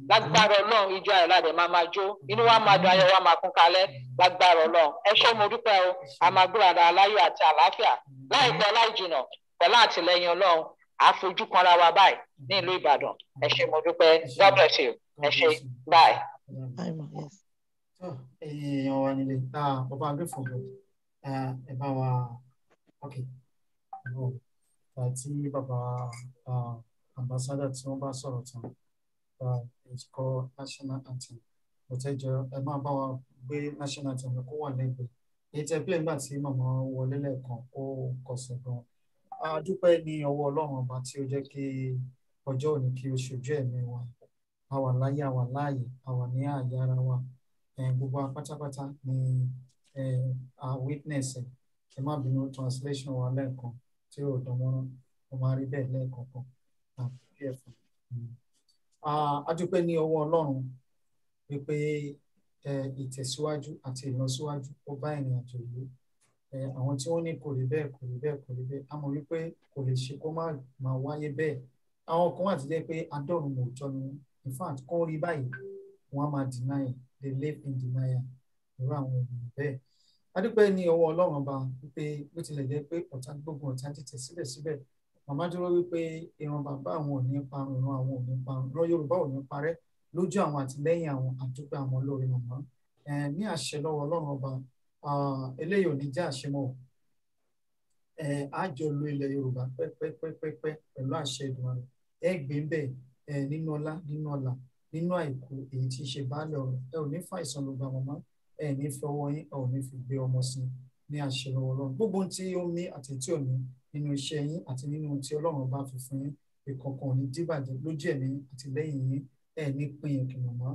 lágbára ọlọ́run ijó ayọ̀ ládẹ̀ máa máa jó inú wa máa dùn ayọ̀ wa máa kún kalẹ̀ lágbára ọlọ́run ẹ ṣé mo dúpẹ́ o a máa gbúradà aláyọ̀ àti àlàáfíà láìpẹ́ láì jìnà pẹ̀lú àtìlẹyìn ọlọ́run àfojú kanra wa báyìí ní ìlú ìbàdàn ẹ ṣé mo dúpẹ́ god bless you ẹ ṣé bye tó ẹ̀yin èèyàn wa nílé tá bàbá agbèfọ̀dọ̀ ẹ bá wa ok àti bàbá ambassador tí wọ́n bá sọ̀rọ̀ tán ìkọ́ national anthem ọ̀tẹ́jọ́ ẹ máa bá wa gbé national anthem kó wà lẹ́gbẹ̀ẹ́ èyí tẹ́ pé nígbà tí màmá wọlé lẹ́ẹ̀kan kó kọ̀sẹ̀ gan adúpẹ́ ní ọwọ́ ọlọ́run ọba tí ó jẹ́ kí ọjọ́ òní kí o ṣojú ẹ̀mí wa àwa láyé àwa láàyè àwa ní àyè ara wa gbogbo apátápátá ni a witness ẹ̀ ẹ má bínú translation wa lẹ́ẹ̀kan tí ò dánmọ́rán mo máa rí bẹ́ẹ̀ lẹ́ẹ̀kọ̀ọ̀kan àbí ẹ̀fọn. adúpẹ́ ní ọwọ́ ọlọ́run wípé ìtẹ̀síwájú àti ìlọsíwájú ó bá ìrìn àjò yìí àwọn tí wọ́n ní kò rí bẹ́ẹ̀ kò rí bẹ́ẹ̀ kò rí bẹ́ẹ̀ a mọ̀ wípé kò lè ṣe kó má máa wáyé bẹ́ẹ̀ àwọn kan wà jẹ́ pé adọ́run mò jọ ni in fact kó rí báyìí wọ́n á máa deny they live in denial irú àwọn ènìyàn bẹ́ẹ̀ adúpẹ́ ní ọwọ́ ọlọ́run ọba wípé bó tilẹ̀ jẹ́ pé ọ̀tá gbógun ọ̀tá tètè síbẹ̀síbẹ̀ màmá dúró wípé ìran bàbá àwọn ò ní parun ìran àwọn ò ní parun ìran yorùbá ò ní parẹ́ lójú àwọn àtìlẹ́yìn àwọn àdúgbò àwọn olórí màmá ní àṣẹ lọ́wọ́ ọlọ́run ọba eléyìí ò ní jẹ́ àṣemọ́ àjọ lu ilẹ̀ yorùbá pẹ́pẹ́pẹ́pẹ́ pẹ̀lú àṣẹ ìdùnnú ẹgbẹ́ ń bẹ̀ nínú ọlá nínú ọlà nínú àìkú èyí tí í ṣe baálé ọ̀rọ̀ ẹ ò ní fa àìsàn ló gba mọ̀mọ́ ẹ ní fi ọwọ́ yín ẹ ò ní fi gbé ọmọ sí ní àṣẹ lọ́wọ́ ọlọ́run gbogbo tí ó ní àti tí ò ní nínú iṣẹ́ yín àti nínú tí ọlọ́run bá fi fún yín ìkọ̀kan ní díbàjẹ́ lójú ẹ̀mí àti lẹ́yìn yín ẹ ní pín ìkìlọ̀ mọ́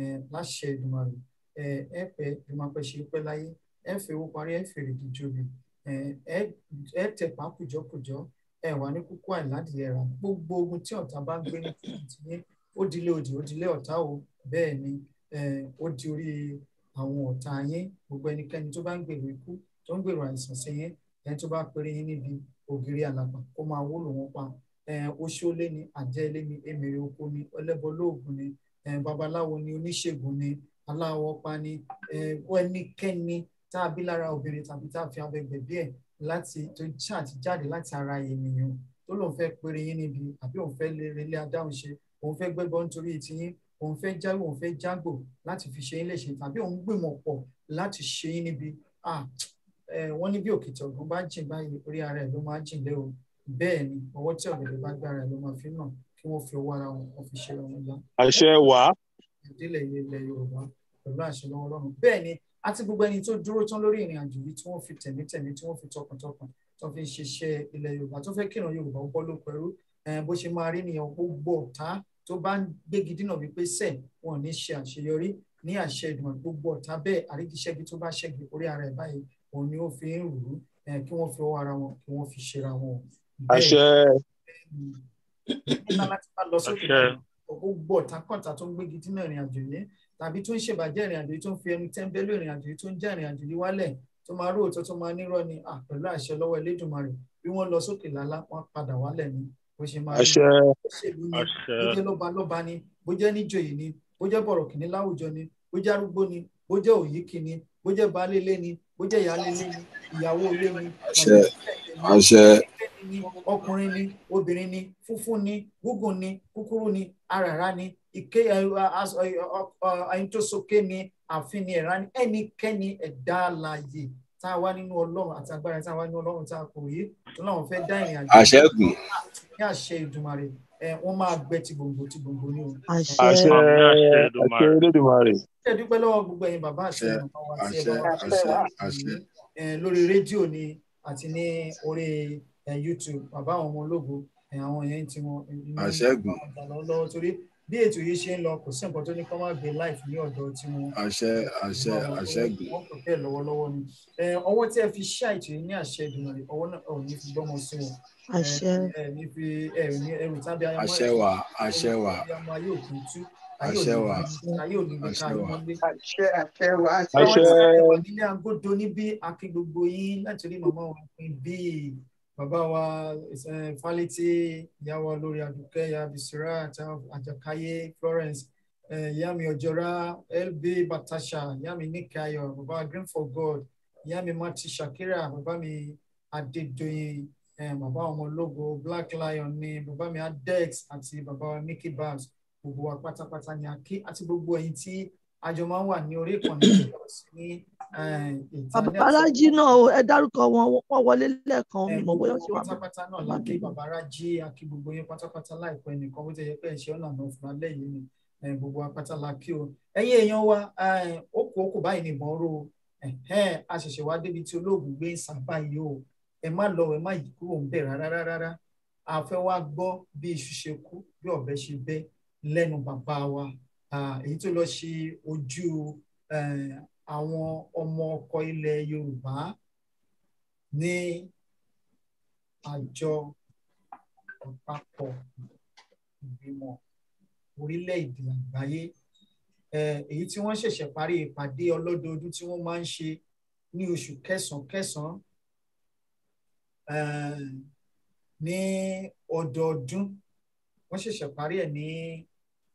ẹ láṣẹ ìdùnmọ̀rì ẹ ẹ pẹ́ ẹ ṣe pẹ́ láyé ẹ fẹ́ owó parí ẹ fèrè kìjọbi ẹ ẹ tẹ̀pá kùjọ́kùjọ́ ẹ wà ní kúkú àìládìlẹ́ra gbogbo ogun tí ọ̀tá bá gbé ní tìǹtìǹtì ó dilé odì ó dilé ọ̀tá o bẹ́ẹ̀ ni ó di orí àwọn ọ̀tá yín gbogbo ẹnikẹ́ni tó bá ń gbèrò ikú tó ń gbèrò àìsàn sí yín ẹni tó bá péré yín níbi ògiri àlàpà kó máa wólò wọn pa oṣó lé ní àjẹ́ lé ní emèrè oko ni ọlẹ́bọ lóògùn ni babaláwo ni oníṣègùn ni aláwọ̀ pa ni ẹnikẹ́ni tá a bí lára obìnrin tàbí tá a fi abẹ gbẹ̀bí ẹ̀ láti tó ṣáà ti jáde láti ara ènìyàn tó lóun fẹ́ péré yín níbi àbí òun fẹ́ lè relé adáhùn ṣe òun fẹ́ gbẹ́gbọ́ nítorí tiyín òun fẹ́ jáwé òun fẹ́ jágbò láti fi ṣe yín léṣe tàbí òun gbìmọ̀ pọ̀ láti ṣe yín níbi wọ́n ní bí òkìtì ọ̀gbọ́n bá jìn báyìí orí ara ẹ̀ ló máa jìn lé o bẹ́ẹ̀ ni ọwọ́ tí ọ̀gẹ̀dẹ̀ bá gbára ẹ̀ ló máa fi nà kí wọ́n fi ọwọ́ ara wọn kó fi ṣe ọ̀hún yá. àṣẹ wà. ìdílé ilẹ̀ Yorùbá pẹ̀lú àṣẹ lọ́wọ́ Ọlọ́run bẹ́ẹ̀ ni àti gbogbo ẹni tó dúró tán lórí ìrìn àjò yìí tí wọ́n fi tẹ̀mítẹ̀mí tí wọ́n fi tọkàntọkàn tó fi ṣiṣẹ́ ilẹ̀ Yorùbá tó fẹ́ kírun Yorùbá ó bọ́ ló pẹ̀lú bó ṣe máa rí nìyẹn gbogbo ọ̀tá tó bá ń gbégi dínà wípé sẹ wọn ò ní ṣe àṣeyọrí ní àṣẹ gbogbo ọ̀tá bẹ́ẹ̀ àríkíṣẹ́gi tó bá ṣẹ́gi orí ara ẹ̀ báyìí òun ni ó fi ń rù ú kí wọ́n fi ọwọ́ ara wọn kí wọ́n fi ṣera wọn. àṣẹ. nígbà láti máa lọ sókè gbogbo ọ̀tàkọ̀tà tó ń gbégi dínà ìrìn àjò yìí tàbí tó ń ṣèbàjẹ́ ìrìn àjò yìí tó ń fi ẹnu tẹ́ńbẹ́lú ìrìn àjò yìí tó ń já ìrìn àjò yìí wálẹ̀ tó máa róòtọ́ tó máa nírọ́ ni pẹ̀lú àṣẹ lọ́wọ́ Elédùmarè bí wọ́n lọ sókè lálá wọ́n padà wálẹ̀ ni bó ṣe máa ń ṣèlú ni bó jẹ́ lọ́balọ́ba ni bó jẹ́ níjòyè ni bó jẹ́ bọ̀rọ̀kìnní láwùjọ ni bó jẹ́ arúgbó ni bó jẹ́ òyìnkì ni bó jẹ́ baálélé ni bó jẹ́ ìyálélé ni ìyàwó ilé ni ọkùnrin ni obìnrin ni funfun ni gúngùn ni kúkúrú ni aràrá ni ìké ẹni tó sókè ni àfin ni ẹ̀rá ni ẹnikẹ́ni ẹ̀dá alààyè tá a wá nínú ọlọ́run àti agbára tá a wá nínú ọlọ́run tá a kò yé tó láwọn dá ìrìn àjò. àṣẹ́gun ní àṣẹ ìdùmarè wọ́n máa gbẹ ti gbòǹgbò ti gbòǹgbò ní o. àṣẹ àṣẹ Elédùmarè. ṣé dúpẹ́ lọ́wọ́ gbogbo ẹ̀yin bàbá àṣẹ ìrànlọ́wọ́ àti ẹ̀rọ lórí rédíò ni àti ní orí YouTube bàbá àwọn ọmọ ológo àwọn yẹn ti wọn. àṣẹ gùn bí ètò yìí ṣe ń lọ kò sí nǹkan tó ní kọ́ máa gbé life ní ọ̀dọ̀ tí wọ́n. àṣẹ àṣẹ àṣẹ gbé. wọ́n kò bẹ́ẹ̀ lọ́wọ́lọ́wọ́ ni ọwọ́ tí ẹ fi ṣá ètò yìí ní àṣẹ ìdùnnà rẹ̀ ọwọ́ náà ò ní fi gbọ́mọ sí wọn. àṣẹ ẹ ní fi ẹ ní ẹrù tábí ayé àṣẹ wà àṣẹ wà ayé òkú tú àṣẹ wà ayé òní bí ká ìmọ̀ gbé. àṣẹ àṣẹ wà àṣẹ wà nílé agodo níbí akí gbogbo yín láti rí màmá òun bí bàbá wa eh, Fálétí ìyá wa lórí Àdùkẹ́ ìyá Bisira Àjàkáyé Florence eh, ìyá mi LB Batasha yami mi Níkayọ̀ bàbá Green for God yami Mati Shakira bàbá mi Adédoyin eh, bàbá ọmọ ológo Black Lion ni bàbá mi Adex àti bàbá wa Mickey Babs gbogbo wa pátápátá ni a kí àti gbogbo ẹ̀yin tí àjọ máa ń wà ní orí ìkànnì ní ìtàn. Eh, bàbá rájí náà ẹ dárúkọ wọn wọn wọlé lẹ́ẹ̀kan mi eh, mọ̀ bóyá ó ṣe wà. pátápátá náà láti bàbá rájí akí gbogbo yín pátápátá láìpẹ́ nìkan bó ti yẹ pé ẹ̀ṣẹ́ ọ̀nà àná fún alẹ́ yìí eh, gbogbo apáta la o. ẹ̀yin èèyàn wa ókú ókú báyìí nìbọn ró o a ṣẹ̀ṣẹ̀ wá débi tí olóògùn gbé ń sábà yìí o ẹ má lọ ẹ má yí kúrò ń bẹ̀ rárá rárá a fẹ́ wá gbọ́ bí iṣu ṣe kú bí ọ̀bẹ ṣe bẹ́ lẹ́nu bàbá wa èyí tó lọ ṣe ojú àwọn ọmọ ọkọ ilẹ̀ Yorùbá ní àjọ àpapọ̀ ìgbìmọ̀ orílẹ̀-èdè àgbáyé èyí tí wọ́n ṣẹ̀ṣẹ̀ parí ìpàdé ọlọ́dọọdún tí wọ́n máa ń ṣe ní oṣù kẹsàn-án kẹsàn-án ní ọdọọdún wọ́n ṣẹ̀ṣẹ̀ parí ẹ̀ ní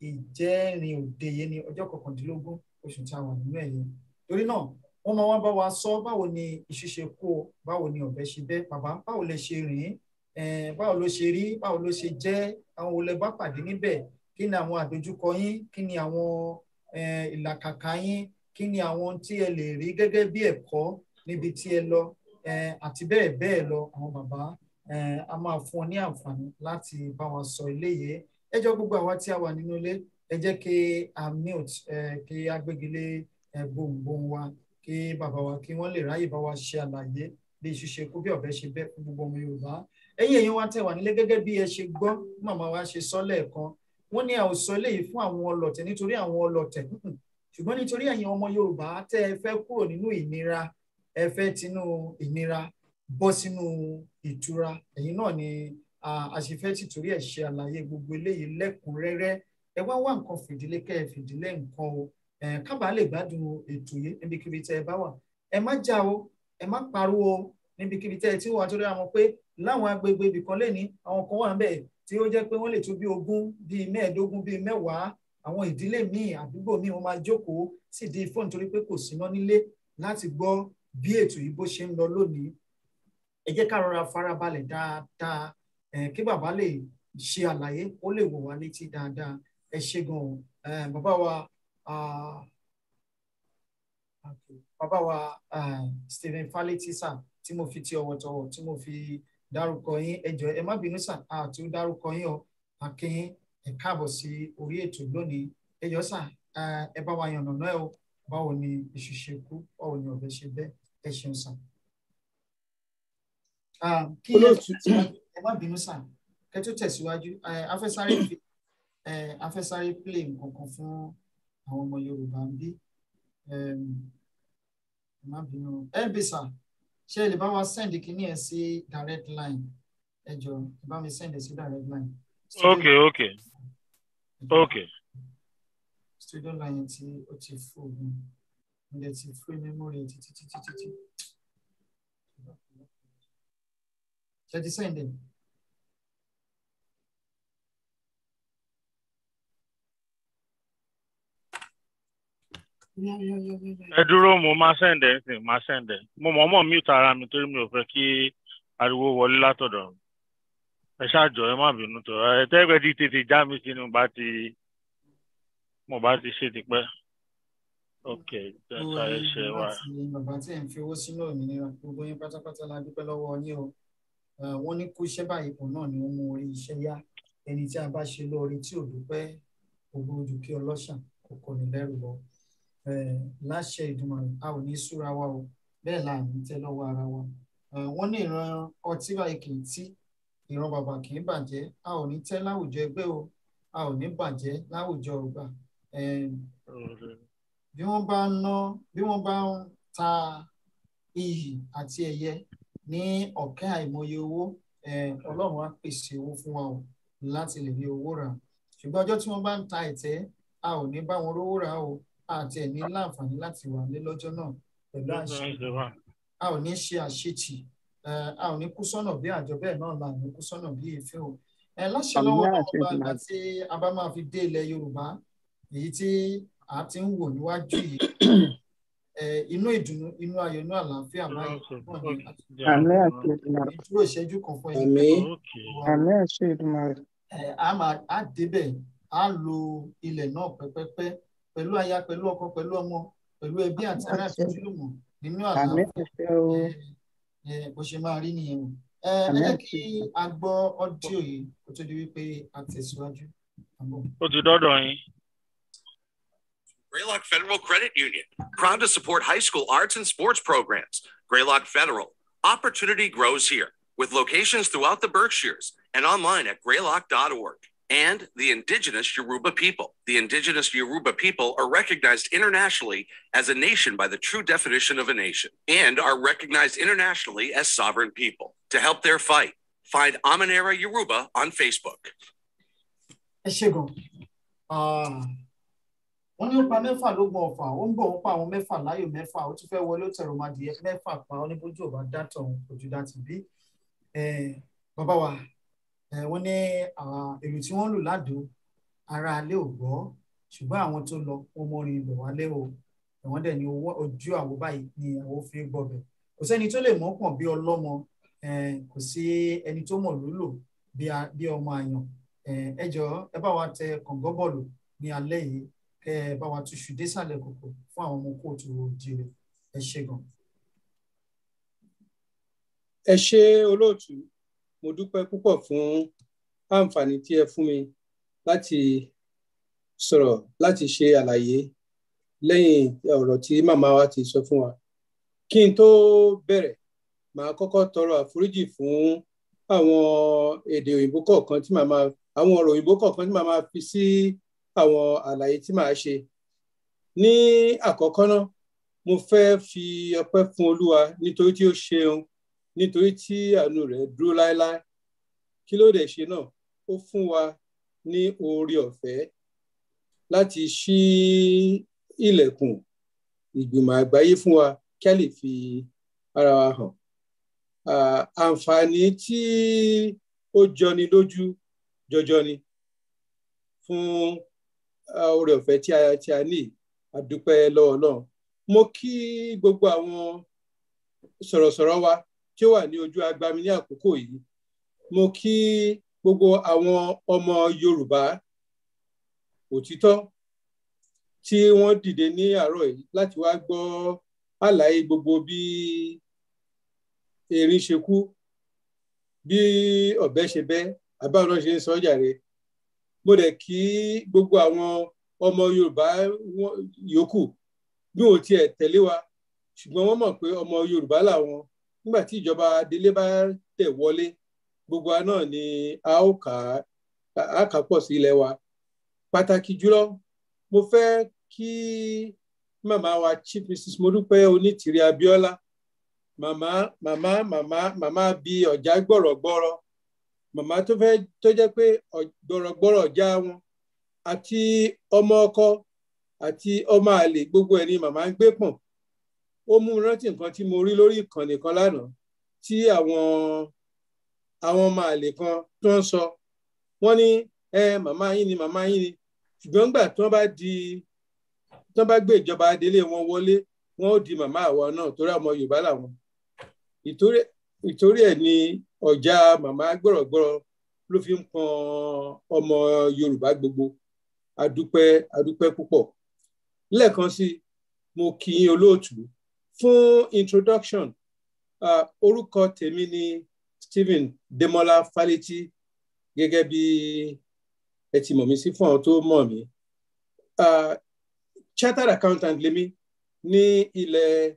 ìjẹ́rin òdeye ní ọjọ́ kọkàndínlógún oṣù tí a wà nínú ẹ̀yẹ torí náà wọ́n máa wá bá wa sọ báwo ni iṣu ṣe kó o báwo ni ọ̀bẹ ṣe bẹ́ bàbá báwo lẹ ṣe rìn báwo ló ṣe rí báwo ló ṣe jẹ́ àwọn olè bá pàdé níbẹ̀ kí ni àwọn àdójúkọ yín kí ni àwọn ìlàkàkà yín kí ni àwọn tí ẹ lè rí gẹ́gẹ́ bí ẹ̀kọ́ níbi tí ẹ lọ àti bẹ́ẹ̀ bẹ́ẹ̀ lọ àwọn bàbá a máa fún ọ ní àǹfààní láti bá wa sọ eléyìí ẹ jọ gbogbo àwa tí a wà nínú ilé ẹ jẹ́ kí a mute kí a gbégilé gbohùngbohùn wa kí bàbá wa kí wọ́n lè ráyè bá wa ṣe àlàyé bí iṣu ṣe kú bí ọ̀bẹ ṣe bẹ́ fún gbogbo ọmọ Yorùbá ẹ̀yin èèyàn wa tẹ̀ wà nílé gẹ́gẹ́ bí ẹ ṣe gbọ́ màmá wa ṣe sọ lẹ́ẹ̀kan wọ́n ní a ò sọ eléyìí fún àwọn ọlọ̀tẹ̀ nítorí àwọn ọlọ̀tẹ̀ hmm, ṣùgbọ́n nítorí ẹ̀yin ọmọ Yorùbá tẹ́ ẹ fẹ́ kúrò nínú ìnira ẹ fẹ́ tinú ìnira bọ́ sínú ìtura ẹ̀yin náà ni àṣefẹ́ sì torí ẹ̀ ṣe àlàyé gbogbo eléyìí lẹ́kùnrẹ́rẹ́ ẹ wá wá nǹkan fìdílé kẹ́ ẹ fìdílé nǹkan o kábà lè gbádùn ètò yìí níbikíbi tẹ́ ẹ bá wà ẹ má já o ẹ má pariwo o níbikíbi tẹ́ ẹ tí wà torí àwọn pé láwọn agbègbè ibì kan lẹ́ni àwọn kan wà ń bẹ̀ tí ó jẹ́ pé wọ́n lè tó bí ogún bíi mẹ́ẹ̀ẹ́dógún bíi mẹ́wàá àwọn ìdílé míì àdúgbò míì wọ́n máa jókòó sì di fóònù torí pé kò síná nílé láti gbọ́ bí ètò yìí bó ṣe ń lọ lónìí ẹ jẹ́ ká rọra farabalẹ̀ dáadáa Eh, kí bàbá lè ṣe àlàyé ó lè wò wá létí dáadáa ẹ ṣe gan o eh, bàbá wa bàbá wa Stephen Faleti sà tí mo fi ti ọ̀wọ̀tọ̀wọ̀ tí mo fi dárúkọ yín ẹ jọ̀ọ́ ẹ má bínú sà àti dárúkọ yín o akin ẹ káàbọ̀ sí orí ètò lónìí ẹ sà ẹ bá wa yànnà náà o báwo ni iṣu ṣe kú báwo ni ọ̀bẹ ṣe bẹ́ ẹ ṣeun sà. kí ẹ tún ti ẹ má bínú sàn kẹ́ tó tẹ̀síwájú afẹ́sáré fi afẹ́sáré play nǹkan fún àwọn ọmọ Yorùbá ń bí ẹ má bínú ẹ bí sà ṣé ẹ lè bá wa send kíní ẹ sí direct line ẹ jọ ẹ bá mi send ẹ sí direct line. ok ok ok. studio line tí o ti fò gan ilẹ̀ ti fò memory títí títí títí. ṣe ti send ẹ. ẹ dúró mo máa ṣẹ̀ǹdẹ̀ ẹ̀ sìn máa ṣẹ̀ǹdẹ̀ mo mọ̀ mọ̀ mute ara mi torí mi ò fẹ́ kí ariwo wọlé látọ̀dọ̀ mi ẹ ṣáàjọ ẹ má bínú tó ẹ tẹ́gbẹ́ ti tètè já mi sí mo bá ti mo bá ti ṣe tipẹ́ ok ẹ̀ka ẹ̀ṣẹ̀ wa. bàbá tí ẹ̀ ń fi owó sínú òmìnira gbogbo yín pátápátá la dúpẹ́ lọ́wọ́ yín o wọ́n ní kó iṣẹ́ báyìí pọ̀ náà ni ó mú orí iṣẹ́ yá ẹni tí a bá ṣe lóore tí ò dúpẹ́ ògbójú kí ọlọ́ṣà kò kọ́ni lẹ́rù lọ láṣẹ ìdùnnà a ò ní súra wa o bẹ́ẹ̀ la ní tẹ́ lọ́wọ́ ara wa wọ́n ní ìran ọtí báyìí kì í tí ìran bàbà kì í bàjẹ́ a ò ní tẹ́ láwùjọ ẹgbẹ́ o a ò ní bàjẹ́ láwùjọ ọgbà bí wọ́n bá ń ná bí wọ́n bá ń ta iyì àti ẹ̀yẹ ní ọ̀kẹ́ àìmọye owó ọlọ́run á pèsè owó fún wa o láti lè rí owó rà ṣùgbọ́n ọjọ́ tí wọ́n bá ń ta ẹ̀tẹ́ a ò ní bá wọn rówó rà o àti ẹ̀mí láǹfààní láti wà lé lọ́jọ́ náà pẹ̀lú àṣẹ a ò ní ṣe àṣetì a ò ní kú sọ́nà bí àjọ bẹ́ẹ̀ náà la ní kú sọ́nà bí èéfín o ẹ láṣẹ lọ́wọ́ ọba àgbà tí a bá máa fi dé ilẹ̀ Yorùbá èyí tí a ti ń wò níwájú yìí inú ìdùnnú inú ayọ̀ inú àlàáfíà báyìí àmì àti ìdùnnú dúró ìṣẹ́jú kan fún ẹ̀yìn àmì àti ìdùnnú rẹ̀. a débẹ̀ a lo ilẹ̀ náà pẹ́pẹ́pẹ́. pẹ̀lú aya pẹ̀lú ọkọ pẹ̀lú ọmọ pẹ̀lú ẹbí àti ará nínú bó ṣe máa rí nìyẹn ẹ kí a gbọ́ ọ́díò yìí kó tó di wípé a tẹ̀síwájú. ó ti dọ́dọ̀ yín. Greylock Federal Credit Union, proud to support high school arts and sports programs. Greylock Federal, opportunity grows here with locations throughout the Berkshires and online at greylock.org and the indigenous Yoruba people. The indigenous Yoruba people are recognized internationally as a nation by the true definition of a nation and are recognized internationally as sovereign people. To help their fight, find Amanera Yoruba on Facebook. Ah, wọ́n ní ó pa mẹ́fà lógun ọ̀fà ó ń bọ̀ ó pa àwọn mẹ́fà láyò mẹ́fà ó ti fẹ́ wọlé ó tẹ̀rọ máa dìé mẹ́fà pa ó ní bójú ò dátọ̀ òjú dá ti bí eh, bàbá wa Eh, wọ́n ní èrò tí wọ́n lù ládùú ara alẹ́ ò gbọ́ ṣùgbọ́n àwọn tó lọ wọ́n mọrin ibẹ̀ wálé o ẹ̀wọ̀n dẹ̀ ni ojú àwo báyìí ni àwo fi gbọbẹ̀ kò sẹ́ni tó lè mọ́kàn bí ọlọ́mọ eh, kò sí ẹni tó mọ̀ lólò bí ọmọ àyàn eh, ẹ jọ̀ọ́ ẹ bá wa tẹ kọ̀ǹgọ́ bọ̀lù ní alẹ́ yìí kẹ bá wa túṣu désàlẹ̀ kòkò fún àwọn ọmọ kóòtù òjìrè ẹ ṣe gan. ẹ ṣe olóòtú mo dúpẹ́ púpọ̀ fún àǹfààní tí ẹ fún mi láti sọ̀rọ̀ láti ṣe àlàyé lẹ́yìn ọ̀rọ̀ tí màmá wa ti sọ fún wa kí n tó bẹ̀rẹ̀ màá kọ́kọ́ tọrọ àforíjì fún àwọn èdè òyìnbó kọ̀ọ̀kan tí màmá àwọn ọ̀rọ̀ òyìnbó kọ̀ọ̀kan tí màmá fi sí àwọn àlàyé tí màá ṣe ní àkọ́kọ́ náà mo fẹ́ fi ọpẹ́ fún Olúwa nítorí tí ó ṣeun nítorí tí àánú rẹ̀ dúró láéláé kí ló dẹ̀ ṣe náà ó fún wa ní oore ọ̀fẹ́ láti ṣí ilẹ̀kùn ìgbìmọ̀ àgbáyé fún wa kí a lè fi ara wa hàn àǹfààní tí ó jọni lójú jọjọ ni fún oore ọ̀fẹ́ tí a tí a ní àdúpẹ́ lọ́wọ́ mo kí gbogbo àwọn sọ̀rọ̀sọ̀rọ̀ wa tí ó wà ní ojú agbami ní àkókò yìí mo kí gbogbo àwọn ọmọ Yorùbá òtítọ́ tí wọ́n dìde ní àárọ̀ yìí láti wá gbọ́ àlàyé gbogbo bí erin ṣe kú bí ọ̀bẹ ṣe bẹ́ àbáwọn ṣe ń sọ jàre mo dẹ̀ kí gbogbo àwọn ọmọ Yorùbá yòókù bí wọn ò tiẹ̀ tẹ̀lé wa ṣùgbọ́n wọ́n mọ̀ pé ọmọ Yorùbá làwọn nígbà tí ìjọba délé bá tẹ̀ wọlé gbogbo wa náà ni a ó kà á kà pọ̀ sí ilẹ̀ wa pàtàkì jùlọ mo fẹ́ kí màmá wa chief mrs modúpẹ́ onítìrí abiola màmá màmá màmá màmá bí ọ̀já gbọ̀rọ̀gbọ̀rọ̀ màmá tó fẹ́ tó jẹ́ pé gbọ̀rọ̀gbọ̀rọ̀ já wọn àti ọmọ ọkọ àti ọmọ àlè gbogbo ẹni màmá ń gbé pọ̀n ó mú rántí nǹkan tí mo rí lórí ìkànnì kan lánàá tí àwọn àwọn ọmọ àlè kan tó ń sọ wọ́n ní ẹ màmá yín ni màmá yín ni ṣùgbọ́n nígbà tí wọ́n bá di tí wọ́n bá gbé ìjọba adélé wọn wọlé wọn ó di màmá àwa náà torí àwọn Yorùbá làwọn ìtorí ẹ̀ ni ọjà màmá gbọ̀rọ̀gbọ̀rọ̀ ló fi ń pọn ọmọ Yorùbá gbogbo adúpẹ́ adúpẹ́ púpọ̀ lẹ́ẹ̀kan sí mo kí yín olóòtú fún introduction uh, orúkọ tèmi ni Stephen Demola Faleti gẹ́gẹ́ bí ẹ ti mọ̀ mí sí fún àwọn tó mọ̀ mí uh, chartered accountant lèmi ní ilẹ̀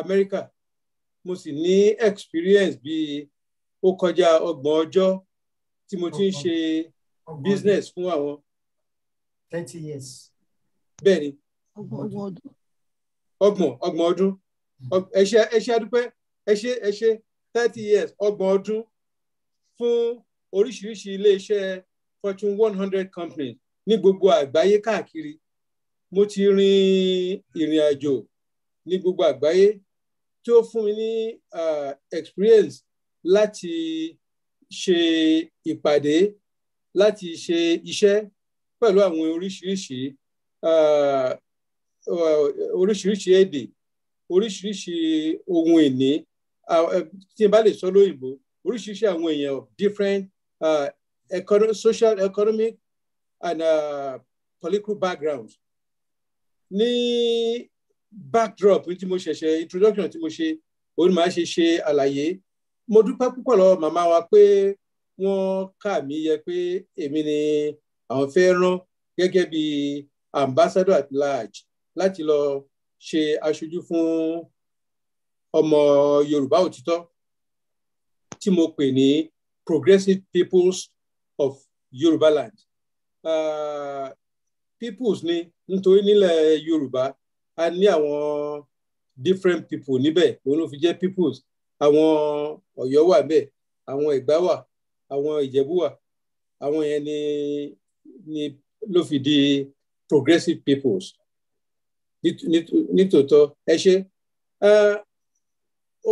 America. mo sì ní experience bí ó kọjá ọgbọ̀n ọjọ́ tí mo ti ń ṣe business fún àwọn. thirty years. bẹ́ẹ̀ni ọgbọ̀n ọdún. ọgbọ̀n ọgbọ̀n ọdún ẹ ṣe ẹ ṣe thirty years ọgbọ̀n ọdún fún oríṣiríṣi iléeṣẹ́ fortune one hundred companies ní gbogbo àgbáyé káàkiri mo ti rin ìrìn àjò ní gbogbo àgbáyé tí ó fún mi ní experience láti ṣe ìpàdé láti ṣe iṣẹ́ pẹ̀lú àwọn oríṣiríṣi oríṣiríṣi èdè oríṣiríṣi ohun ìní ah, eh, tí n bá lè sọ lóyìnbó oríṣiríṣi àwọn èèyàn of different uh, ah, economic, social economic and uh, political backgrounds ní backdrop tí mo ṣẹ̀ṣẹ̀ introduction tí mo ṣe òun máa ṣe ṣe àlàyé mo dúpẹ́ púpọ̀ lọ́wọ́ màmá wa pé wọ́n kà mí yẹ pé èmi ni àwọn fẹ́ rán gẹ́gẹ́ bí ambassador at large láti lọ ṣe aṣojú fún ọmọ Yorùbá òtítọ́ tí mo pè ní Progressive Peoples of Yorùbá Land uh, peoples ni nítorí nílẹ̀ Yorùbá a ní àwọn different people níbẹ̀ òun ló fi jẹ́ peoples àwọn Ọ̀yọ́ wà bẹ́ẹ̀ àwọn Ẹ̀gbá wà àwọn Ìjẹ̀bú wà àwọn yẹn ni ni ló fi di progressive peoples nítòótọ́ ẹ ṣe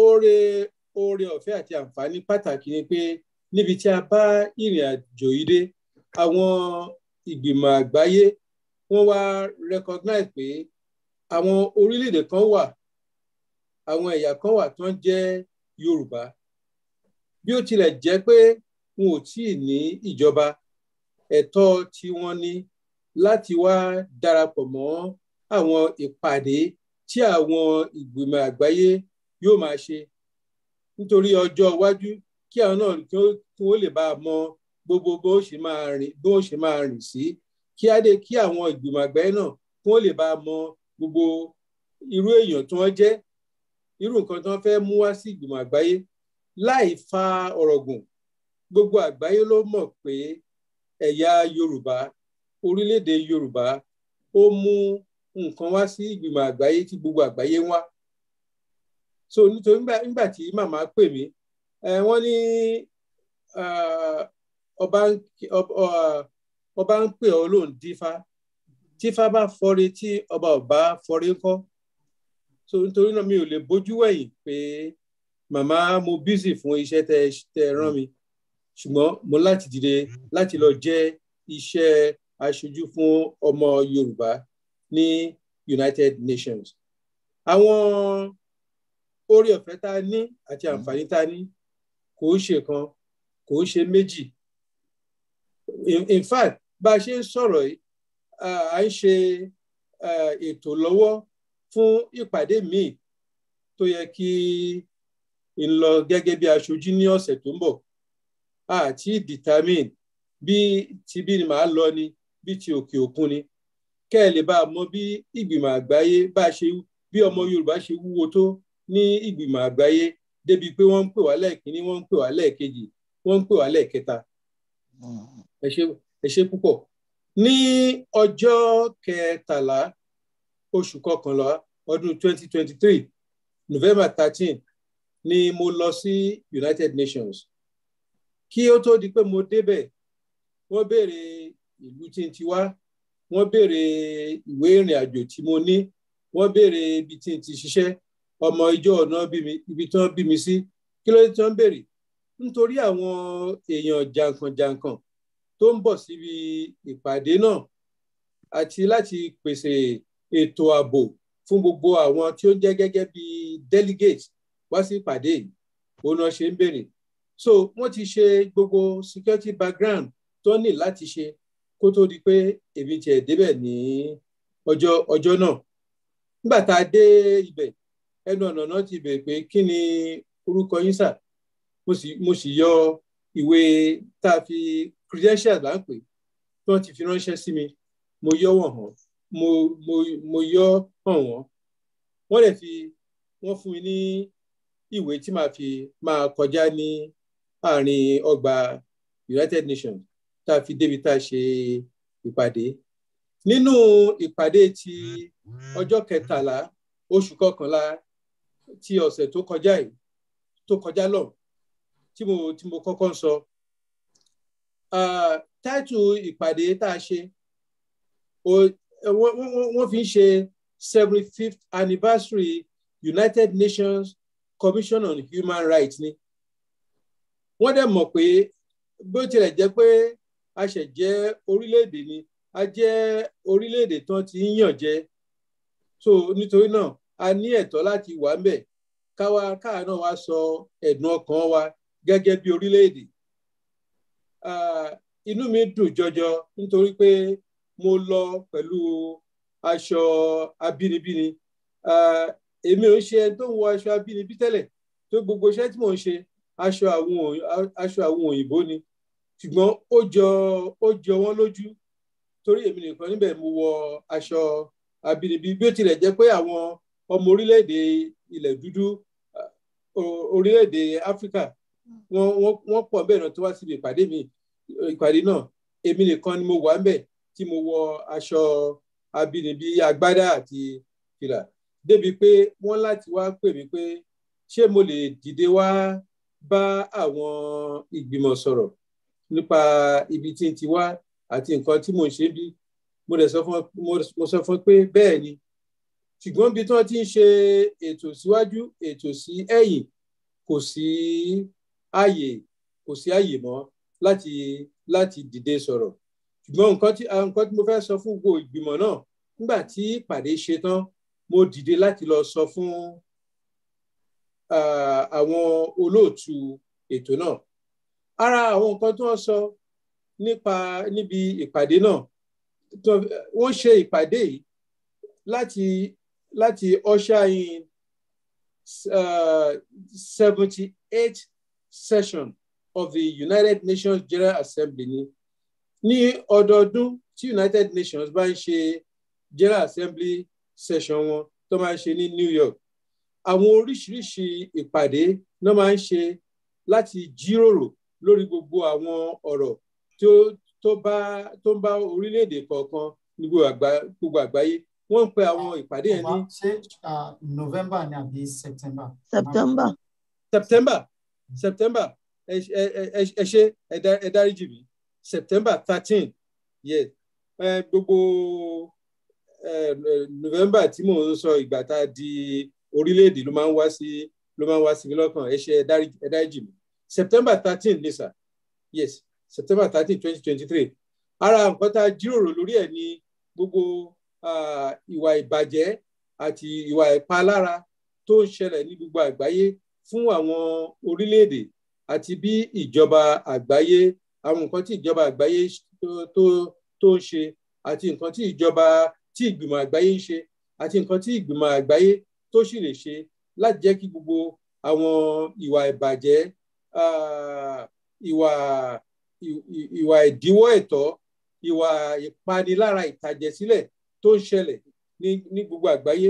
oore oore ọ̀fẹ́ àti àǹfààní pàtàkì ni pé níbi tí a bá ìrìn àjò yìí dé àwọn ìgbìmọ̀ àgbáyé wọ́n wá recognize pé àwọn orílẹ̀-èdè kan wà àwọn ẹ̀yà kan wà tó ń jẹ́ Yorùbá bí ó tilẹ̀ jẹ́ pé wọn ò tí ì ní ìjọba ẹ̀tọ́ tí wọ́n ní láti wá darapọ̀ mọ́ àwọn ìpàdé tí àwọn ìgbìmọ̀ àgbáyé yóò máa ṣe nítorí ọjọ́ iwájú kí àwọn náà kí wọ́n lè bá a mọ gbogbo bó ṣe máa rìn bó ṣe máa rìn sí kí adé kí àwọn ìgbìmọ̀ àgbáyé náà kí wọ́n lè bá a mọ gbogbo irú èèyàn tí wọ́n jẹ́ irú nǹkan tí wọ́n fẹ́ mú wá sí ìgbìmọ̀ àgbáyé láì fa ọ̀rọ̀ gùn gbogbo àgbáyé ló mọ̀ pé ẹ̀yà Yorùbá orílẹ̀-èdè Yorùbá ó mú nǹkan wá sí ìgbìmọ̀ àgbáyé tí gbogbo àgbáyé wá so nítorí nígbà tí màmá pè mí wọ́n ní ọba ń pè ọ́ lóun dífá tífá bá fọre tí ọba ọba fọre kọ́ so nítorí náà mi ò lè bójú wẹ̀yìn pé màmá mo bízì fún iṣẹ́ tẹ ẹ rán mi ṣùgbọ́n mo láti dìde láti lọ jẹ́ iṣẹ́ aṣojú fún ọmọ Yorùbá ní United Nations àwọn oore ọ̀fẹ́ tá a ní àti mm-hmm. àǹfààní tá a ní kò ṣe kan kò ṣe méjì in fact bá a ṣe ń sọ̀rọ̀ yìí à ń ṣe ètò lọ́wọ́ fún ìpàdé míì tó yẹ kí n lọ gẹ́gẹ́ bí aṣojú ní ọ̀sẹ̀ tó ń bọ̀ àti determine bí tibí ni màá lọ ni bí ti òkè òkun ni kẹ́ ẹ lè bá a mọ bí ìgbìmọ̀ àgbáyé bá a ṣe bí ọmọ Yorùbá ṣe wúwo tó ní ìgbìmọ̀ àgbáyé débi pé wọ́n ń pè wá lẹ́ẹ̀kínní wọ́n ń pè wá lẹ́ẹ̀kejì wọ́n ń pè wá lẹ́ẹ̀kẹta. ẹ ṣe púpọ̀ ní ọjọ́ kẹtàlá oṣù kọkànlá ọdún 2023 November 13 ni mo lọ sí United Nations kí ó tó di pé mo débẹ̀ wọ́n béèrè ìlú tí n ti wá wọ́n béèrè ìwé ìrìn àjò tí mo ní wọ́n béèrè ibi tí n ti ṣiṣẹ́ ọmọ ìjọ ọ̀nà ibi tí wọ́n bí mi sí kí ló dé tí wọ́n béèrè nítorí àwọn èèyàn jàǹkànjàǹkàn tó ń bọ̀ síbi ìpàdé náà àti láti pèsè ètò ààbò fún gbogbo àwọn tí ó jẹ́ gẹ́gẹ́ bí delegate wá sí ìpàdé yìí òun náà ṣe ń béèrè so wọ́n ti ṣe gbogbo security background tó ní láti ṣe kó tó di pé èmi tiẹ̀ débẹ̀ ní ọjọ́ ọjọ́ náà nígbà tá a dé ibẹ̀ ẹnu ọ̀nà náà ti bẹ̀ pé kí ni orúkọ yín sà mo sì yọ ìwé tá a fi credentials là ń pè tí wọ́n ti fi ránṣẹ́ sí mi mo yọ wọ̀n hàn mo yọ hàn wọ́n wọ́n lè fi wọ́n fún mi ní ìwé tí màá fi máa kọjá ní àárín ọgbà United Nations tá a fi débi tá a ṣe ìpàdé nínú ìpàdé ti ọjọ́ kẹtàlá oṣù kọkànlá ti ọ̀sẹ̀ tó kọjá yìí tó kọjá lọ tí mo tí mo kọ́kọ́ ń sọ táìtù ìpàdé tá a ṣe wọ́n fi ń ṣe seventy fifth anniversary United Nations Commission on Human Rights ni wọ́n dẹ̀ mọ̀ pé bó tilẹ̀ jẹ́ pé a ṣẹ̀ jẹ́ orílẹ̀-èdè ni a jẹ́ orílẹ̀-èdè tán ti ń yàn jẹ so nítorí náà a ní ẹ̀tọ́ láti wà ń bẹ̀ káwa káà náà wá sọ ẹ̀dùn ọkàn wa gẹ́gẹ́ bí orílẹ̀-èdè inú mi dùn jọjọ nítorí pé mo lọ pẹ̀lú aṣọ abínibíni èmi ò ń ṣe ẹni tó ń wọ aṣọ abínibí tẹ́lẹ̀ tó gbogbo iṣẹ́ tí mò ń ṣe aṣọ àwọn òyìnbó ni ṣùgbọ́n ó jọ ó jọ wọ́n lójú torí èmi nìkan níbẹ̀ mo wọ aṣọ àbínibí bí ó tilẹ̀ jẹ́ pé àwọn ọmọ orílẹ̀-èdè ilẹ̀ dúdú orílẹ̀-èdè áfíríkà wọ́n pọ̀ bẹ́ẹ̀ náà tó wá síbi ìpàdé mi ìpàdé náà èmi nìkan ni mo wà ń bẹ̀ tí mo wọ aṣọ àbínibí agbádá àti fìlà débi pé wọ́n láti wá pè mí pé ṣé mo lè dìde wá bá àwọn ìgbìmọ̀ sọ̀rọ̀ nípa ibi tí n ti wá àti nǹkan tí mò ń ṣe bí mo dẹ̀ sọ fún mo sọ fún pé bẹ́ẹ̀ ni ṣùgbọ́n bí tí wọ́n ti ń ṣe ètò síwájú ètò sí ẹ̀yìn kò sí ààyè kò sí ààyè mọ́ láti láti dìde sọ̀rọ̀ ṣùgbọ́n nǹkan tí nǹkan tí mo fẹ́ sọ fún gbogbo ìgbìmọ̀ náà nígbà tí ìpàdé ṣe tán mo dìde láti lọ sọ fún àwọn olóòtú ètò náà ara àwọn nǹkan tí wọ́n sọ nípa níbi ìpàdé náà wọ́n ṣe ìpàdé yìí láti láti usher in seventy uh, eight session of the United Nations General Assembly ni ní ọdọọdún tí United Nations bá ń ṣe General Assembly session wọn tó máa ń ṣe ní New York àwọn oríṣiríṣi ìpàdé náà máa ń ṣe láti jíròrò lórí gbogbo àwọn ọ̀rọ̀ tí ó tó bá tó ń bá orílẹ̀-èdè kọ̀ọ̀kan ní gbogbo àgbáyé wọ́n ń pe àwọn ìpàdé yẹn november ni àbí september. september. september september ẹ ṣe ẹ dáríjì mi september thirteen yes gbogbo november tí mò ń sọ ìgbà tá a di orílẹ̀-èdè ló máa ń wá sí ló máa ń wá sí mi lọ́kàn ẹ ṣe ẹ dáríjì mi september thirteen ni yes september thirteen twenty twenty three ara nǹkan tá a jíròrò lórí ẹ̀ ni gbogbo ìwà ìbàjẹ́ àti ìwà ìpalára tó ń ṣẹlẹ̀ ní gbogbo àgbáyé fún àwọn orílẹ̀-èdè àti bí ìjọba àgbáyé àwọn nǹkan tí ìjọba àgbáyé tó ń ṣe àti nǹkan tí ìjọba tí ìgbìmọ̀ àgbáyé ń ṣe àti nǹkan tí ìgbìmọ̀ àgbáyé tó sì lè ṣe láti jẹ́ kí gbogbo àwọn ìwà ìbàjẹ́ ìwà ìwà ìdíwọ́ ẹ̀tọ́ ìwà ìpanilára ìtàjẹ̀sílẹ̀ tó ń ṣẹlẹ̀ ní gbogbo àgbáyé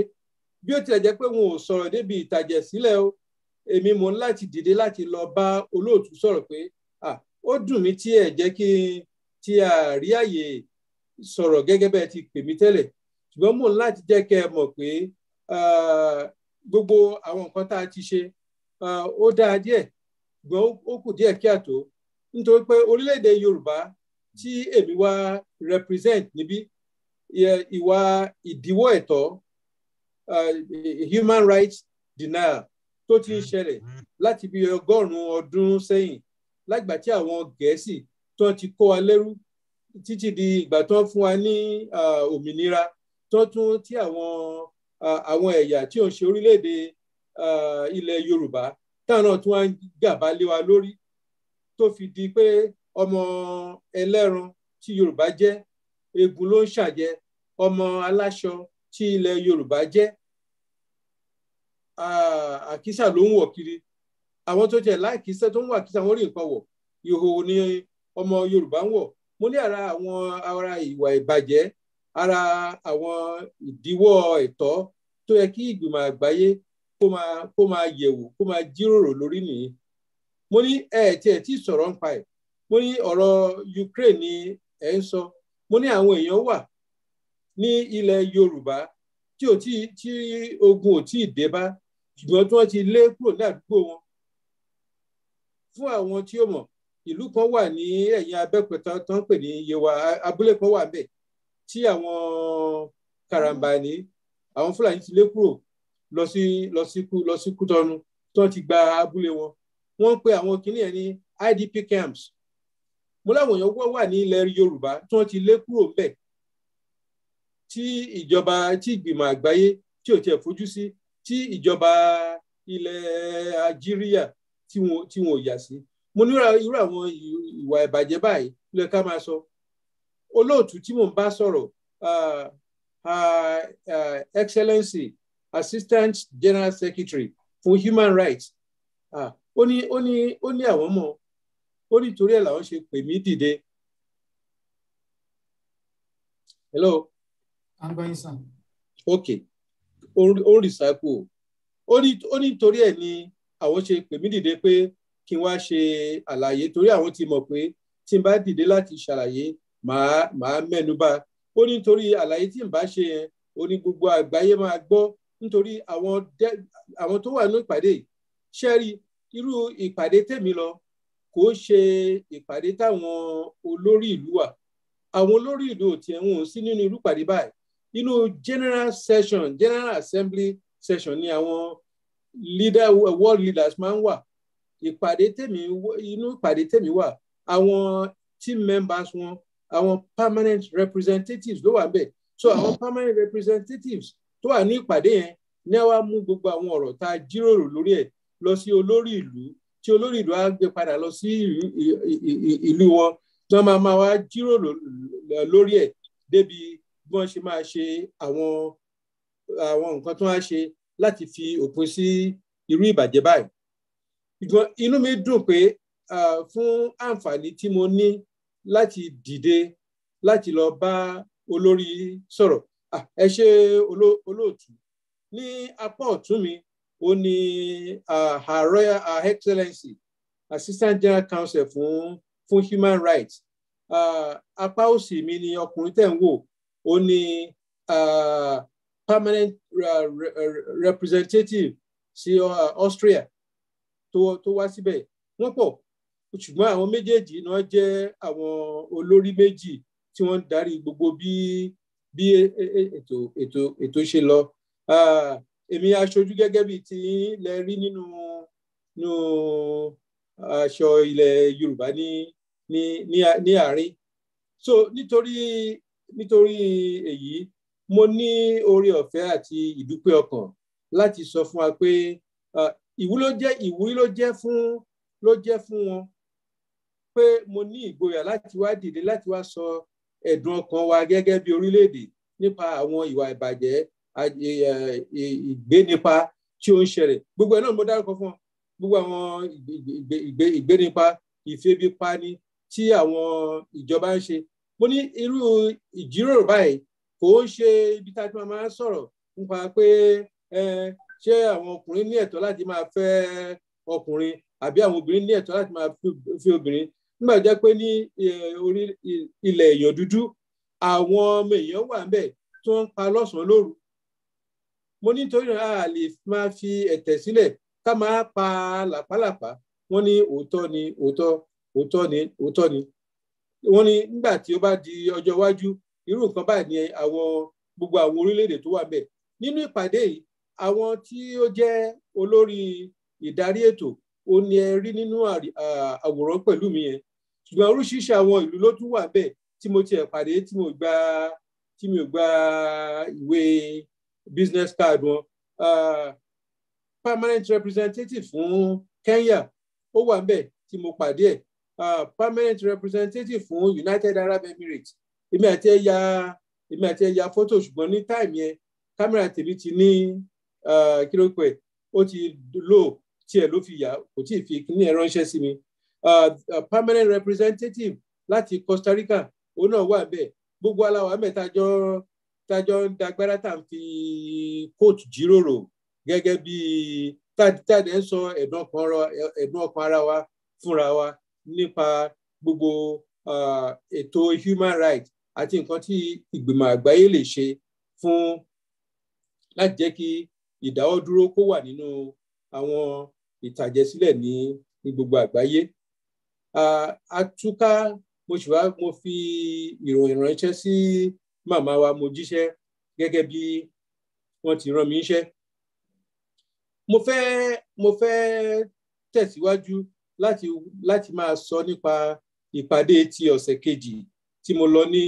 bí ó tilẹ̀ jẹ́ pé wọn ò sọ̀rọ̀ débi ìtàjẹ̀sílẹ̀ o èmi mò ń láti dìde láti lọ bá olóòtú sọ̀rọ̀ pé ó dùn mí tí ẹ jẹ́ kí tí a rí àyè sọ̀rọ̀ gẹ́gẹ́ bẹ́ẹ̀ ti pè mí tẹ́lẹ̀ ṣùgbọ́n mò ń láti jẹ́ kẹ́ ẹ mọ̀ pé gbogbo àwọn nǹkan tá a ti ṣe ó dáa díẹ̀ gbọ́n ó kù díẹ̀ kí àtó nítorí pé orílẹ̀-èdè Yorùbá tí èmi wá represent níbí ìwà ìdíwọ́ ẹ̀tọ́ eh, human rights denial tó ti ń ṣẹlẹ̀ mm-hmm. láti bí ọgọ́rùn-ún ọdún sẹ́yìn lágbà tí àwọn Gẹ̀ẹ́sì tó ti kó wa lẹ́rú títí di ìgbà tó ń fún wa ní ah, òmìnira tó tún tí àwọn ah, àwọn ẹ̀yà tí ò ń ṣe orílẹ̀-èdè ah, ilẹ̀ Yorùbá táwọn náà tún wá ń gàba lé wa lórí tó fi di pé ọmọ ẹlẹ́ran tí Yorùbá jẹ́ egun ló ń ṣàjẹ ọmọ aláṣọ tí ilẹ̀ Yorùbá jẹ́ ah, àkísà ló ń wọ̀ kiri àwọn tó jẹ́ láìkísà tó ń wọ̀ àkísà wọ́n rí nǹkan wọ̀ ìhòòhò ni ọmọ Yorùbá ń wọ̀ mo ní ara àwọn ara ìwà ìbàjẹ́ ara àwọn ìdíwọ́ ẹ̀tọ́ tó yẹ kí ìgbìmọ̀ àgbáyé kó máa kó máa yẹ̀wò kó máa jíròrò lórí nìyí mo ní ẹ tiẹ̀ tí sọ̀rọ̀ ń pa ẹ̀ mo ní ọ̀rọ̀ Ukraine ni ẹ̀ ń sọ mo ní àwọn èèyàn wà ní ilẹ̀ Yorùbá tí ò tí tí ogun ò tí ì dé bá ṣùgbọ́n tí wọ́n ti lé kúrò ní àdúgbò wọn fún àwọn tí ó mọ̀ ìlú kan wà ní ẹ̀yìn Abẹ́òkúta tó ń pè ní Yewa abúlé kan wà bẹ́ẹ̀ tí àwọn Karambani àwọn Fúlàní ti lé kúrò lọ sí lọ sí kú lọ sí Kútọ̀nù tó ti gba abúlé wọn wọ́n pe àwọn kìnìún ẹ̀ ní IDP camps mo láwọn èèyàn wọ́n wà ní ilẹ̀ Yorùbá tí wọ́n ti lé kúrò ńbẹ̀ tí ìjọba tí ìgbìmọ̀ àgbáyé tí ò tiẹ̀ fojú sí tí ìjọba ilẹ̀ Algeria tí wọn tí wọn ò yà sí mo ní irú àwọn ìwà ìbàjẹ́ báyìí ló ká máa sọ olóòtú tí mò ń bá sọ̀rọ̀ ah, ah, ah, excellency assistant general secretary fún human rights ó ní ó ní ó ní àwọn mọ̀ ó ní torí làwọn ṣe pè mí dìde. hello. i'm going sir. okay ó rìsákù ó ní ó ní torí ẹ̀ àwọn ṣe pè mí dìde pé kí n wá ṣe àlàyé torí àwọn ti mọ̀ pé tí n bá dìde láti ṣàlàyé màá màá mẹ́nu bà ó ní àlàyé tí n bá ṣe yẹn ó ní gbogbo àgbáyé máa gbọ́ nítorí àwọn tó wà nínú ìpàdé yìí ṣẹ́rí irú ìpàdé tèmi lọ kò ṣe ìpàdé táwọn olórí ìlú wà àwọn olórí ìlú ò tiẹ̀ wọn ò sí nínú irú ìpàdé báyìí nínú general session general assembly session ni àwọn leader world leaders máa ń wà ìpàdé tèmi inú ìpàdé tèmi wà àwọn team members wọn àwọn permanent representatives ló wà bẹ́ẹ̀ so àwọn permanent representatives tó wà ní ìpàdé yẹn ní wá mú gbogbo àwọn ọ̀rọ̀ tá a jíròrò lórí ẹ̀ lọ sí olórí ìlú tí olórí ìlú á gbé padà lọ sí ìlú wọn tí wọ́n máa máa wá jíròrò lórí ẹ̀ débi bí wọ́n ṣe máa ṣe àwọn àwọn nǹkan tó wá ṣe láti fi òpin sí irú ìbàjẹ́ báyìí. inú mi dùn pé fún àǹfààní tí mo ní láti dìde láti lọ bá olórí sọ̀rọ̀ ẹ ṣe olóòtú ní apá ọ̀tún mi ó ní her royal her excellency assistant general counsel fún fún human rights apá òsì mi ni ọkùnrin tẹ̀ ń wò ó ní permanent representative sí Austria tó tó wá síbẹ̀ wọ́n pọ̀ ṣùgbọ́n àwọn méjèèjì náà jẹ́ àwọn olórí méjì tí wọ́n darí gbogbo bí bí e, e, e, ètò ètò ètò ṣe lọ èmi aṣojú gẹ́gẹ́ bíi ti lẹ rí nínú nínú aṣọ ilẹ̀ Yorùbá ní ní ní àárín so nítorí nítorí èyí mo ní oore ọ̀fẹ́ àti ìdúpẹ́ ọkàn láti sọ fún wa pé ìwúlò jẹ́ ìwúrí ló jẹ́ fún ló jẹ́ fún wọn pé mo ní ìgboyà láti wá dìde láti wá sọ ẹ̀dùn ọkàn wa gẹ́gẹ́ bí orílẹ̀-èdè nípa àwọn ìwà ìbàjẹ́ ìgbénipa tí ó ń ṣẹlẹ̀ gbogbo ẹ̀ náà mo dárúkọ fún ọ gbogbo àwọn ìgbénipa ìfebipani tí àwọn ìjọba ń ṣe mo ní irú ìjíròrò báyìí kò ń ṣe ibi tá a ti máa ń sọ̀rọ̀ nípa pé ṣé àwọn ọkùnrin ní ẹ̀tọ́ láti máa fẹ́ ọkùnrin àbí àwọn obìnrin ní ẹ̀tọ́ láti máa fi obìnrin nígbà jẹ́ pé ní orí ilẹ̀ èèyàn dúdú àwọn ọmọ èèyàn wà ńbẹ̀ tó ń pa lọ́sàn-án lóru mo nítorí náà a lè máa fi ẹ̀tẹ̀ sílẹ̀ ká máa pa làpálàpá wọ́n ní òótọ́ ni òótọ́ òótọ́ ni òótọ́ ni wọ́n ní nígbà tí ó bá di ọjọ́ iwájú irú nǹkan báyìí ni àwọn gbogbo àwọn orílẹ̀-èdè tó wà ńbẹ̀ nínú ìpàdé yìí àwọn tí ó jẹ́ olórí ìdarí ètò ó ní ẹ rí nínú àwòrán pẹ̀lú mi yẹn ṣùgbọ́n oríṣiríṣi àwọn ìlú ló tún wà bẹ́ẹ̀ tí mo tiẹ̀ pàdé tí mo gba tí mi gba ìwé business card wọn permanent representative fún Kenya ó wà bẹ́ẹ̀ tí mo pàdé ẹ̀ permanent representative fún United Arab Emirates èmi àti ẹ̀ ya èmi àti ẹ̀ ya fọ́tò ṣùgbọ́n ní táìmù yẹn kámẹ́rà tèmi ti ní kí ló pẹ̀ ó ti lò tiẹ̀ ló fi yà kò tí ì fi kíní ẹ̀ ránṣẹ́ sí mi Uh, uh, permanent representative láti Costa Rica òun náà wà bẹ́ẹ̀ gbogbo aláwọ̀ àmẹ́ tajọ́ tajọ́ ń dagbára tá à ń fi kóòtù jíròrò gẹ́gẹ́ bí tàdé ń sọ ẹ̀dùn ọkàn ara wa fúnra wa nípa gbogbo uh, ètò human rights àti nǹkan tí ìgbìmọ̀ àgbáyé lè ṣe fún láti jẹ́ kí ìdáwọ́dúró kó wà nínú àwọn ìtàjẹ̀sílẹ̀ ní ní gbogbo àgbáyé atúká mo sì wá mo fi ìròyìn ránṣẹ́ sí màmá wa mo jíṣẹ́ gẹ́gẹ́ bí wọ́n ti rán mi iṣẹ́ mo fẹ́ mo fẹ́ tẹ̀síwájú láti láti máa sọ nípa ìpàdé ti ọ̀sẹ̀ kejì tí mo lọ ní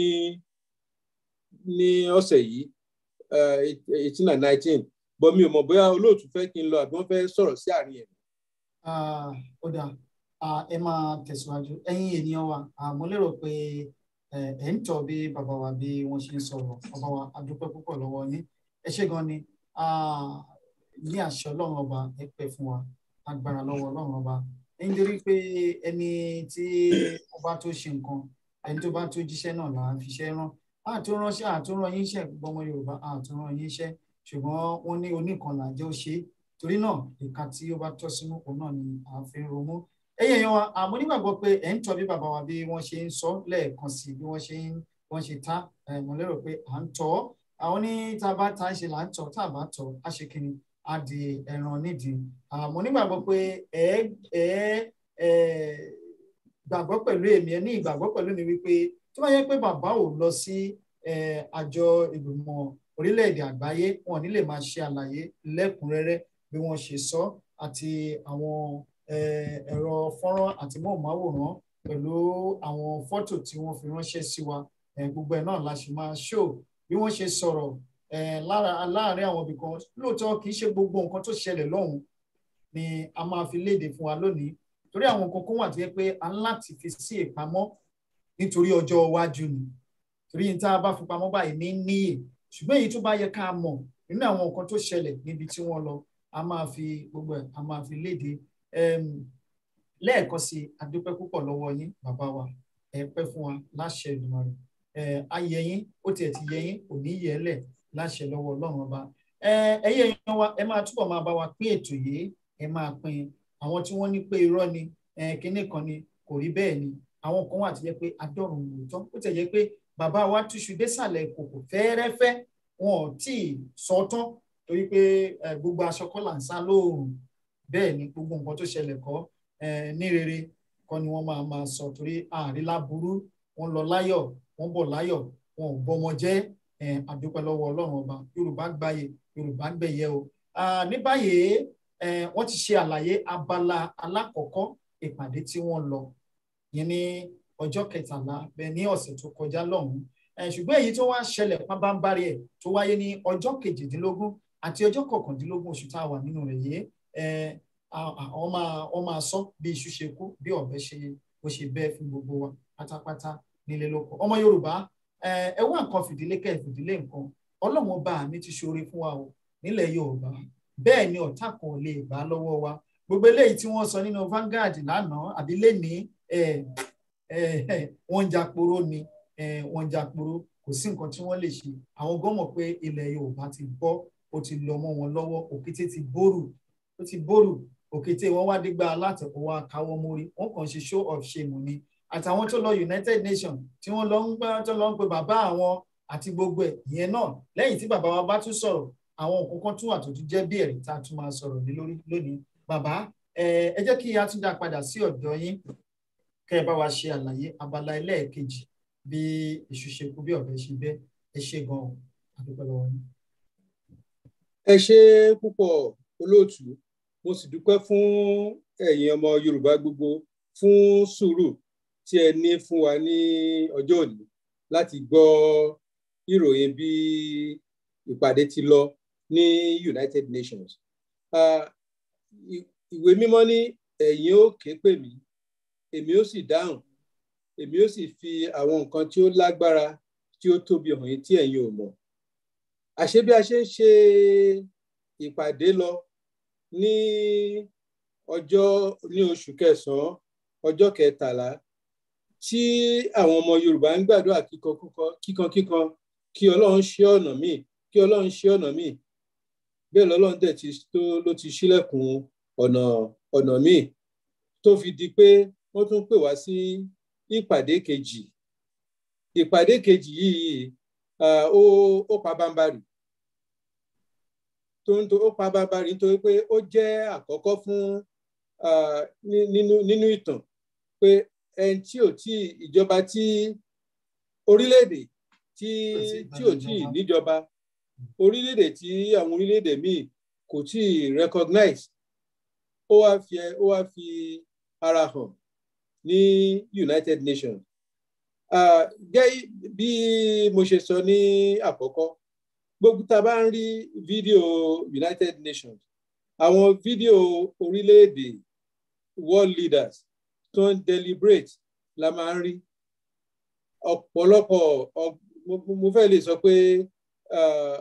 ní ọ̀sẹ̀ yìí eighteen and nineteen but mi ò mọ̀ bóyá olóòtú fẹ́ kí n lọ àbí wọ́n fẹ́ sọ̀rọ̀ sí àárín ẹ̀. ó ẹ máa tẹ̀síwájú ẹ̀yin ènìyàn wa àmọ́ lérò pé ẹ ń tọ́ bí bàbá wa bí wọ́n ṣe ń sọ̀rọ̀ bàbá wa a púpọ̀ lọ́wọ́ yín ẹ ṣé gan ni ní àṣẹ ọlọ́run ọba ẹ pẹ́ fún wa agbára lọ́wọ́ ọlọ́run ọba ẹ ń dérí pé ẹni tí ọba tó ṣe nǹkan ẹni tó bá tó jíṣẹ́ náà là ń fiṣẹ́ rán àtún ránṣẹ́ àtún rán yín iṣẹ́ gbọmọ yorùbá àtún rán yín iṣẹ́ ṣùgbọ́n wọ́n ní oníkan làjẹ́ ó torí náà ìka tí ó bá tọ́ sínú òun náà ni à ń fi ẹ̀yìn èèyàn wa àmọ́ nígbàgbọ́ pé ẹ̀ ń tọ́ bí bàbá wa bí wọ́n ṣe ń sọ lẹ́ẹ̀kan sí bí wọ́n ṣe ń wọ́n ṣe tá mo lérò pé à ń tọ́ àwọn ní tá a bá ta ṣe là ń tọ́ tá a bá tọ́ a ṣe kí ni a di ẹran nídìí àmọ́ nígbàgbọ́ pé ẹ̀ ẹ̀ ẹ̀ gbàgbọ́ pẹ̀lú èmi ẹ̀ ní ìgbàgbọ́ pẹ̀lú mi wípé tó bá yẹ pé bàbá ò lọ sí àjọ ìgbìmọ̀ orílẹ̀-èdè àgbáyé wọn ò ní lè máa ṣe àlàyé lẹ́kùnrẹ́rẹ́ bí wọ́n ṣe sọ àti àwọn ẹ̀rọ fọ́nrán àti mọ́ọ̀máwòrán pẹ̀lú àwọn fọ́tò tí wọ́n fi ránṣẹ́ sí wa gbogbo ẹ̀ náà la ṣe máa ṣó bí wọ́n ṣe sọ̀rọ̀ láàárín àwọn ibì kan lóòótọ́ kì í ṣe gbogbo nǹkan tó ṣẹlẹ̀ lọ́hùn ni a máa fi léde fún wa lónìí torí àwọn nǹkan kan wà tó yẹ pé a ń láti fi sí ìpamọ́ nítorí ọjọ́ iwájú ni torí ní tá a bá fi pamọ́ báyìí ní níyè ṣùgbọ́n èyí tó bá yẹ ká mọ̀ nínú àwọn nǹkan tó ṣẹlẹ̀ níbi tí wọ́n lọ a máa fi gbogbo ẹ̀ a máa fi léde lẹ́ẹ̀kan sí adúpẹ́ púpọ̀ lọ́wọ́ yín bàbá wa ẹ pẹ́ fún wa láṣẹ Èdùmàrè ayẹ yín ó tiẹ̀ ti yẹ yín kò ní yẹ lẹ̀ láṣẹ lọ́wọ́ ọlọ́run ọba ẹyẹ yẹn wa ẹ máa túbọ̀ máa bá wa pín ètò yìí ẹ máa pín àwọn tí wọ́n ní pé irọ́ ni kinní kan ni kò rí bẹ́ẹ̀ ni àwọn kan wà tó jẹ́ pé adọ́run ló tán ó tẹ̀ jẹ́ pé bàbá wa túṣu désàlẹ̀ kòkò fẹ́ẹ́rẹ́fẹ́ wọn ò tí ì sọ tán torí pé gbogbo aṣọ là ń sá lóòrùn bẹ́ẹ̀ ni gbogbo nǹkan tó ṣẹlẹ̀ kọ́ ní rere kọ́ ni wọ́n máa máa sọ torí àárín láburú wọ́n lọ láyọ̀ wọ́n bọ̀ láyọ̀ wọn ò bọ́mọ jẹ́ àdúpẹ́ ọlọ́run ọba yorùbá gbayè yorùbá gbẹ̀yẹ o. ní báyìí wọ́n ti ṣe àlàyé abala alákọ̀ọ́kọ́ ìpàdé tí wọ́n lọ yẹn ní ọjọ́ kẹtàlá bẹ́ẹ̀ ní ọ̀sẹ̀ tó kọjá lọ́hùn-ún ṣùgbọ́n èyí tó wá ṣẹlẹ̀ pábánbárì ẹ̀ tó wáyé ní ọjọ́ kejìdínlógún àti ọjọ́ kọkàndínlógún oṣù tá a wà nínú rẹ̀ yìí àwọn máa wọ́n máa sọ bí iṣu ṣe kú bí ọ̀bẹ ṣe bó ṣe bẹ́ẹ̀ fún gbogbo wa pátápátá nílé lóko ọmọ Yorùbá ẹ nǹkan fìdílé kẹ́ fìdílé nǹkan Ọlọ́run ọba mi ti ṣoore fún wa o nílẹ̀ Yorùbá bẹ́ẹ̀ ni ọ̀tá kan lè bá lọ́wọ́ wa gbogbo eléyìí tí wọ́n sọ nínú Vanguard lánàá àbí lẹ́ni wọ́n ń jàporó ni wọ́n ń jàporó kò sí nǹkan tí wọ́n lè ṣe àwọn gọ́mọ̀ pé ilẹ̀ Yorùbá ti bọ́ ó ti lọ mọ́ wọn lọ́wọ́ òkété ti bórù ó ti bóòrù òkété wọn wá dégbà alátẹkọ wa káwọ́ mórí wọn kàn ṣe show of shame ni àtàwọn tó lọ United Nations tí wọ́n lọ ń gbá tó lọ ń pe bàbá àwọn àti gbogbo ẹ̀ ìyẹn náà lẹ́yìn tí bàbá wa bá tún sọ̀rọ̀ àwọn nǹkan kan tún wà tó tún jẹ́ bí ẹ̀rí tá a tún máa sọ̀rọ̀ lé lórí lónìí bàbá ẹ jẹ́ kí a tún dá padà sí ọ̀dọ̀ yín kẹ́ ẹ bá wa ṣe àlàyé abala ẹlẹ́ẹ̀kejì bí èṣù ṣe kú bí ọ̀bẹ ṣe bẹ́ ẹ ṣe gan-an àdúgbò yín. ẹ ṣe púpọ̀ olóòtú mo sì dúpẹ́ fún ẹ̀yin ọmọ Yorùbá gbogbo fún sùúrù tí ẹ ní fún wa ní ọjọ́ òní láti gbọ́ ìròyìn bí ìpàdé ti lọ ní United Nations ìwé mímọ́ ní ẹ̀yin ó ké pè mí èmi ó sì dáhùn èmi ó sì fi àwọn nǹkan tí ó lágbára tí ó tóbi hàn yín tí ẹ̀yin ò mọ̀ àṣé bí a ṣe ń ṣe ìpàdé lọ ní ọjọ́ ní oṣù kẹsàn-án ọjọ́ kẹtàlá tí àwọn ọmọ Yorùbá ń gbàdúrà kíkankíkan kí Ọlọ́run ṣe ọ̀nà míì kí Ọlọ́run ṣe ọ̀nà míì bẹ́ẹ̀ lọ́lọ́run dẹ̀ ti tó ló ti ṣílẹ̀kùn ọ̀nà ọ̀nà míì tó fi di pé wọ́n tún pè wá sí ìpàdé kejì ìpàdé kejì yìí ó pa bámbárì tó ń ó pa bàbá rí nítorí pé ó jẹ́ àkọ́kọ́ fún nínú nínú ìtàn pé ẹni tí ò tí ìjọba tí orílẹ̀-èdè tí tí ò tí níjọba orílẹ̀-èdè tí àwọn orílẹ̀-èdè míì kò tí recognize ó wá fi ó wá fi ara hàn ní United Nations. Uh, gẹ́ bí mo ṣe sọ ní àkọ́kọ́ gbogbo tá ń rí fídíò United Nations àwọn fídíò orílẹ̀-èdè world leaders tó ń deliberate la máa ń rí ọ̀pọ̀lọpọ̀ mo fẹ́ lè sọ pé uh,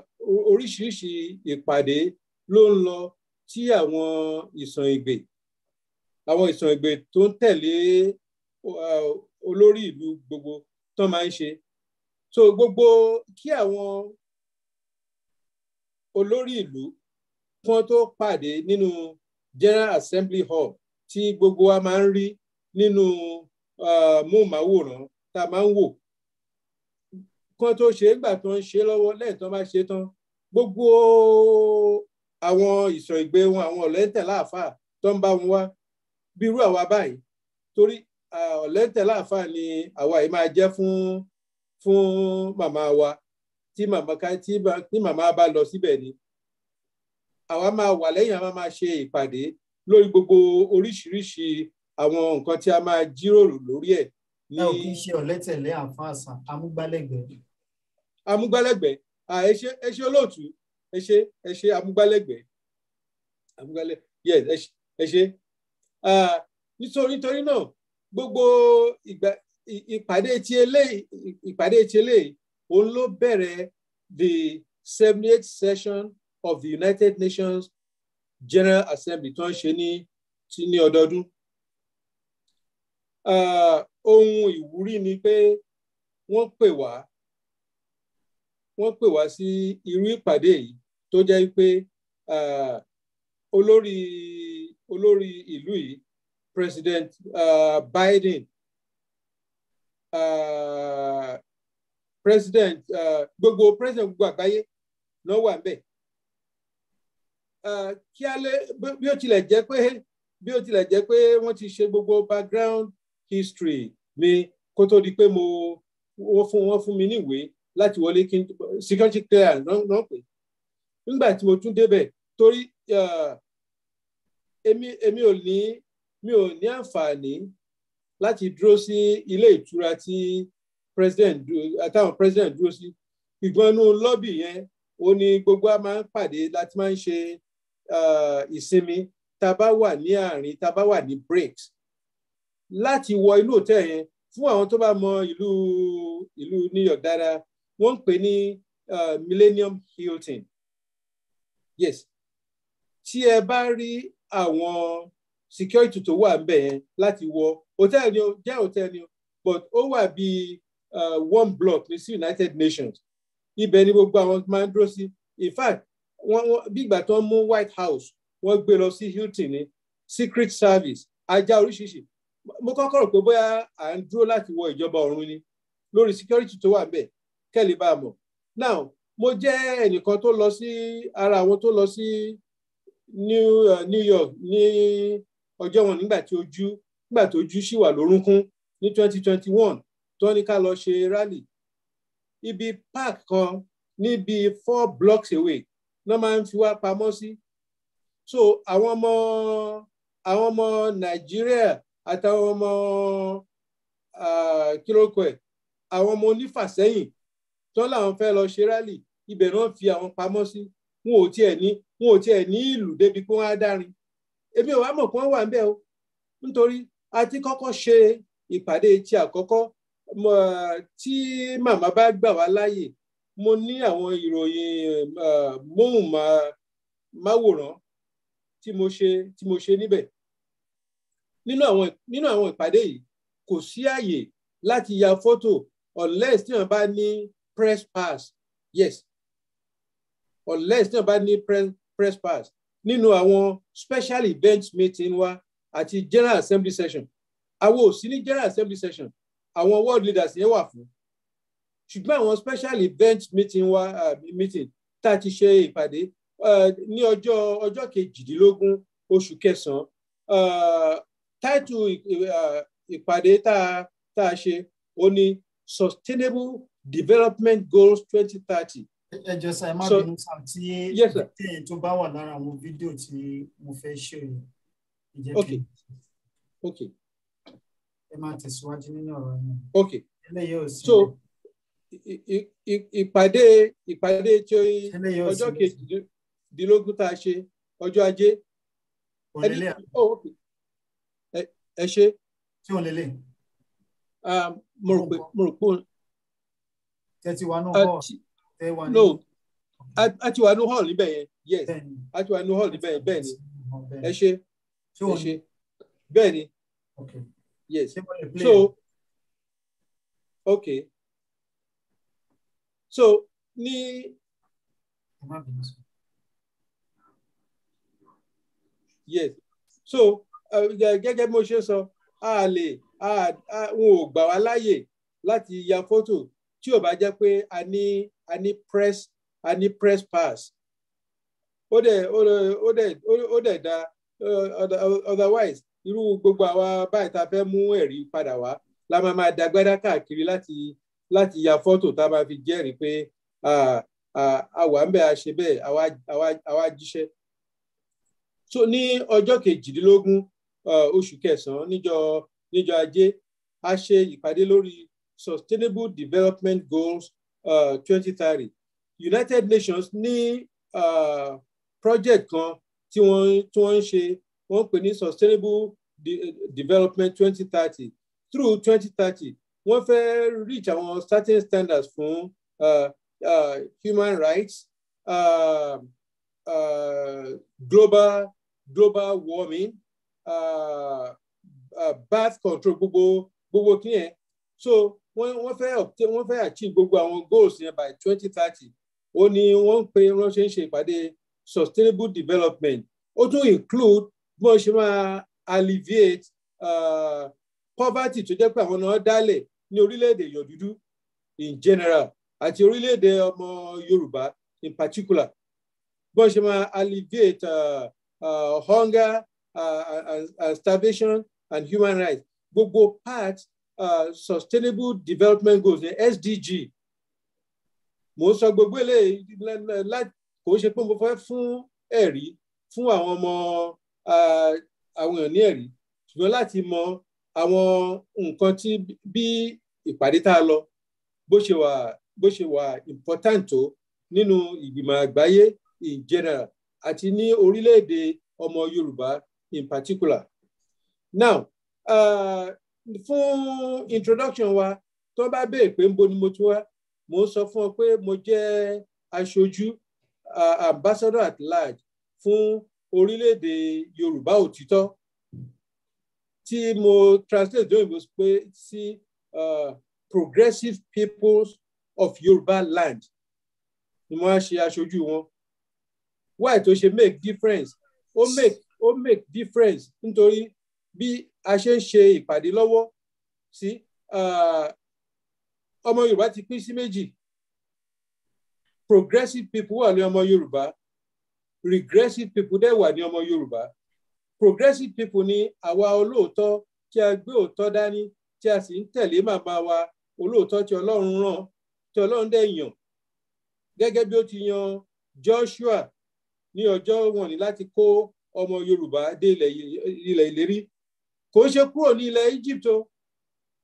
oríṣiríṣi ìpàdé ló ń lọ tí àwọn ìsàn ìgbè àwọn ìsàn ìgbè tó ń tẹ̀lé uh, olórí ìlú gbogbo tán máa ń ṣe so gbogbo kí àwọn olórí ìlú kí wọ́n tó pàdé nínú General Assembly Hall tí gbogbo wa máa ń rí nínú uh, móhùnmáwòrán tá a máa ń wò kí wọ́n tó ṣe é gbà tó ń ṣe lọ́wọ́ lẹ́yìn tó bá ṣe tán gbogbo àwọn ìsọ̀ ìgbé wọn àwọn ọ̀lẹ́tẹ̀ láàfáà tó ń bá wọn wá bírú àwa báyìí torí uh, ọ̀lẹ́tẹ̀ láàfáà ni àwa yìí máa jẹ́ fún fún màmá wa tí màmá tí tí màmá bá lọ síbẹ̀ ni àwa máa wà lẹ́yìn àwa máa ṣe ìpàdé lórí gbogbo oríṣiríṣi àwọn nǹkan tí a máa jíròrò lórí ẹ̀. ẹ ò kí ń ṣe ọ̀lẹ́tẹ̀lẹ́ àfáàsà amúgbálẹ́gbẹ̀ẹ́. amúgbálẹ́gbẹ̀ẹ́ ẹ ṣe ẹ ṣe olóòtú ẹ ṣe ẹ ṣe amúgbálẹ́gbẹ̀ẹ́ amúgbálẹ́ yes ẹ ṣe nítorí nítorí náà gbogbo ìgbà ìpàdé ti eléyìí ìpàdé ti eléyìí òun ló bẹ̀rẹ̀ the seventy eight session of the United Nations General Assembly tó ń ṣe ní ti ní ọdọọdún. ohun ìwúrí ni pé wọ́n pè wá wọ́n pè wá sí irú ìpàdé yìí tó jẹ́ pé olórí olórí ìlú yìí President uh, Biden uh, president uh, gbogbo president gbogbo àgbáyé ló wà ń bẹ̀. Uh, kí á lé bí ó tilẹ̀ jẹ́ pé bí ó tilẹ̀ jẹ́ pé wọ́n ti ṣe gbogbo background history mi kó tó di pé mo wọ́n fún wọ́n fún mi níwèé láti wọlé kí n security clearance náà pè. nígbà tí mo tún débẹ̀ torí uh, èmi èmi ò ní mi ò ní àǹfààní láti dúró sí ilé ìtura tí president dúró táwọn president dúró sí ìgbọ́nú lọ́bì yẹn ó ní gbogbo a máa ń pàdé láti máa ń ṣe uh, ìsinmi tá a bá wà ní àárín tá a bá wà ní breaks láti wọ inú òtẹ́ yẹn fún àwọn tó bá mọ ìlú ìlú New York dára wọ́n ń pè ní uh, Millennium Hilton yes tí ẹ bá rí àwọn security tó wà ń bẹ̀ yẹn láti wọ òtẹ́ẹ̀lì ni ó jẹ́ òtẹ́ẹ̀lì ni ó but ó wà bíi Uh, one block ní sí United Nations ibẹ̀ ni gbogbo àwọn máa ń dúró sí in fact wọ́n bí ìgbà tó ń mú White House wọ́n gbé lọ sí Hilton ní Secret Service ajá oríṣiríṣi mo kọ́kọ́ rò pé bóyá à ń dúró láti wọ ìjọba ọ̀run ni lórí security tó wà bẹ́ẹ̀ kẹ́lẹ́ bá a mọ̀ now mo jẹ́ ẹnìkan tó lọ sí ara àwọn tó lọ sí New, uh, New York ní ọjọ́ wọn nígbà tí ojú nígbà tí ojú ṣì wà lórúnkún ní one tó ní ká lọ ṣe rally ibi park kan níbi four blocks away náà máa ń fi wá pamọ́ sí so àwọn ọmọ àwọn ọmọ nàìjíríà àtàwọn ọmọ kílókò ẹ̀ àwọn ọmọ onífàsẹ́yìn tán làwọn fẹ́ lọ ṣe rally ibẹ̀ náà fi àwọn pamọ́ sí wọn ò tiẹ̀ ní wọn ò tiẹ̀ ní ìlú débi pé wọ́n á dárin èmi ò wá mọ̀ pé wọ́n wà níbẹ̀ o nítorí a ti kọ́kọ́ ṣe ìpàdé ti àkọ́kọ́ tí màmá bá gbà wá láàyè mo ní àwọn ìròyìn móhùnmáwòrán tí mo ṣe tí mo ṣe níbẹ̀ nínú àwọn nínú àwọn ìpàdé yìí kò sí àyè láti ya fọ́tò unless tí wọ́n bá ní press pass yes unless tí wọ́n bá ní press pass nínú àwọn special event meeting wa àti general assembly session àwọn ò sí ní general assembly session àwọn world leaders yẹn wà fún ṣùgbọ́n àwọn special event meeting wa uh, meeting tá a ti ṣe ìpàdé uh, ní ọjọ́ ọjọ́ kejìdínlógún oṣù kẹsàn-án uh, táìtù ìpàdé tá a ṣe ó ní sustainable development goals twenty thirty ẹ jọ sá ẹ má bínú sá tí tẹyìn tó bá wà lára àwọn fídíò tí mo fẹ́ ṣe ìjẹ́ kí. okay okay ẹ máa tẹ̀síwájú nínú ọ̀rọ̀ yẹn. ok so ìpàdé ìpàdé tí ọjọ́ kejìdínlógún tá a ṣe ọjọ́ ajé oh, ẹ ṣe. tí wọn lélẹ̀. mo rò pé mo rò pé. tẹ́tí wa náà hall tẹ́ wa ní. no hall níbẹ̀ yẹn yes a ti hall níbẹ̀ yẹn bẹ́ẹ̀ ni ẹ ṣe bẹ́ẹ̀ ni. Yes. So, okay. So, ni. Yes. So, gẹ́gẹ́ bí mo ṣe sọ, a lè n ò gbà wá láàyè láti ya fọ́tò tí ò bá jẹ́ pé a ní a ní press a ní press pass. Ó dẹ̀ ó dẹ̀ ó dẹ̀ da eh, otherwise irú gbogbo àwa báyìí tá a fẹ́ mú ẹ̀rí padà wá la máa máa dagbádá káàkiri láti láti ya fọ́tò tá a máa fi jẹ́rìí pé àwa ń bẹ́ a ṣe bẹ́ẹ̀ àwa jíṣẹ́. so ní ọjọ́ kejìdínlógún oṣù kẹsàn-án níjọ́ níjọ́ ajé a ṣe ìpàdé lórí sustainable development goals twenty thirty united nations ní uh, project kan tí wọ́n ń ṣe wọ́n pè ní sustainable eh, development twenty thirty through twenty thirty wọ́n fẹ́ reach àwọn starting standards fún uh, uh, human rights uh, uh, global global warming uh, uh, birth control gbogbo gbogbo kí yẹn so wọ́n wọ́n fẹ́ obtain wọ́n fẹ́ achieve gbogbo àwọn goals yẹn by twenty thirty ó ní wọ́n ń pe wọ́n ṣe ń ṣe ìpàdé sustainable development ó tún include bó ṣe máa alleviate uh, poverty tó jẹ́ pé àwọn náà dálẹ̀ ní orílẹ̀-èdè èèyàn dúdú in general àti orílẹ̀-èdè ọmọ Yorùbá in particular bó ṣe máa alleviate uh, uh, hunger and, starvation and human rights gbogbo part sustainable development goals ní SDG mo ń sọ gbogbo eléyìí kò ṣe pé mo fẹ́ fún ẹ̀rí fún àwọn ọmọ àwọn èèyàn ní ẹ̀rí ṣùgbọ́n láti mọ àwọn nǹkan tí bí ìpàdé tá a lọ bó ṣe wà bó ṣe wà important tó nínú ìgbìmọ̀ àgbáyé in general àti ní orílẹ̀-èdè ọmọ Yorùbá in particular. Now uh, fún introduction wa tó bá béèrè pé ń bo ni mo ti wá mo ń sọ fún ọ pé mo jẹ́ aṣojú uh, ambassador at large fún orílẹ̀-èdè Yorùbá òtítọ́ tí mo translate dóyìnbó pé sí uh, progressive peoples of Yorùbá land ni mo á ṣe aṣojú wọn why to ṣe make difference ó make ó make difference nítorí bí a ṣe ń ṣe ìpàdé lọ́wọ́ sí uh, ọmọ Yorùbá ti pín sí méjì progressive people wà ní ọmọ Yorùbá regressive people dẹ̀ wà ní ọmọ Yorùbá progressive people ni àwa olóòótọ́ tí a gbé òótọ́ dání tí a sì ń tẹ̀lé màmá wa olóòótọ́ tí Ọlọ́run rán tí Ọlọ́run dẹ̀ yàn gẹ́gẹ́ bí ó ti yan Joshua ní ọjọ́ wọn ni láti kó ọmọ Yorùbá dé ilẹ̀ ìlérí kò ń ṣe kúrò ní ilẹ̀ Egypt o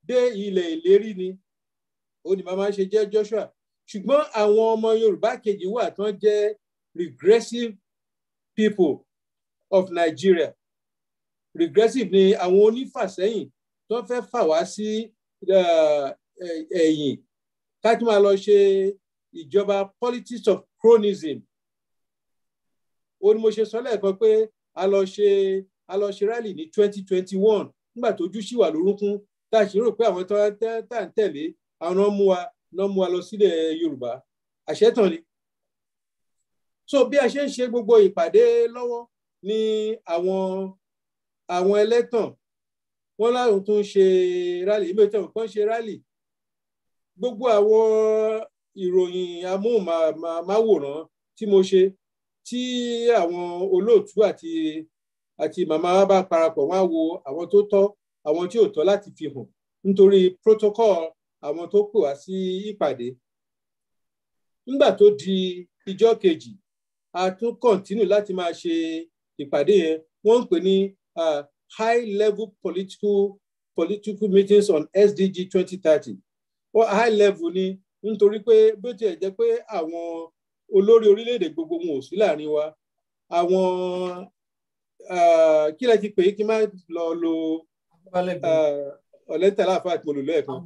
dé ilẹ̀ ìlérí ni ó ní màmá ṣe jẹ́ Joshua ṣùgbọ́n àwọn ọmọ Yorùbá kejì wà tán jẹ́ regressive people of Nigeria regressive ni àwọn onífàsẹ́yìn tó fẹ́ fà wá sí eh, eh, ẹ̀yìn ká tún máa lọ ṣe ìjọba politics of cronism ó ní mo ṣe sọ lẹ́ẹ̀kan pé a lọ ṣe a lọ ṣe rally ní 2021 nígbà tójú sì wà lórúnkún tá a ṣe rò pé àwọn tá à ń tẹ̀lé àwọn náà mú wa náà mú wa lọ sílẹ̀ Yorùbá àṣẹ tán ni so bí a ṣe ń ṣe gbogbo ìpàdé lọ́wọ́ ni àwọn àwọn ẹlẹ́tàn wọ́n láwọn tún ṣe rálì ìgbé tẹ̀wọ̀n kan ṣe rálì gbogbo àwọn ìròyìn amóhùnmáwòrán tí mo ṣe tí àwọn olóòtú àti àti màmá wa bá parapọ̀ wọ́n á wo àwọn tó tọ́ àwọn tí ò tọ́ láti fi hàn nítorí protocol àwọn tó pè wá sí ìpàdé nígbà tó di ìjọ́ kejì a tún kọ̀ntínú láti máa ṣe ìpàdé yẹn wọ́n ń pè ní high level political political meetings on SDG 2030 Or high level ni nítorí pé bó tiẹ̀ jẹ́ pé àwọn olórí orílẹ̀-èdè gbogbo wọn ò sí láàrin wa àwọn kí lẹ ti pè é kí n má lọ lo ọ̀lẹ́ntàláfà àti mọ̀lòlọ́ ẹ̀kan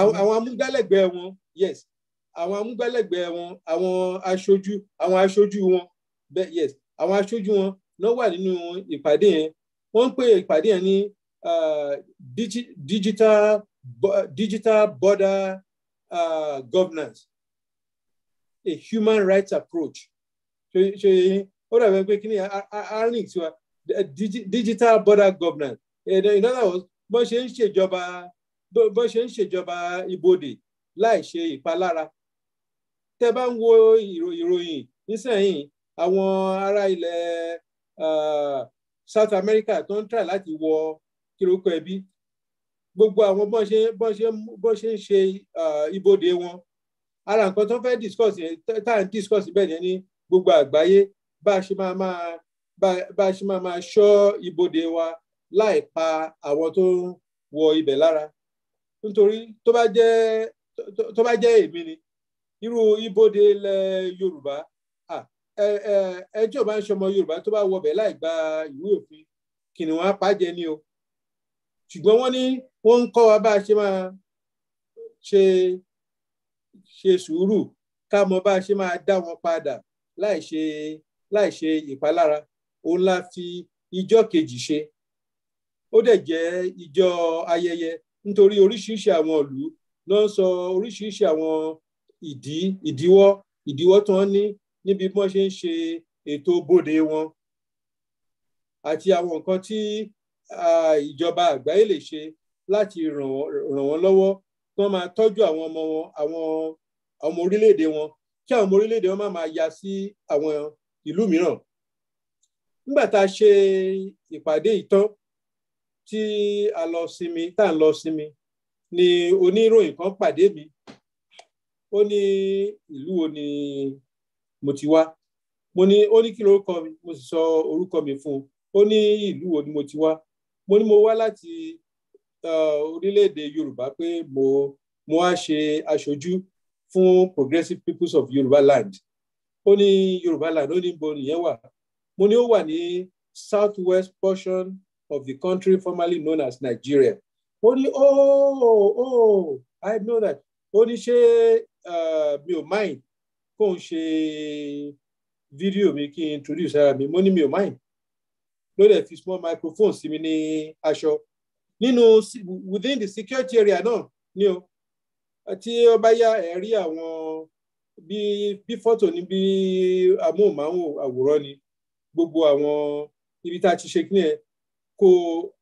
àwọn amúgbálẹ́gbẹ̀ẹ́ wọn yes àwọn amúgbálẹ́gbẹ̀ẹ́ wọn àwọn aṣojú àwọn aṣojú wọn bẹ́ẹ̀ yes àwọn aṣojú wọn náà wà nínú ìpàdé yẹn wọ́n ń pè ìpàdé yẹn ní ah, digital digital border uh, governance a human rights approach ṣe ṣe ó dàbẹ̀ pé kí ni arnic tiwa digital border governance in other words bọ́n ṣe ń ṣèjọba bọ́n ṣe ń ṣèjọba ibodè láì ṣe ìpalára tẹ́ bá ń wo ìròyìn nísẹ̀yìn àwọn ará ilẹ̀ South America tó ń tà láti wọ kírókò ẹbí gbogbo àwọn bọ́n ṣe bọ́n ṣe bọ́n ṣe ń ṣe ibodè wọn ara nǹkan tó ń fẹ́ discuss yẹn tá à ń discuss bẹ́ẹ̀ yẹn ní gbogbo àgbáyé bá a ṣe máa máa bá a ṣe máa máa ṣọ́ ibodè wa láì pa àwọn tó ń wọ ibẹ̀ lára nítorí tó bá jẹ́ tó bá jẹ́ èmi ni irú ibodè ilẹ̀ yorùbá ẹjọ́ bá ń ṣọmọ yorùbá tó bá wọbẹ̀ láì gba ìwé òfin kìnìún apájẹ ni o ṣùgbọ́n wọ́n ní wọ́n ń kọ́ wa bá a ṣe máa ṣe ṣe sùúrù ká mọ bá a ṣe máa dá wọn padà láì ṣe láì ṣe ìpalára òun la fi ijọ́ kejì ṣe ó dẹ̀ jẹ́ ijọ́ ayẹyẹ nítorí oríṣiríṣi àwọn ìlú ló sọ oríṣiríṣi àwọn ìdí ìdíwọ́ ìdíwọ́ tí wọ́n ní níbi bí wọ́n ṣe ń ṣe ètò bóde wọn àti àwọn nǹkan tí ìjọba àgbáyé lè ṣe láti ràn wọ́n lọ́wọ́ kí wọ́n máa tọ́jú àwọn ọmọ wọn àwọn ọmọ orílẹ̀-èdè wọn kí àwọn ọmọ orílẹ̀-èdè wọn má máa ya sí àwọn ìlú mìíràn. nígbà tá a ṣe ìpàdé ìtàn tí a lọ sinmi tá à lọ sinmi ni oníròyìn kan pàdé mi Oni, ní ìlú wo Oni, mo ti wá mo mo sì sọ orúkọ mi fún Oni, ìlú Oni mo wá mo ní mo wá Yorùbá pé mo mo wá ṣe aṣojú fún Progressive Peoples of Yorùbá Land Oni Yorùbá Land ó ní bo nìyẹn wà mo ní ó wà ní southwest portion of the country formerly known as Nigeria Oni oh oh I know that Oni ṣé Ah, mi ò mind kó n ṣe fídíò mi kí n introduce ara mi mo ní mi ò mind ló dẹ̀ fi small microphone sí mi ní aṣọ nínú within the security area náà ni o tí ó bá yá ẹ̀ rí àwọn bí bí fọ́tò ní bí amóhùnmáwòrán àwòrán ni gbogbo àwọn ibi tá a ti ṣe kí ni ẹ kò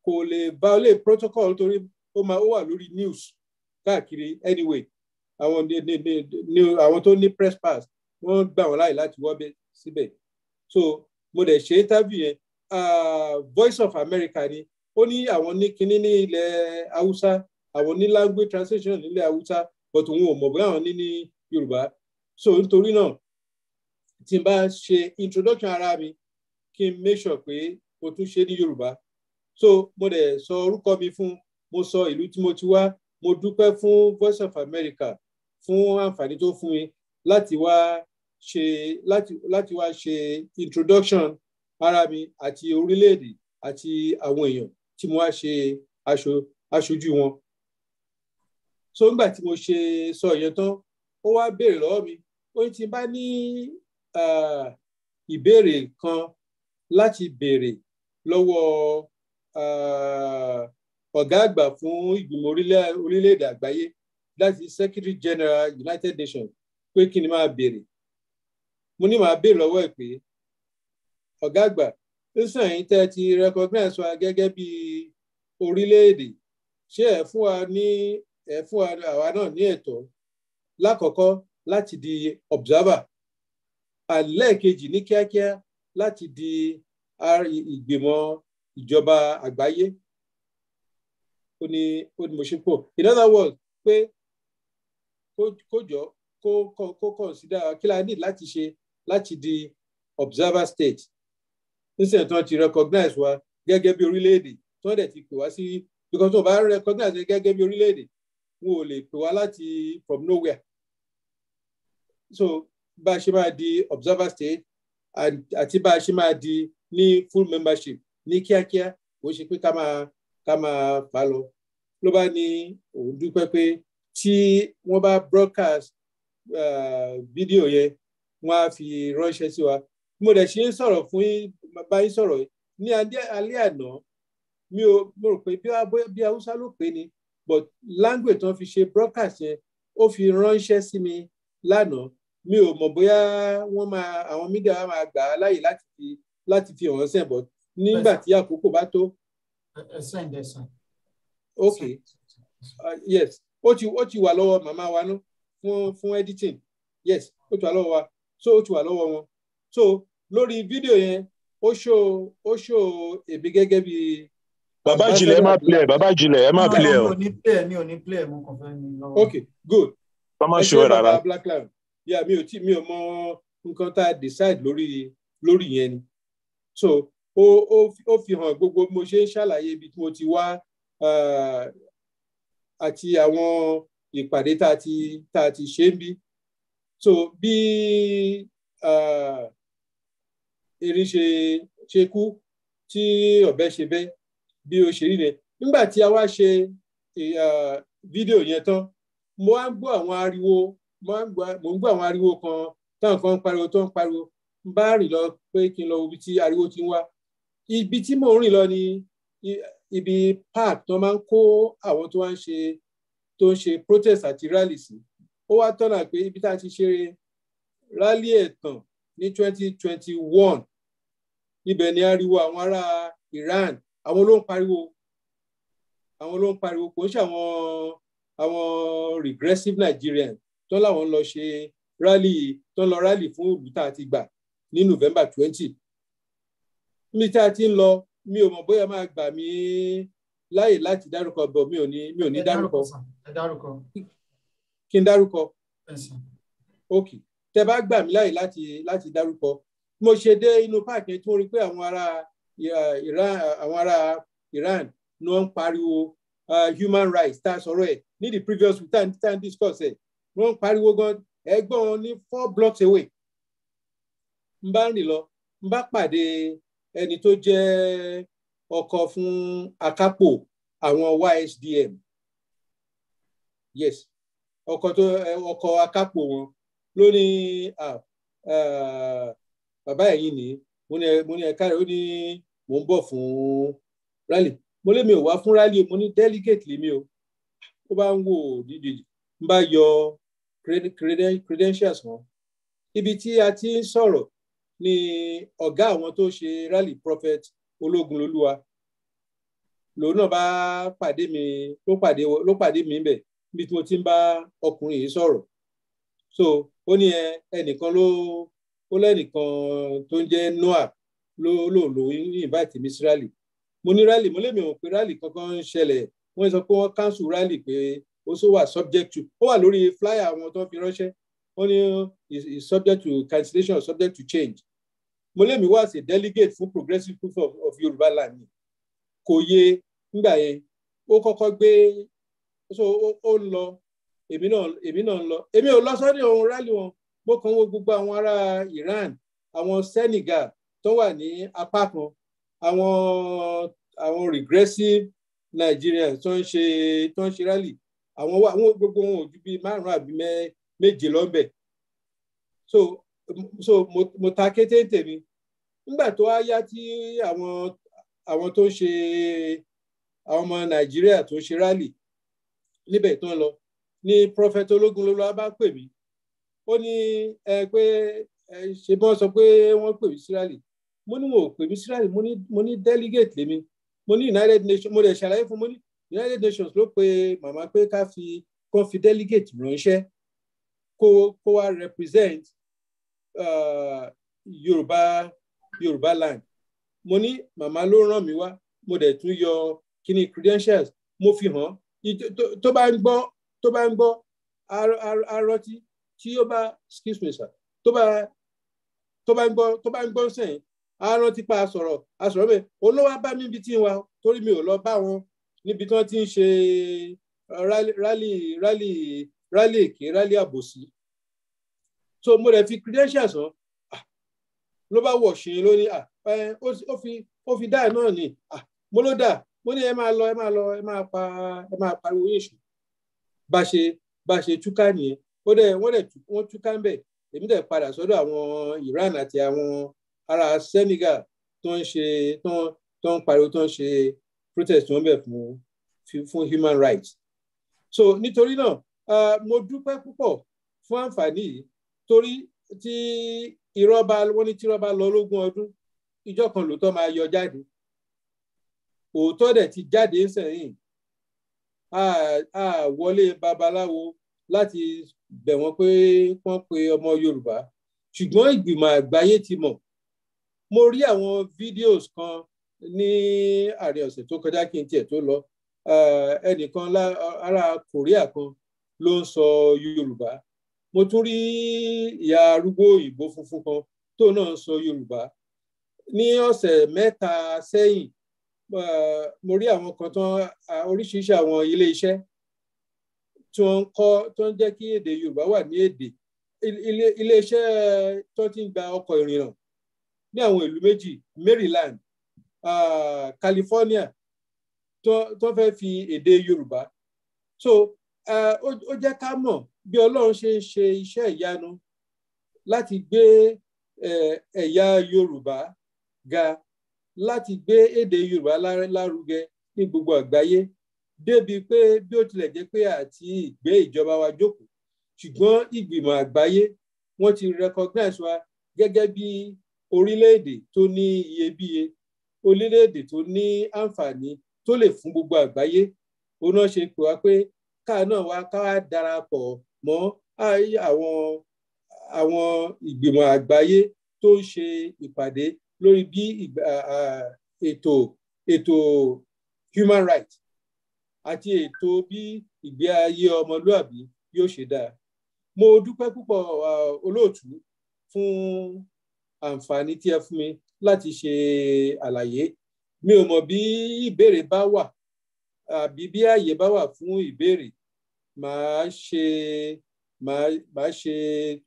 kò lè violate protocol torí ó máa ó wà lórí news káàkiri anyway àwọn ní àwọn tó ní press pass wọ́n gbà wọ́n láyè láti wọ́bẹ̀ síbẹ̀ so mo dẹ̀ ṣe interview yẹn Voice of America ni ó ní àwọn ní kinní ní ilẹ̀ haúsá àwọn ní language translation nílẹ̀ haúsá but òun ò mọ̀ bóyá àwọn ní ní yorùbá so nítorí náà tí n bá ṣe introduction ara mi kí n make sure pé mo tún ṣe ní yorùbá so mo dẹ̀ sọ orúkọ mi fún mo sọ ìlú tí mo ti wá mo dúpẹ́ fún Voice of America fún àǹfààní tó fún mi láti wá ṣe láti láti wá ṣe introduction ara mi àti orílẹ̀-èdè àti àwọn èèyàn tí mo wá ṣe aṣojú wọn. so nígbà tí mo ṣe sọ ìyẹn tán ó wá béèrè lọ́wọ́ mi ó ní tí n bá ní ìbéèrè kan láti béèrè lọ́wọ́ ọ̀gá àgbà fún ìgbìmọ̀ orílẹ̀-èdè àgbáyé láti secretary general united nations pé kí ni máa béèrè mo ní màá béèrè lọ́wọ́ ẹ̀ pé ọ̀gá àgbà ó sàn yín tẹ́ ti recognize wa gẹ́gẹ́ bí orílẹ̀-èdè ṣé ẹ̀ fún wa ní ẹ̀ fún àwa náà ní ẹ̀tọ́ lákọ̀ọ́kọ́ láti di observer àlẹ́ẹ̀kejì ní kíákíá láti di ìgbìmọ̀ ìjọba àgbáyé ó ní mo ṣe pọ̀ in other words pé kó jọ kó kó consider kí la need láti ṣe láti di observer state nísìnyí tí wọ́n ti recognize wa gẹ́gẹ́ bí orílẹ̀-èdè tí wọ́n dẹ̀ ti pè wá sí because tí wọ́n bá recognize wa gẹ́gẹ́ bí orílẹ̀-èdè wọn ò lè pè wá láti from nowhere so bá a ṣe máa di observer state àti bá a ṣe máa di ní full membership ní kíákíá kò ṣe pé ká máa ká máa bá lọ ló bá ní òun dúpẹ́ pé tí wọ́n bá broadcast fídíò uh, yẹn wọ́n á fi ránṣẹ́ sí wa mo dẹ̀ ṣe ń sọ̀rọ̀ fún bá yín sọ̀rọ̀ ní alẹ́ àná mi ò mo rò pé bí haúsá ló pé ni but language tán fi ṣe broadcast yẹn ó fi ránṣẹ́ sí mi lánàá mi ò mọ̀ bóyá wọ́n máa àwọn mídíà wa máa gbà á láàyè láti fi láti fi hàn sẹ́ẹ̀ bọ̀ nígbà tí àkókò bá tó. ẹ sẹ́ǹdẹ̀ sàn. ok uh, yes ó ti ó ti wà lọ́wọ́ màmá wa ná fún fún editing yes ó ti wà lọ́wọ́ wa so ó ti wà lọ́wọ́ wọn so lórí fídíò yẹn ó ṣó ó ṣó èmi gẹ́gẹ́ bí. bàbá jìlẹ̀ ẹ má play bàbá jìlẹ̀ ẹ má play o. mi ò ní play mi ò kàn fẹ́ mi lọ́wọ́. ok good. bàmá ṣe é black lives yà mi ò tí mi ò mọ nǹkan tá a decide lórí lórí yẹn ni so ó ó ó fi hàn gbogbo mo ṣe ń ṣàlàyé ibi tí mo ti wá uh, àti àwọn ìpàdé tá a ti tá a ti ṣe ń bí so bí erin ṣe ṣe kú tí ọ̀bẹ ṣe bẹ́ bí ó ṣe rí rẹ̀ nígbà tí a wá ṣe fídíò yẹn tán mo wá ń gbọ́ àwọn ariwo mo ń gbọ́ àwọn ariwo kan táwọn kan ń pariwo tó ń pariwo ń bá rìn lọ pé kí n lọ ibi tí ariwo ti ń wá ibi tí mò ń rìn lọ ni ibi park tó máa ń kó àwọn tó ń ṣe tó ń ṣe protest àti rally sí ó wá tọ́nà pé ibi tá a ti ṣe rally ẹ̀tàn ní 2021 ibẹ̀ ni ariwo àwọn ará Iran àwọn ló ń pariwo àwọn ló ń pariwo kò ń ṣe àwọn àwọn regressive Nigerian tó láwọn lọ ṣe rally tó lọ rally fún ìlú tá a gbà ní November 20 níbi tá a ti ń lọ mi ò mọ̀ bóyá máa gbà mí láyè láti dárúkọ bọ̀ mi ò ní mi ò ní dárúkọ. ẹ dárúkọ. kí n dárúkọ. ok tẹ bá gbà mí láyè láti láti dárúkọ mo ṣe dé inú páàkì tí mo rí pé àwọn ará Iran àwọn ará Iran ni wọ́n ń pariwo uh, human rights tá a sọ̀rọ̀ ẹ̀ ní the previous week time time discuss ẹ̀ wọ́n ń pariwo gan ẹgbọ́n ní four blocks away n bá rìn lọ n bá pàdé ẹni tó jẹ́ ọkọ fún akápò àwọn ysdm yes ọkọ tó ọkọ akápò wọn ló ní bàbá ẹ̀yìn ni mo ní ẹ̀ka rẹ̀ ó ní mò ń bọ̀ fún rally mo lé mi ò wá fún rally mo ní delegate lèmi o ó bá ń wò dídì ń bá yọ credentials wọn ibi tí a ti ń sọ̀rọ̀ ní ọ̀gá àwọn tó ṣe rally prophet ológunlolúwa lòun náà bá pàdé mi ló pàdé mi bẹ̀ níbi tí mo ti ń bá ọkùnrin yìí sọ̀rọ̀ so ó ní ẹnìkan ló ó lẹ́nìkan tó ń jẹ́ noah ló lò ló invite mi sí rally mo ní rally mo lèmi ò pé rally kankan ń ṣẹlẹ̀ wọ́n sọ pé wọ́n cancel rally pé ó sọ wà subject to ó wà lórí flyer àwọn tó fi ránṣẹ́ wọ́n ní is subject to cancellation or subject to change mo lèmi wá as a delegate fún progressive proof of, of yorùbá land ni kò yé ngbà yẹn ó kọ́kọ́ gbé so ó ń lọ èmi náà èmi náà ń lọ èmi ò lọ sọ́dí ohun rálì wọn mo kàn wo gbogbo àwọn ará Iran àwọn Senegal tó wà ní apá kan àwọn àwọn regressive Nigeria. tó ń ṣe tó ń ṣe rálì àwọn wà wọn gbogbo wọn ò ju bíi márùn àbí méje lọ́bẹ̀ so so mo, mo ta kété tèmi nígbà tó wá yá tí àwọn àwọn tó ṣe àwọn ọmọ nàìjíríà tó ṣe rálì níbẹ̀ tán lọ ní prọfẹt ológun ló lọ bá pè mí ó ní ẹ pé ẹ ṣe bọ́n sọ pé wọ́n pè mí sí rálì mo ní wọn ò pè mí sí rálì mo ní delegate lèmi mo ní united nations mo lè ṣàlàyé fún mo ní united nations ló pe màmá pé ká fi kán fi delegate ránṣẹ́ kó wá represent Uh, yorùbá yorùbá land mo ní màmá ló ràn mí wá mo dẹ̀ tún yọ kíní credentials mo fi hàn tó bá ń gbọ́ tó bá ń gbọ́ arọtí tí ó bá excuse me sir tó bá tó bá ń gbọ́ tó bá ń gbọ́ sẹ́yìn arọtí pa àsọ̀rọ̀ àsọ̀rọ̀ bẹ́ẹ̀ olówó bá mi ibi tí ń wa torí mi ò lọ bá wọn níbi tí wọ́n ti ń ṣe rálì rálì rálì èké rálì àbòsí so mo rẹ̀ fi credentials hàn ah, ló bá wọ̀ ṣe lónìí ah, ó fi ó fi dá ẹ̀ náà ni ah, mo ló dà mo ní ẹ máa lọ ẹ máa lọ ẹ máa pa ẹ máa pariwo yín ṣù bá ṣe bá ṣe túká nìyẹn ó dẹ̀ wọ́n dẹ̀ wọ́n túká ń bẹ̀ èmi dẹ̀ padà sọ́dọ̀ àwọn Iran àti àwọn ará Senegal tó ń ṣe tó ń tó ń pariwo tó ń ṣe protest tó ń bẹ̀ fún fún human rights so nítorí náà mo dúpẹ́ púpọ̀ fún àǹfààní yìí torí tí irọ́ bá wọ́n ní tí irọ́ bá lọ lógún ọdún ìjọ kan lòótọ́ máa yọ jáde òótọ́ dẹ̀ ti jáde sẹ́yìn a wọlé babaláwo láti bẹ̀ wọ́n pé wọ́n pe ọmọ Yorùbá ṣùgbọ́n ìgbìmọ̀ àgbáyé ti mọ̀ mo rí àwọn fídíòs kan ní àárín ọ̀sẹ̀ tó kọjá kí n tiẹ̀ tó lọ ẹnìkan ará Korea kan ló ń sọ Yorùbá mo tún rí ìyá arúgbó òyìnbó funfun kan tó náà sọ yorùbá ní ọ̀sẹ̀ mẹ́ta sẹ́yìn eh, mo rí àwọn kan tán oríṣiríṣi àwọn ilé iṣẹ́ tí wọ́n ń kọ́ tó ń jẹ́ kí èdè yorùbá wà ní èdè ilé iṣẹ́ tó ti ń gba ọkọ̀ ìrìnnà ní àwọn ìlú méjì Maryland ah, California tó fẹ́ fi èdè yorùbá so eh, ó jẹ́ ká mọ̀ bí ọlọ́run ṣe ń ṣe iṣẹ́ ìyanu láti gbé ẹ̀yà yorùbá ga láti gbé èdè yorùbá lárugẹ ní gbogbo àgbáyé débi pé bí ó tilẹ̀ jẹ́ pé àti ìgbé ìjọba wa jókòó ṣùgbọ́n ìgbìmọ̀ àgbáyé wọ́n ti recognize wa gẹ́gẹ́ bí orílẹ̀-èdè tó ní iyebíye orílẹ̀-èdè tó ní àǹfààní tó lè fún gbogbo àgbáyé òun ṣe pè wá pé káà náà wá ká darapọ̀ mọ́ àwọn àwọn ìgbìmọ̀ àgbáyé tó ń ṣe ìpàdé lórí bí ètò ètò human rights àti ètò bí ìgbé ayé ọmọlúàbí yóò ṣe dáa mo dúpẹ́ púpọ̀ olóòtú fún àǹfààní tí ẹ fún mi láti ṣe àlàyé mi ò mọ̀ bí ìbéèrè bá wà àbí bí ààyè bá wà fún ìbéèrè màá ṣe màá ṣe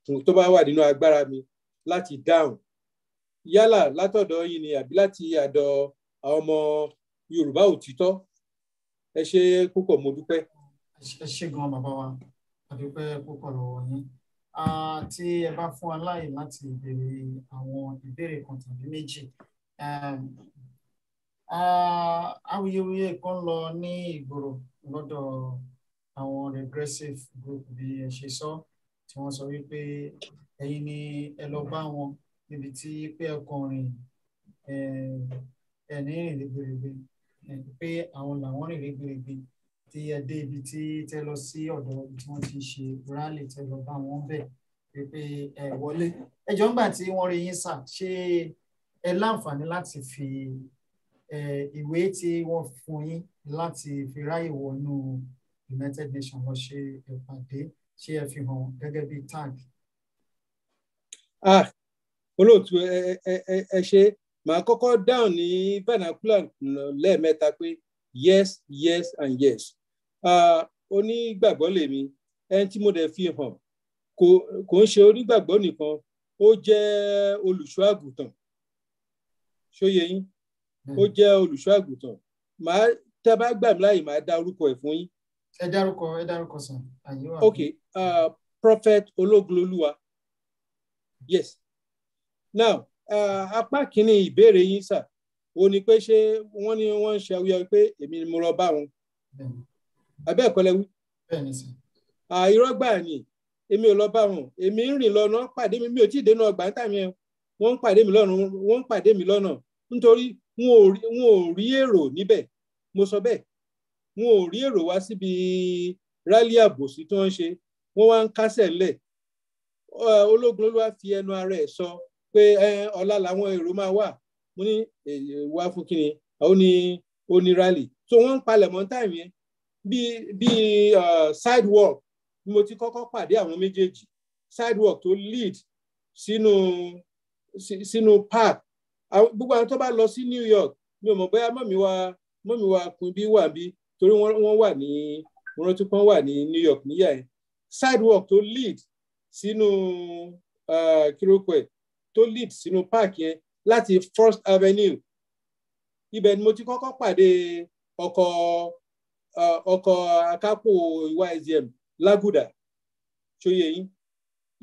kùn tó bá wà nínú agbára mi láti dáhùn yálà látọ̀dọ̀ yìí ni àbí láti àdọ̀ àwọn ọmọ Yorùbá òtítọ́ ẹ ṣe púpọ̀ mo dúpẹ́. ẹ ṣe gan bàbá wa a dúpẹ́ púpọ̀ lọ́wọ́ yín tí ẹ bá fún wa láàyè láti béèrè àwọn ìbéèrè kan tàbí méjì awuyewuye kan lọ ní ìgboro lọ́dọ̀ àwọn regressive group bí ẹ ṣe sọ tí wọ́n sọ wípé ẹ̀yin ni ẹ lọ bá wọn níbi tí pé ẹ̀kan rìn ẹ̀ní rìn rẹ̀gbẹ̀rẹ̀gbẹ̀ pé àwọn làwọn rìn rẹ̀gbẹ̀rẹ̀gbẹ̀ tí ẹ dé ibi tí tẹ lọ sí ọ̀dọ̀ tí wọ́n ti ṣe rally tẹ lọ bá wọn bẹ̀ pé ẹ wọlé ẹjọ́ ńgbà tí wọ́n rí yín sà ṣé ẹ láǹfààní láti fi ìwé tí wọ́n fún yín láti fi ráyè wọnú. No, United Nations lọ ṣe ìpàdé ṣé ẹ fi hàn gẹ́gẹ́ bí tag. ah olóòtú ẹ ẹ ẹ ṣe màá kọ́kọ́ dáhùn ní vernacular lẹ́ẹ̀mẹ́ta pé yes yes and yes ah, onígbàgbọ́ lèmi ẹni tí mo dẹ̀ fi hàn kò ń ṣe onígbàgbọ́ nìkan ó jẹ́ olùṣọ́ àgùntàn ṣóye yín ó jẹ́ olùṣọ́ àgùntàn màá tẹ́ bá gbà láàyè màá dá orúkọ ẹ̀ fún yín ẹ dárúkọ ẹ dárúkọ sàn àyè wà. okay uh, prophet ológunlolúwa yes now uh, apá kínní ìbéèrè yín sà ó ní pé ṣé wọ́n ní wọ́n ń ṣe awuyọ pé èmi ni mo lọ bá wọn abẹ́ ẹ̀kọ́ lẹ́wí. bẹ́ẹ̀ni sà. irọ́ gbà ni èmi ò lọ bá wọn èmi ń rìn lọ́nà pàdé mi mi ò tí ì dénú ọgbà ń tà wọ́n ń pàdé mi lọ́nà wọ́n ń pàdé mi lọ́nà nítorí wọn ò rí èrò níbẹ̀ mo sọ bẹ́ẹ̀ wọn ò rí èrò wá síbi rálí àbòsí tó ń ṣe wọn wá ń kásẹ̀ lẹ̀ ológun ló wá fi ẹnu ara ẹ̀ sọ pé ọ̀la làwọn èrò máa wà mo ní wá fún kíni ó ní ó ní rálí so wọ́n ń palẹ̀ mọ́ táìmù yẹn bí bí sidewalk ni mo ti kọ́kọ́ pàdé àwọn méjèèjì sidewalk tó lead sínú sínú park gbogbo àwọn tó bá lọ sí New York mi ò mọ̀ bóyá mọ̀mí wa mọ̀mí wa kun bí wà bí torí wọ́n wà ní mo rántí pọ́n wà ní New York níyà yẹn sidewalk tó lead sínú eh, kírókò ẹ̀ tó lead sínú park yẹn láti First Avenue ibẹ̀ ni mo ti kọ́kọ́ pàdé ọkọ̀ eh, ọkọ̀ akápò ìwà SDM Laguda ṣòye yín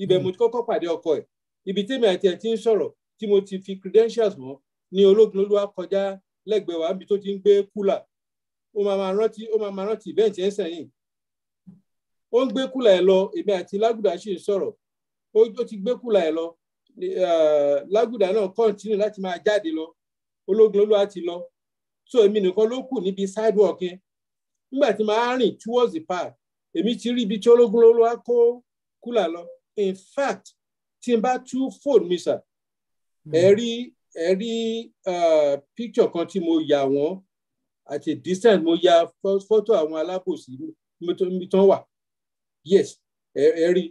ibẹ̀ mo hmm. ti kọ́kọ́ pàdé ọkọ ẹ̀ ibi tèmi àti ẹ̀ ti ń sọ̀rọ̀ tí mo ti fi credentials mọ́ ní ológun olúwa kọjá lẹ́gbẹ̀ẹ́ wa níbi tó ti ń gbé kúlà ó máa máa rántí ó máa máa rántí ìbẹ́ǹtì ẹ̀ sẹ́yìn ó ń gbé kùlà ẹ̀ lọ èmi àti lágùdà ṣì ń sọ̀rọ̀ ó ti gbé kùlà ẹ̀ lọ lágùdà náà kọ́ńtínú láti máa jáde lọ ológun olúwa ti lọ so èmi nìkan ló kù níbi sidewalk yẹn nígbà tí màá rìn towards the park èmi ti rí ibi tí ológun olúwa kó kùlà lọ in fact tí n bá tú fóònù mi sà hmm. ẹ rí ẹ rí picture kan tí mo yà wọ́n at a distance mo ya fọ́tò àwọn alábòsí mi tán wà yes ẹ rí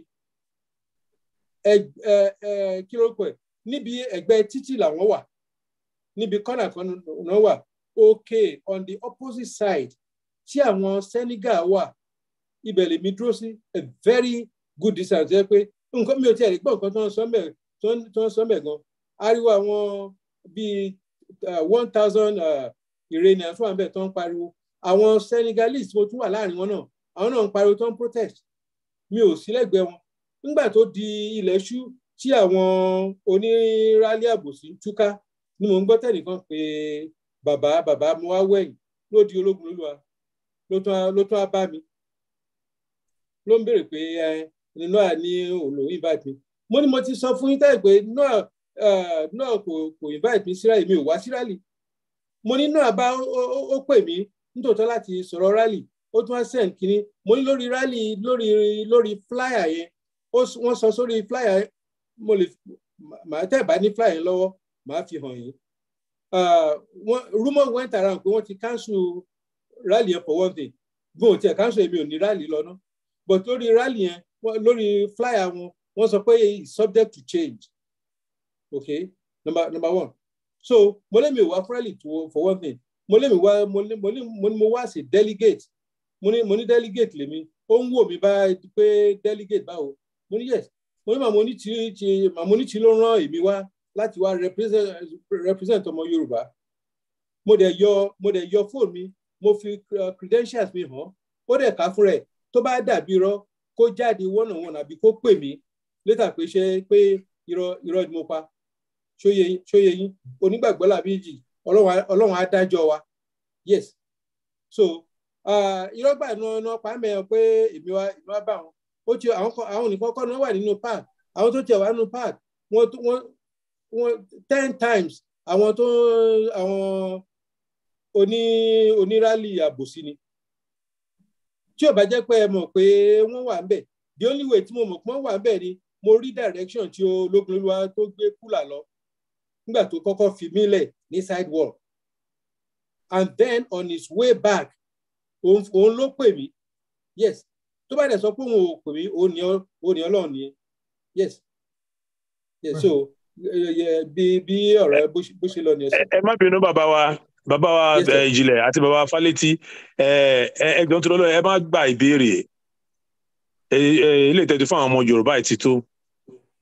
ẹ ẹ kí ló pẹ níbi ẹ̀gbẹ́ títì làwọn wà níbi kọ́nà kan náà wà òkè on the opposite side tí àwọn Senegal wà ibẹ̀ lèmi dúró sí a very good distance jẹ́ pé nǹkan mi ò tiẹ̀ rí gbọ́ nǹkan tó ń sọ mẹ́ tó ń sọ gan ariwo àwọn bíi uh, one thousand uh, ìre ni àwọn tó wà níbẹ̀ tó ń pariwo àwọn Senegalese mo tún wà láàrin wọn náà àwọn náà ń pariwo tó ń protest mi ò sí lẹ́gbẹ̀ẹ́ wọn nígbà tó di ilẹ̀ ṣú tí àwọn onírálẹ̀ àbòsí ń túká ni mò ń gbọ́ tẹ́nìkan pé bàbá bàbá mo wá wẹ̀yìn ló di ológun olúwa ló tún á bá mi ló ń béèrè pé ẹ nínú àní òòlù invite mi mo ní mo ti sọ fún yín táyì pé náà náà kò kò invite mi síráyè mi ò wá síráyè mo ní náà bá ó pè mí nítòótọ́ láti sọ̀rọ̀ rally ó tún wá send kínní mo ní lórí rally lórí lórí flyer yẹn wọ́n sọ sórí flyer mo lè màá tẹ̀ bá ní flyer yẹn lọ́wọ́ màá fi hàn yín rumour went around pé wọ́n ti cancel rally yẹn for one thing gbọ́n ò tiẹ̀ cancel èmi ò ní rally lọ ná but lórí rally yẹn lórí flyer wọn wọ́n sọ pé it's subject to change okay number number one so mo lè mi wá fún to for one thing mo lè mi wá mo lè mo lè mo ní mo wá sí delegate mo ní mo ní delegate lèmi ó ń wò mí bá pé delegate báwo mo ní yes mo ní màmú ní tí tí màmú ní tí ló rán èmi wá láti wá represent represent ọmọ Yorùbá mo dẹ̀ yọ mo dẹ̀ yọ fóònù mi mo fi uh, credentials mi hàn ó dẹ̀ ká fún rẹ̀ tó bá dàbí irọ́ kó jáde wọ́nà wọ́nà àbí kó pè mí létà pé ṣe pé irọ́ irọ́ ni mo pa ṣóye yín ṣóye yín onígbàgbọ́ làbí ìjì ọlọ́run á dájọ́ wa yes so irọ́gbà inú ọ̀nà pàmẹ́ ọ pé èmi wa èmi wa bá wọn ó ti àwọn nìkan kọ́ ni wọ́n wà nínú park àwọn tó tiẹ̀ wà nínú park wọ́n wọ́n ten times àwọn tó àwọn oní onírálì àbòsí ni tí ò bá jẹ́ pé ẹ mọ̀ pé wọ́n wà ń bẹ̀ the only way tí mo mọ̀ pé wọ́n wà ń bẹ̀ ni mo rí direction tí ológun olúwa tó gbé kúlà lọ nígbà tó kọ́kọ́ fi mílẹ̀ ní sidewalk and then on his way back òun ló pè mí yes tó bá dẹ̀ sọ pé òun ò pè mí òun ni ọlọ́run ni yes yes so bí bí ọ̀rọ̀ bó ṣe lọ ni ẹ sọ. ẹ má bínú bàbá wa bàbá wa ìjìnlẹ̀ àti bàbá Fálétí ẹgbẹ́ tó lọ́lọ́ ẹ má gba ìbéèrè ilé ìtẹ́jú fún àwọn ọmọ Yorùbá ẹ̀ ti tó.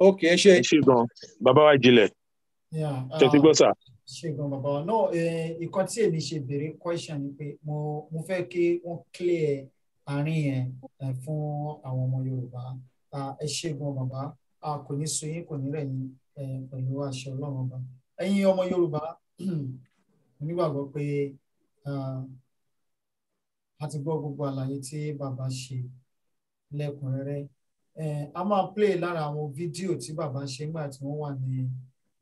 ok ẹ ṣe. ẹ ṣe gan bàbá wa ìjìnlẹ̀ ṣe ti um, gbọ́ sà. ṣègùn bàbá wa náà eh, nǹkan tí èmi ṣe béèrè question ni pé mo mo fẹ́ kí wọ́n clear àárín yẹn eh, fún àwọn ọmọ Yorùbá ẹ ṣègùn bàbá a kò ní sọ yín kò ní rẹ̀ yín eh, pẹ̀lú àṣẹ Ọlọ́run ọba ẹ̀yin ọmọ Yorùbá onígbàgbọ́ pé a ti gbọ́ gbogbo àlàyé tí bàbá ṣe lẹ́kùnrẹ́rẹ́ a máa play lára àwọn fídíò tí bàbá ṣe nígbà tí wọ́n wà ní.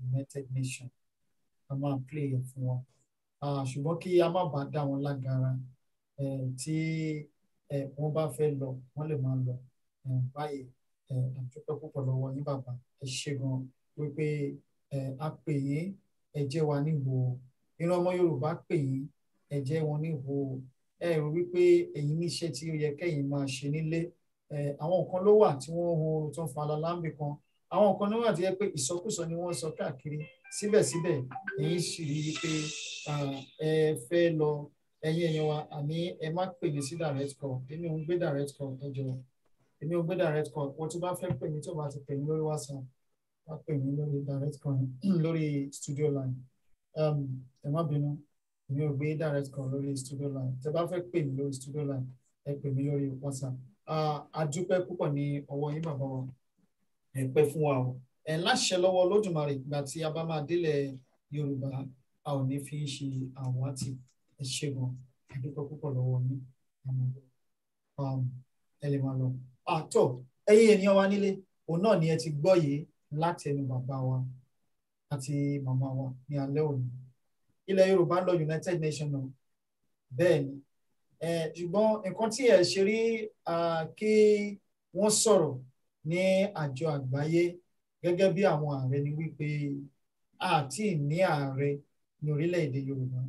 United Nations a máa play ẹ̀ fún wọn ṣùgbọ́n kí a má bàa dá wọn lágara tí wọ́n bá fẹ́ lọ wọ́n lè máa lọ báyìí àdúpẹ́ púpọ̀ lọ́wọ́ yín bàbá ẹ ṣe gan wípé a pè yín ẹ jẹ́ wa níbo ìran ọmọ Yorùbá pè yín ẹ wọn níbo ẹ rò wípé ẹ̀yin níṣẹ́ tí ó yẹ kẹ́yìn máa ṣe nílé àwọn kan ló wà tí wọ́n ń hun tó ń fa alalámbì kan àwọn kan náà wà tó yẹ pé ìsọkúsọ ni wọ́n sọ káàkiri síbẹ̀síbẹ̀ èyí sì rí i pé ẹ fẹ́ lọ ẹ̀yin ẹ̀yin wa àní ẹ má pè mí sí direct call èmi ò ń gbé direct call ẹ jọ̀ọ́ èmi ò ń gbé direct call wọ́n tún bá fẹ́ pè mí tó bá ti pè mí lórí whatsapp wá pè mí lórí direct call lórí studio line ẹ má bínú èmi ò gbé direct call lórí studio line tẹ bá fẹ́ pè mí lórí studio line ẹ pè mí lórí whatsapp àdúpẹ́ púpọ̀ ní ọwọ́ yín bàbá wa pẹ́ fún wa o ẹ láṣẹ lọ́wọ́ lódùmarè ìgbà tí a bá máa délẹ̀ yorùbá a ò ní fi ń ṣe àwọn àti ẹ ṣe gan àdúgbò púpọ̀ lọ́wọ́ ní àmọ́ um, ẹ lọ. àtọ ẹ̀yin ènìyàn wa nílé òun náà ni ẹ ti gbọ́ yìí láti ẹnu bàbá wa àti màmá wa ní alẹ́ òní ilẹ̀ yorùbá lọ united nations náà bẹ́ẹ̀ ni ṣùgbọ́n nǹkan tí ẹ ṣe rí kí wọ́n sọ̀rọ̀ ní àjọ àgbáyé gẹ́gẹ́ bí àwọn ààrẹ ni wípé àti ní ààrẹ ní orílẹ̀-èdè Yorùbá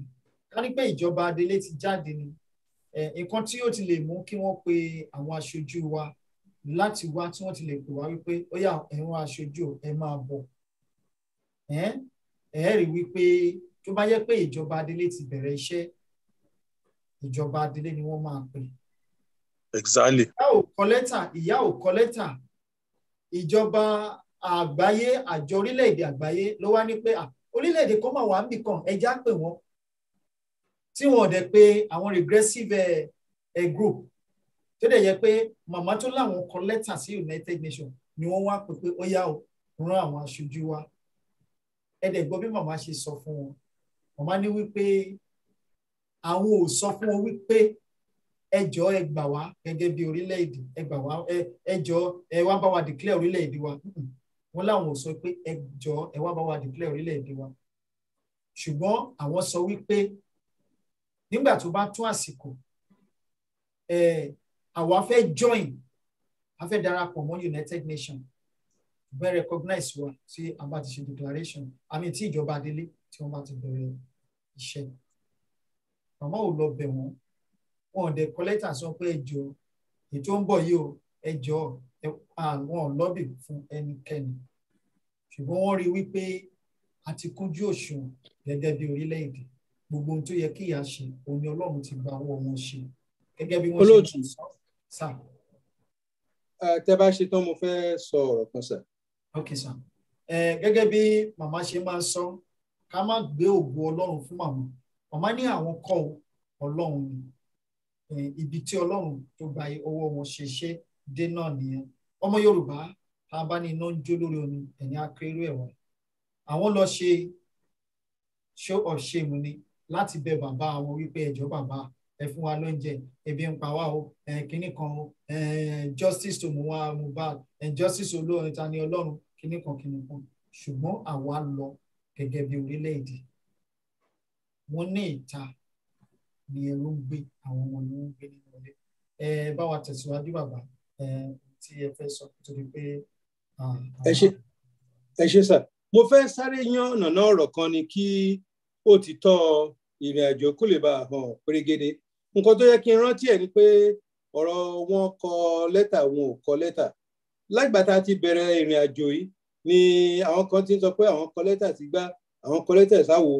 ká ní pé ìjọba adelé ti jáde ni nǹkan tí ó ti lè mú kí wọ́n pe àwọn aṣojú wa láti wá tí wọ́n ti lè pè wá wípé ó yá ẹ̀rùn aṣojú ẹ máa bọ̀ ẹ rí wípé tó bá yẹ pé ìjọba adelé ti bẹ̀rẹ̀ iṣẹ́ ìjọba adelé ni wọ́n máa pè. exactly. ìyá ò kọ lẹ́tà ìyá ò kọ lẹ́tà ìjọba àgbáyé àjọ orílẹ̀-èdè àgbáyé ló wá ní pé orílẹ̀-èdè kan máa wà ń bì kan ẹja pè wọ́n tí wọ́n dẹ̀ pé àwọn regressive uh, group tó dẹ̀ yẹ pé màmá tó láwọn kọ lẹ́tà sí United Nations ni wọ́n wá pè pé ó yá o rán àwọn aṣojú wa ẹ dẹ̀ gbọ́ bí màmá ṣe sọ fún wọn màmá ní wípé àwọn ò sọ fún wọn wípé ẹjọ́ ẹ gbà wá gẹ́gẹ́ bí orílẹ̀-èdè ẹ wá ẹjọ́ ẹ wá bá wa declare orílẹ̀-èdè wa wọn làwọn ò sọ pé ẹjọ́ ẹ wá bá wa declare orílẹ̀-èdè wa ṣùgbọ́n àwọn sọ wípé nígbà tó bá tún àsìkò àwa fẹ́ join a fẹ́ darapọ̀ mọ́ United Nations bẹ́ẹ̀ recognize wa tí a bá ti ṣe declaration àmì tí ìjọba délé tí wọ́n bá ti bẹ̀rẹ̀ iṣẹ́ màmá ò lọ bẹ̀ wọ́n wọn ò dẹ̀ collect and sọ pé ẹjọ́ ètò ń bọ̀ yìí o ẹjọ́ àwọn lọ́bì fún ẹnikẹ́ni ṣùgbọ́n wọ́n rí wípé a ti kúnjú òṣùwọ̀n gẹ́gẹ́ bí orílẹ̀ gbogbo ohun tó yẹ kí ìyá ṣe òun ni ti gba ọwọ́ wọn ṣe gẹ́gẹ́ bí wọ́n ṣe ń sọ sá. tẹ bá ṣe tán mo fẹ́ sọ ọ̀rọ̀ kan sà. ok sà gẹ́gẹ́ bí màmá ṣe máa ń sọ ká má gbé ògo ọlọ́run fún màmá màmá ní àwọn kọ́ ọlọ́run ni ibi tí ọlọ́run tó gba ọwọ́ wọn ṣe ṣe dé náà nìyẹn ọmọ yorùbá tá a iná ń jó lórí omi ẹ̀yìn akérò ẹ̀wà àwọn lọ ṣe show of shame ni láti bẹ bàbá àwọn wípé ẹjọ́ bàbá ẹ fún wa lóúnjẹ ebi ń pa wá o kínní kan o justice tó mú wa Mohbad justice olórin ta ni ọlọ́run kínní kan kínní kan ṣùgbọ́n àwa lọ gẹ́gẹ́ bí orílẹ̀-èdè wọ́n ní ìta ni ẹrú ń gbé àwọn ọmọ ni wọ́n ń gbé nínú ilé ẹ bá wa tẹ̀síwájú bàbá ẹ tí ẹ fẹ́ sọ torí pé. ẹ ṣe ẹ ṣe sà mo fẹ́ sáré yan ọ̀nà náà ọ̀rọ̀ kan ni kí òtítọ́ ìrìn àjò kó lè bá a hàn pérégede nǹkan tó yẹ kí n rántí ẹ ni pé ọ̀rọ̀ wọn kọ lẹ́tà wọn ò kọ lẹ́tà lágbàtà ti bẹ̀rẹ̀ ìrìn àjò yìí ni àwọn kan ti ń sọ pé àwọn kọ lẹ́tà ti gbá àwọn kọ lẹ́tà sáwo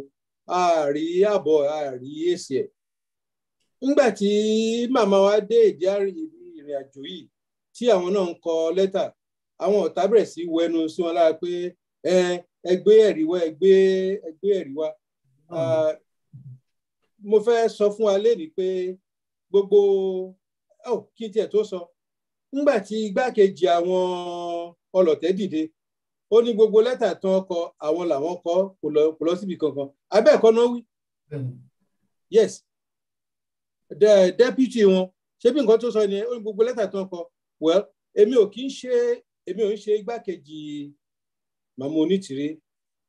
àárí àbọ̀ àárí èsì ẹ̀ ńgbà tí màmá wa dé ìdí ìrìn àjò yìí tí àwọn náà ń kọ lẹ́tà àwọn ọ̀tá bẹ̀rẹ̀ sí wẹnu sí wọn lára pé ẹ ẹ gbé ẹ̀rí wá ẹ gbé ẹ gbé ẹ̀rí wá mo fẹ́ sọ fún wa lẹ́ni pé gbogbo kí tiẹ̀ tó sọ ńgbà tí igbákejì àwọn ọlọ̀tẹ̀ dìde ó ní gbogbo lẹ́tà tán kọ àwọn làwọn kọ kò lọ síbi kankan abẹ́ẹ̀kọ́ náà wí yes deputy wọn ṣé bí nǹkan tó sọ ni ó ní gbogbo lẹ́tà tó kọ well èmi ò kí ń ṣe èmi ò ń ṣe igbákejì màmá onítìrí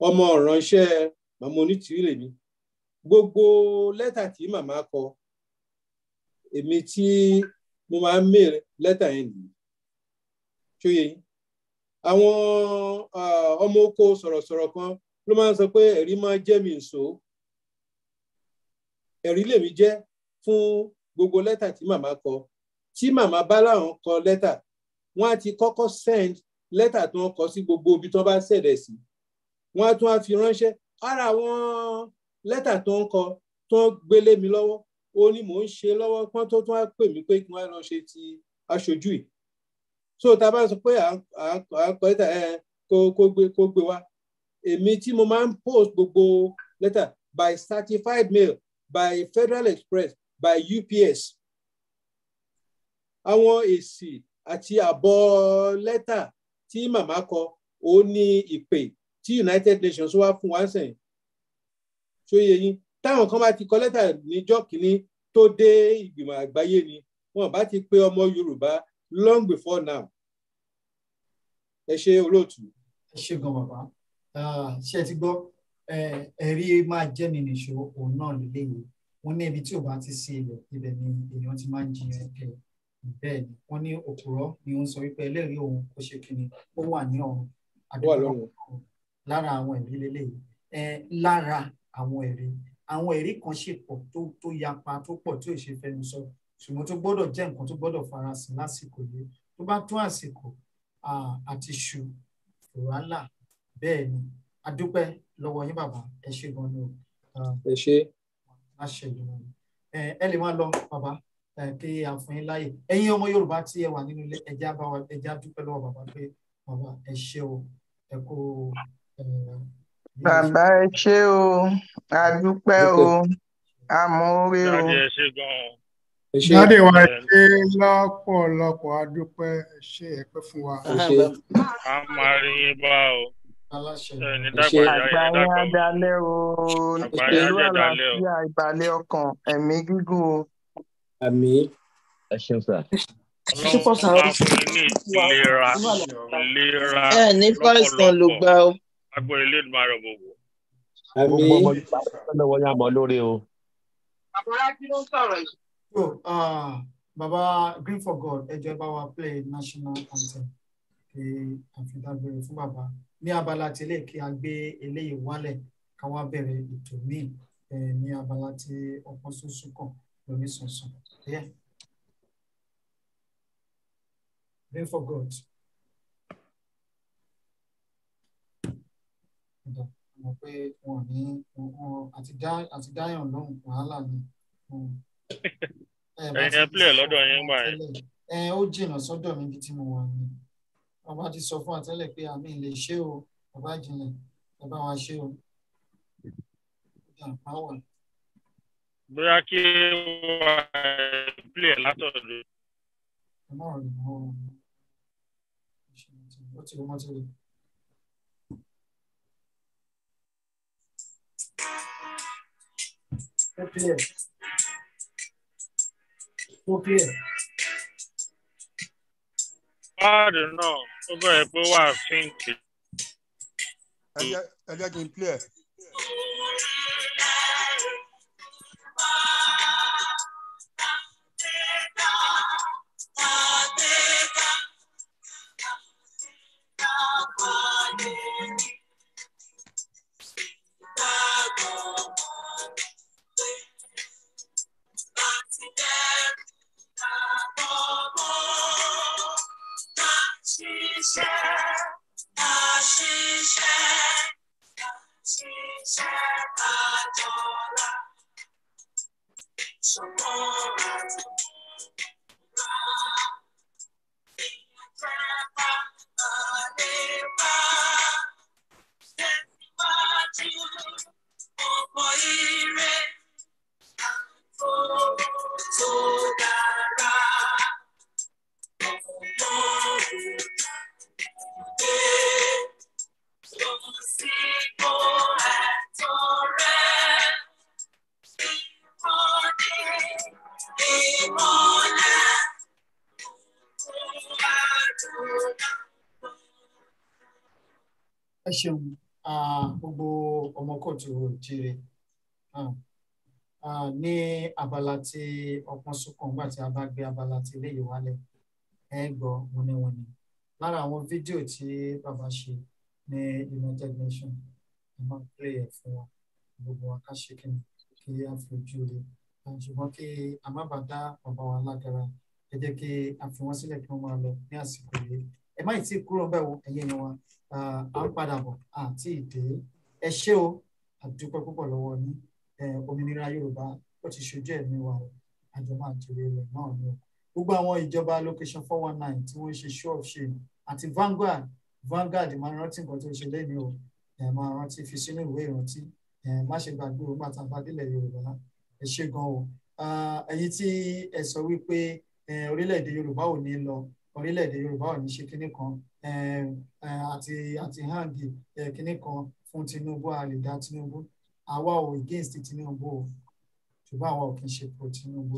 ọmọ ìránṣẹ́ màmá onítìrí lèmi gbogbo lẹ́tà tí màmá kọ èmi tí mo máa ń mail lẹ́tà yẹn nìyí ṣóye yín àwọn ọmọ oko sọ̀rọ̀sọ̀rọ̀ kan ló máa ń sọ pé ẹ̀rí máa jẹ́ mi nsò ẹ̀rí lèmi jẹ́ fún gbogbo lẹ́tà tí màmá kọ tí màmá bá láwọn kọ lẹ́tà wọ́n á ti kọ́kọ́ send lẹ́tà tí wọ́n kọ sí gbogbo ibi tí wọ́n bá ṣẹ̀dẹ̀ sí wọ́n á tún á fi ránṣẹ́ ara àwọn lẹ́tà tó ń kọ tó ń gbélé mi lọ́wọ́ ó ní mò ń ṣe lọ́wọ́ pọ́n tó tún á pè mí pé kí wọ́n lọ ṣe ti aṣojú yìí so tá a bá sọ pé à ń kọ lẹ́tà ẹ kó gbé wá èmi tí mo máa ń post gbogbo lẹ́tà by certified mail by Federal Express by UPS àwọn èsì àti àbọ̀ lẹ́tà tí màmá kọ ó ní ìpè tí United Nations wá fún wa sẹ́yìn tó yẹ yín táwọn kan bá ti kọ lẹ́tà níjọ́ kínní tó dé ìgbìmọ̀ àgbáyé ni wọn bá ti pé ọmọ Yorùbá long before now ẹ ṣe olóòtú. ẹ ṣe gan bàbá ah, ṣe ti gbọ́ ẹ̀rí máa jẹ́ nínú ìṣòro òun náà lélẹ́yìn wọ́n ní ibi tí ò bá ti sí ilẹ̀ ibẹ̀ ni èèyàn ti máa ń jiyàn ẹ̀ bẹ́ẹ̀ ni wọ́n ní òpùrọ́ ni ó ń sọ wípé ẹlẹ́rìí òun kò ṣe kíni ó wà ní ọ̀run àdúgbò lára àwọn ẹ̀rí lélẹ́yìí lára àwọn ẹ̀rí àwọn ẹ̀rí kan ṣe pọ̀ tó tó yapa tó pọ̀ tí ò ṣe fẹnu sọ ṣùgbọ́n tó gbọ́dọ̀ jẹ́ nǹkan tó gbọ́dọ̀ farasin lásìkò yìí tó bá tó àsìkò àti ṣù wàhálà bẹ́ẹ̀ ni adúpẹ́ lọ́wọ́ yín bàbá ẹ ṣe gan ni o. ẹ ṣe àṣẹ ìdùnnú ni ẹ lè máa lọ bàbá kí a láàyè ẹ̀yin ọmọ Yorùbá tí ẹ wà nínú ilé ẹjẹ àbáwá ẹjẹ àdúpẹ́ lọ́wọ́ bàbá pé bàbá ẹ ṣé o ẹ kó bàbá ẹ ṣé o a o a o jáde wa ẹ ṣé lọ́pọ̀lọpọ̀ a dúpẹ́ fún wa. a máa rí yín bá o àgbáyé adalẹ́ o ìṣèlú àlàáfíà ìbàlẹ̀ ọkàn ẹ̀mí gígùn o. àmín. ẹ ṣeun sá. ṣùpọ̀ sá o. ìlera ní fáìsàn ló gbà o. agbórin lè máa gbogbo. àmín. ọmọ yorùbá ló wọ́n lórí o. àbúrò kí ló ń sọ̀rọ̀ yìí. Ah, baba green for god ẹ bá wa play national anthem kí a fi dágbére fún bàbá ní abala tí eléyìí kí a gbé eléyìí wálẹ̀ ká wá bẹ̀rẹ̀ ètò míì ní abala tí ọpọ́n ṣoṣo kàn lórí sọ̀sọ̀ díẹ̀. Pray for God. mọ̀ pé wọn ò ní àti dáyàn lóhùn wàhálà ni. Hmm. ẹ ẹ pílẹ̀ lọ́dọ̀ yín gbà yẹn. ẹ ó jìnnà sọ́dọ̀ mi tí mo wà ni bàbá ti sọ fún àtẹ́lẹ̀ pé àmì lè ṣe o bàbá jìnlẹ̀ bàbá wa ṣe o. bóyá kí wà á pílẹ̀ látọ̀dọ̀. ó ti káàdì náà ó bẹ̀rẹ̀ pé wà á fíǹkì. ẹ jẹ́ kí n play ẹ̀. ti ro ìjire ah, ah, ní abala tí ọpọ́n sunkàn nígbà tí a bá gbé abala tí eléyìí wálẹ̀ ẹ gbọ́ wọnìwọnì lára àwọn fídíò tí bàbá ṣe ní United Nations ẹ máa ń pè é fún wa gbogbo wa ká ṣe kíni kí a fi ojú rẹ ah, ṣùgbọ́n kí a má bàa dá bàbá wa lágara ẹ jẹ́ kí a fi wọ́n sílẹ̀ kí wọ́n máa lọ ní àsìkò yìí ẹ má ì tí kúrò bẹ́ẹ̀ wo ẹ̀yìn ni à ń padà bọ̀ àti ìdè ẹ ṣé o àdúpẹ́ púpọ̀ lọ́wọ́ ní òmìnira yorùbá ó ti ṣojú ẹ̀mí wa àjọmọ́ àtúrẹ́ rẹ̀ náà ni o gbogbo àwọn ìjọba location four one nine tí wọ́n ṣe show of shame àti Vanguard Vanguard máa rántí nǹkan tó ṣe lẹ́nu o ẹ̀ máa rántí fi sínú ìwé ìrántí ẹ̀ má ṣe gbàgbé o máa tàbá délẹ̀ yorùbá ẹ ṣe gan o ẹ̀yin tí ẹ sọ wípé orílẹ̀-èdè yorùbá ò ní lọ orílẹ̀-èdè yorùbá ò ní ṣe kinní kan àti àti hangi kinní kan fún Tinubu a lè dá Tinubu àwa ò against Tinubu o ṣùgbọ́n àwa ò kì í ṣe pro Tinubu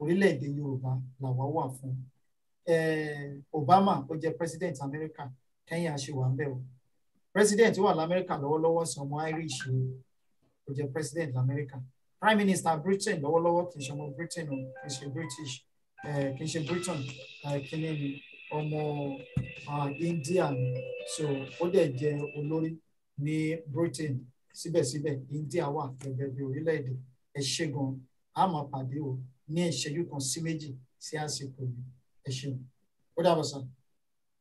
orílẹ̀-èdè Yorùbá làwa wà fún Obama ó jẹ́ president America Kenya ṣe wà ń bẹ̀ o president wà lamẹ́ríkà lọ́wọ́lọ́wọ́ sí ọmọ Irish ó jẹ́ president lamẹ́ríkà prime minister Britain lọ́wọ́lọ́wọ́ kì í ṣe ọmọ Britain o kì í ṣe British kì í ṣe Britain kì í ní ọmọ ah, India so ó dẹ̀ jẹ́ olórí ní Britain síbẹ̀síbẹ̀ India wà gẹ́gẹ́ bí orílẹ̀-èdè ẹ ṣé gan a máa pàdé o ní ìṣẹ́jú kan sí méjì sí àsìkò yìí ẹ ṣé ó dàbọ̀ sàn.